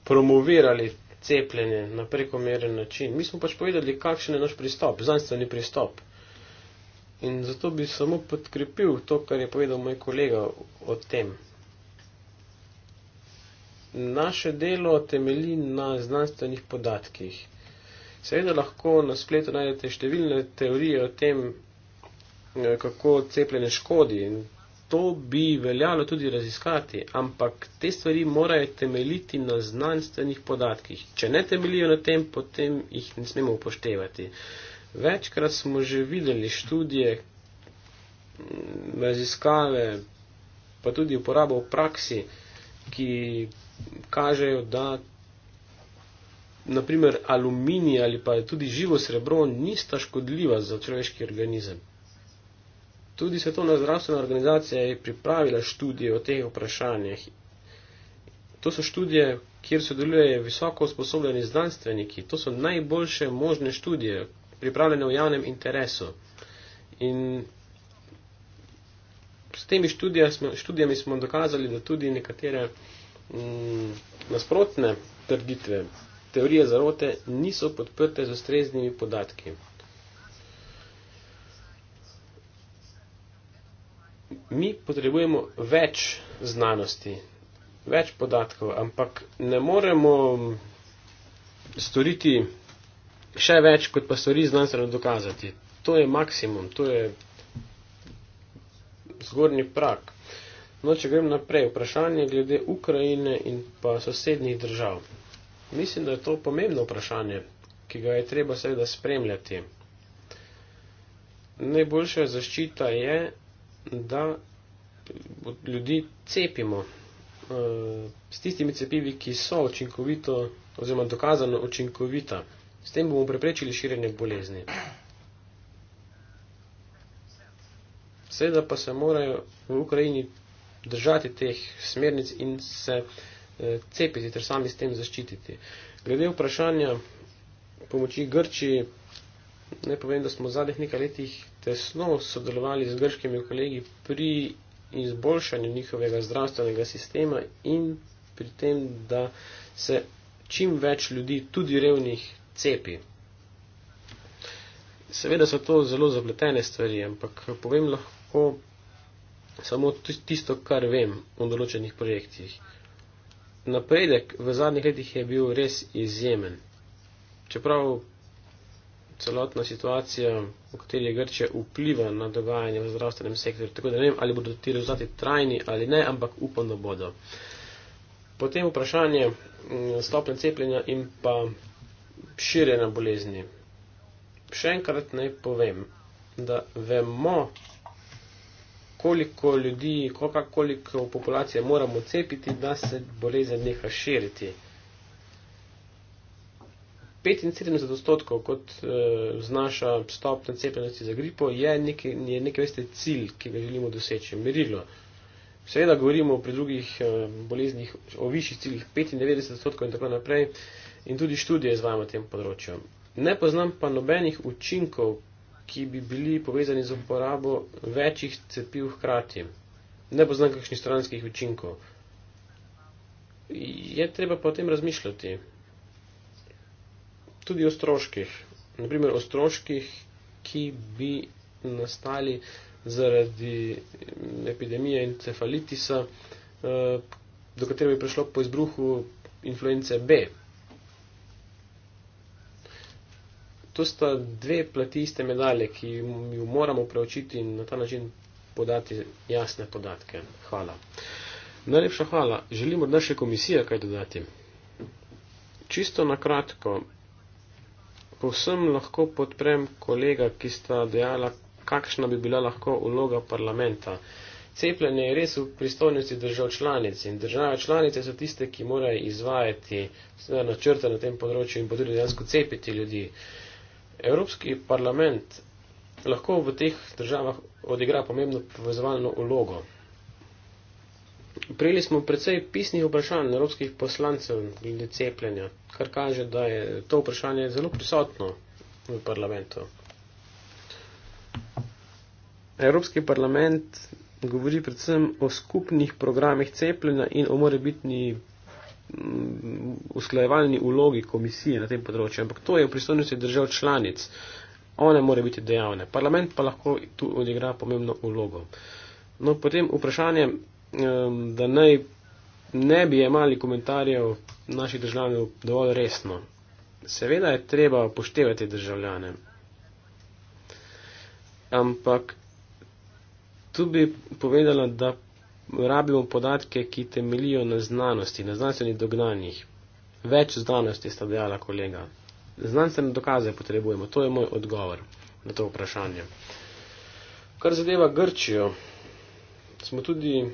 promovirali cepljenje na prekomeren način. Mi smo pač povedali, kakšen je naš pristop, znanstveni pristop. In zato bi samo podkrepil to, kar je povedal moj kolega o tem naše delo temelji na znanstvenih podatkih. Seveda lahko na spletu najdete številne teorije o tem, eh, kako cepljenje škodi in to bi veljalo tudi raziskati, ampak te stvari morajo temeljiti na znanstvenih podatkih. Če ne temeljijo na tem, potem jih ne smemo upoštevati. Večkrat smo že videli študije, raziskave, pa tudi uporabo v praksi, ki kažejo, da naprimer aluminij ali pa tudi živo srebro nista škodljiva za človeški organizem. Tudi Svetovna zdravstvena organizacija je pripravila študije o teh vprašanjih. To so študije, kjer sodelujejo visoko usposobljeni znanstveniki. To so najboljše možne študije, pripravljene v javnem interesu. In s temi študijami, študijami smo dokazali, da tudi nekatere m, mm, nasprotne trditve, teorije zarote, niso podprte z ustreznimi podatki. Mi potrebujemo več znanosti, več podatkov, ampak ne moremo storiti še več, kot pa stvari znanstveno dokazati. To je maksimum, to je zgornji prak. No, če grem naprej, vprašanje glede Ukrajine in pa sosednjih držav. Mislim, da je to pomembno vprašanje, ki ga je treba seveda spremljati. Najboljša zaščita je, da ljudi cepimo eh, s tistimi cepivi, ki so učinkovito oziroma dokazano učinkovita. S tem bomo preprečili širjenje bolezni. Seveda pa se morajo v Ukrajini držati teh smernic in se eh, cepiti ter sami s tem zaščititi. Glede vprašanja pomoči Grčiji, ne povem, da smo v zadnjih nekaj letih tesno sodelovali z grškimi kolegi pri izboljšanju njihovega zdravstvenega sistema in pri tem, da se čim več ljudi, tudi revnih, cepi. Seveda so to zelo zapletene stvari, ampak povem lahko, lahko samo tisto, kar vem o določenih projekcijah. Napredek v zadnjih letih je bil res izjemen. Čeprav celotna situacija, v kateri je Grče vpliva na dogajanje v zdravstvenem sektorju, tako da ne vem, ali bodo ti rezultati trajni ali ne, ampak upam, da bodo. Potem vprašanje mm, stopne cepljenja in pa širjenja bolezni. Še enkrat naj povem, da vemo, koliko ljudi, koliko populacije moramo cepiti, da se bolezen neha širiti. 75 odstotkov, kot e, znaša stopnja cepljenosti za gripo, je nekaj, je nekaj veste cilj, ki ga želimo doseči, merilo. Seveda govorimo pri drugih e, boleznih o višjih ciljih, 95 odstotkov in tako naprej, in tudi študije izvajamo na tem področju. Ne poznam pa nobenih učinkov ki bi bili povezani z uporabo večjih cepiv hkrati. Ne poznam kakšnih stranskih učinkov. Je treba pa o tem razmišljati. Tudi o stroških. Naprimer o stroških, ki bi nastali zaradi mm, epidemije encefalitisa, eh, do katerega bi prišlo po izbruhu influence B. to sta dve plati iste medalje, ki jo moramo preučiti in na ta način podati jasne podatke. Hvala. Najlepša hvala. Želim od naše komisije kaj dodati. Čisto na kratko, povsem lahko podprem kolega, ki sta dejala, kakšna bi bila lahko vloga parlamenta. Cepljenje je res v pristojnosti držav članic in države članice so tiste, ki morajo izvajati načrte na tem področju in potrebno dejansko cepiti ljudi. Uh, Evropski parlament lahko v teh državah odigra pomembno povezovalno ulogo. Prijeli smo predvsej pisnih vprašanj evropskih poslancev glede cepljenja, kar kaže, da je to vprašanje zelo prisotno v parlamentu. Evropski parlament govori predvsem o skupnih programih cepljenja in o morebitni Mm, usklajevalni ulogi komisije na tem področju, ampak to je v pristojnosti držav članic. One more biti dejavne. Parlament pa lahko tu odigra pomembno ulogo. No, potem vprašanje, da naj ne bi jemali komentarjev naših državljanov dovolj resno. Seveda je treba poštevati državljane. Ampak tu bi povedala, da rabimo podatke, ki temelijo na znanosti, na znanstvenih dognanjih. Več znanosti sta dejala kolega. Znanstvene dokaze potrebujemo, to je moj odgovor na to vprašanje. Kar zadeva Grčijo, smo tudi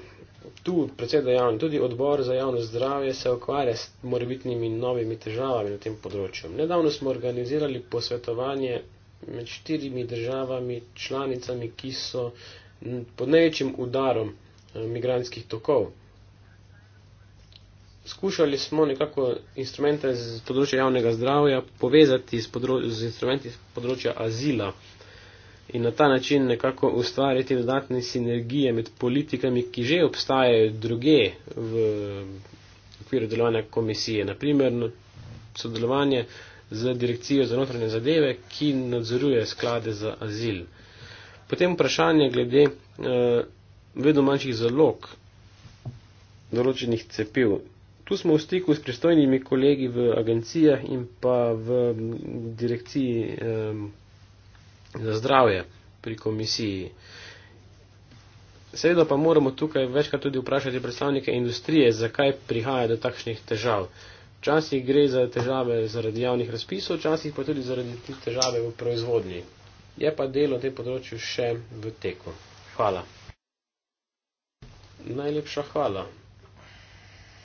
tu predvsej dejavni, tudi odbor za javno zdravje se ukvarja s morebitnimi novimi težavami na tem področju. Nedavno smo organizirali posvetovanje med štirimi državami, članicami, ki so pod največjim udarom Eh, migranskih tokov. Skušali smo nekako instrumente z področja javnega zdravja povezati z, z instrumenti z področja azila in na ta način nekako ustvariti dodatne sinergije med politikami, ki že obstajajo druge v okviru delovanja komisije. Naprimer, no, sodelovanje z direkcijo za notranje zadeve, ki nadzoruje sklade za azil. Potem vprašanje glede. Uh, vedno manjših zalog določenih cepiv. Tu smo v stiku s pristojnimi kolegi v agencijah in pa v direkciji um, za zdravje pri komisiji. Seveda pa moramo tukaj večkrat tudi vprašati predstavnike industrije, zakaj prihaja do takšnih težav. Včasih gre za težave zaradi javnih razpisov, včasih pa tudi zaradi težave v proizvodnji. Je pa delo na tem področju še v teku. Hvala. Najlepša hvala.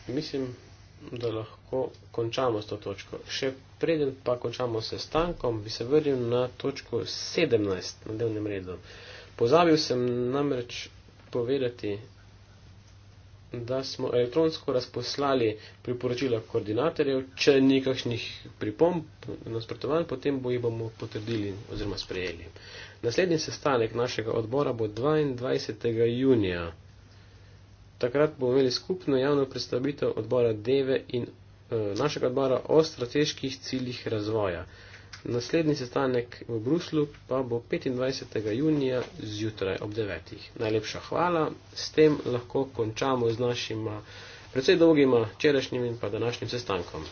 Mislim, da lahko končamo s to točko. Še preden pa končamo s stankom, bi se vrnil na točko 17 na dnevnem redu. Pozabil sem namreč povedati, da smo elektronsko razposlali priporočila koordinatorjev, če ni kakšnih pripomb, nasprotovanj, potem bo jih bomo potrdili oziroma sprejeli. Naslednji sestanek našega odbora bo 22. junija. Takrat bomo imeli skupno javno predstavitev odbora Deve in e, našega odbora o strateških ciljih razvoja. Naslednji sestanek v Bruslu pa bo 25. junija zjutraj ob 9. Najlepša hvala, s tem lahko končamo z našima predvsej dolgima včerajšnjim in pa današnjim sestankom.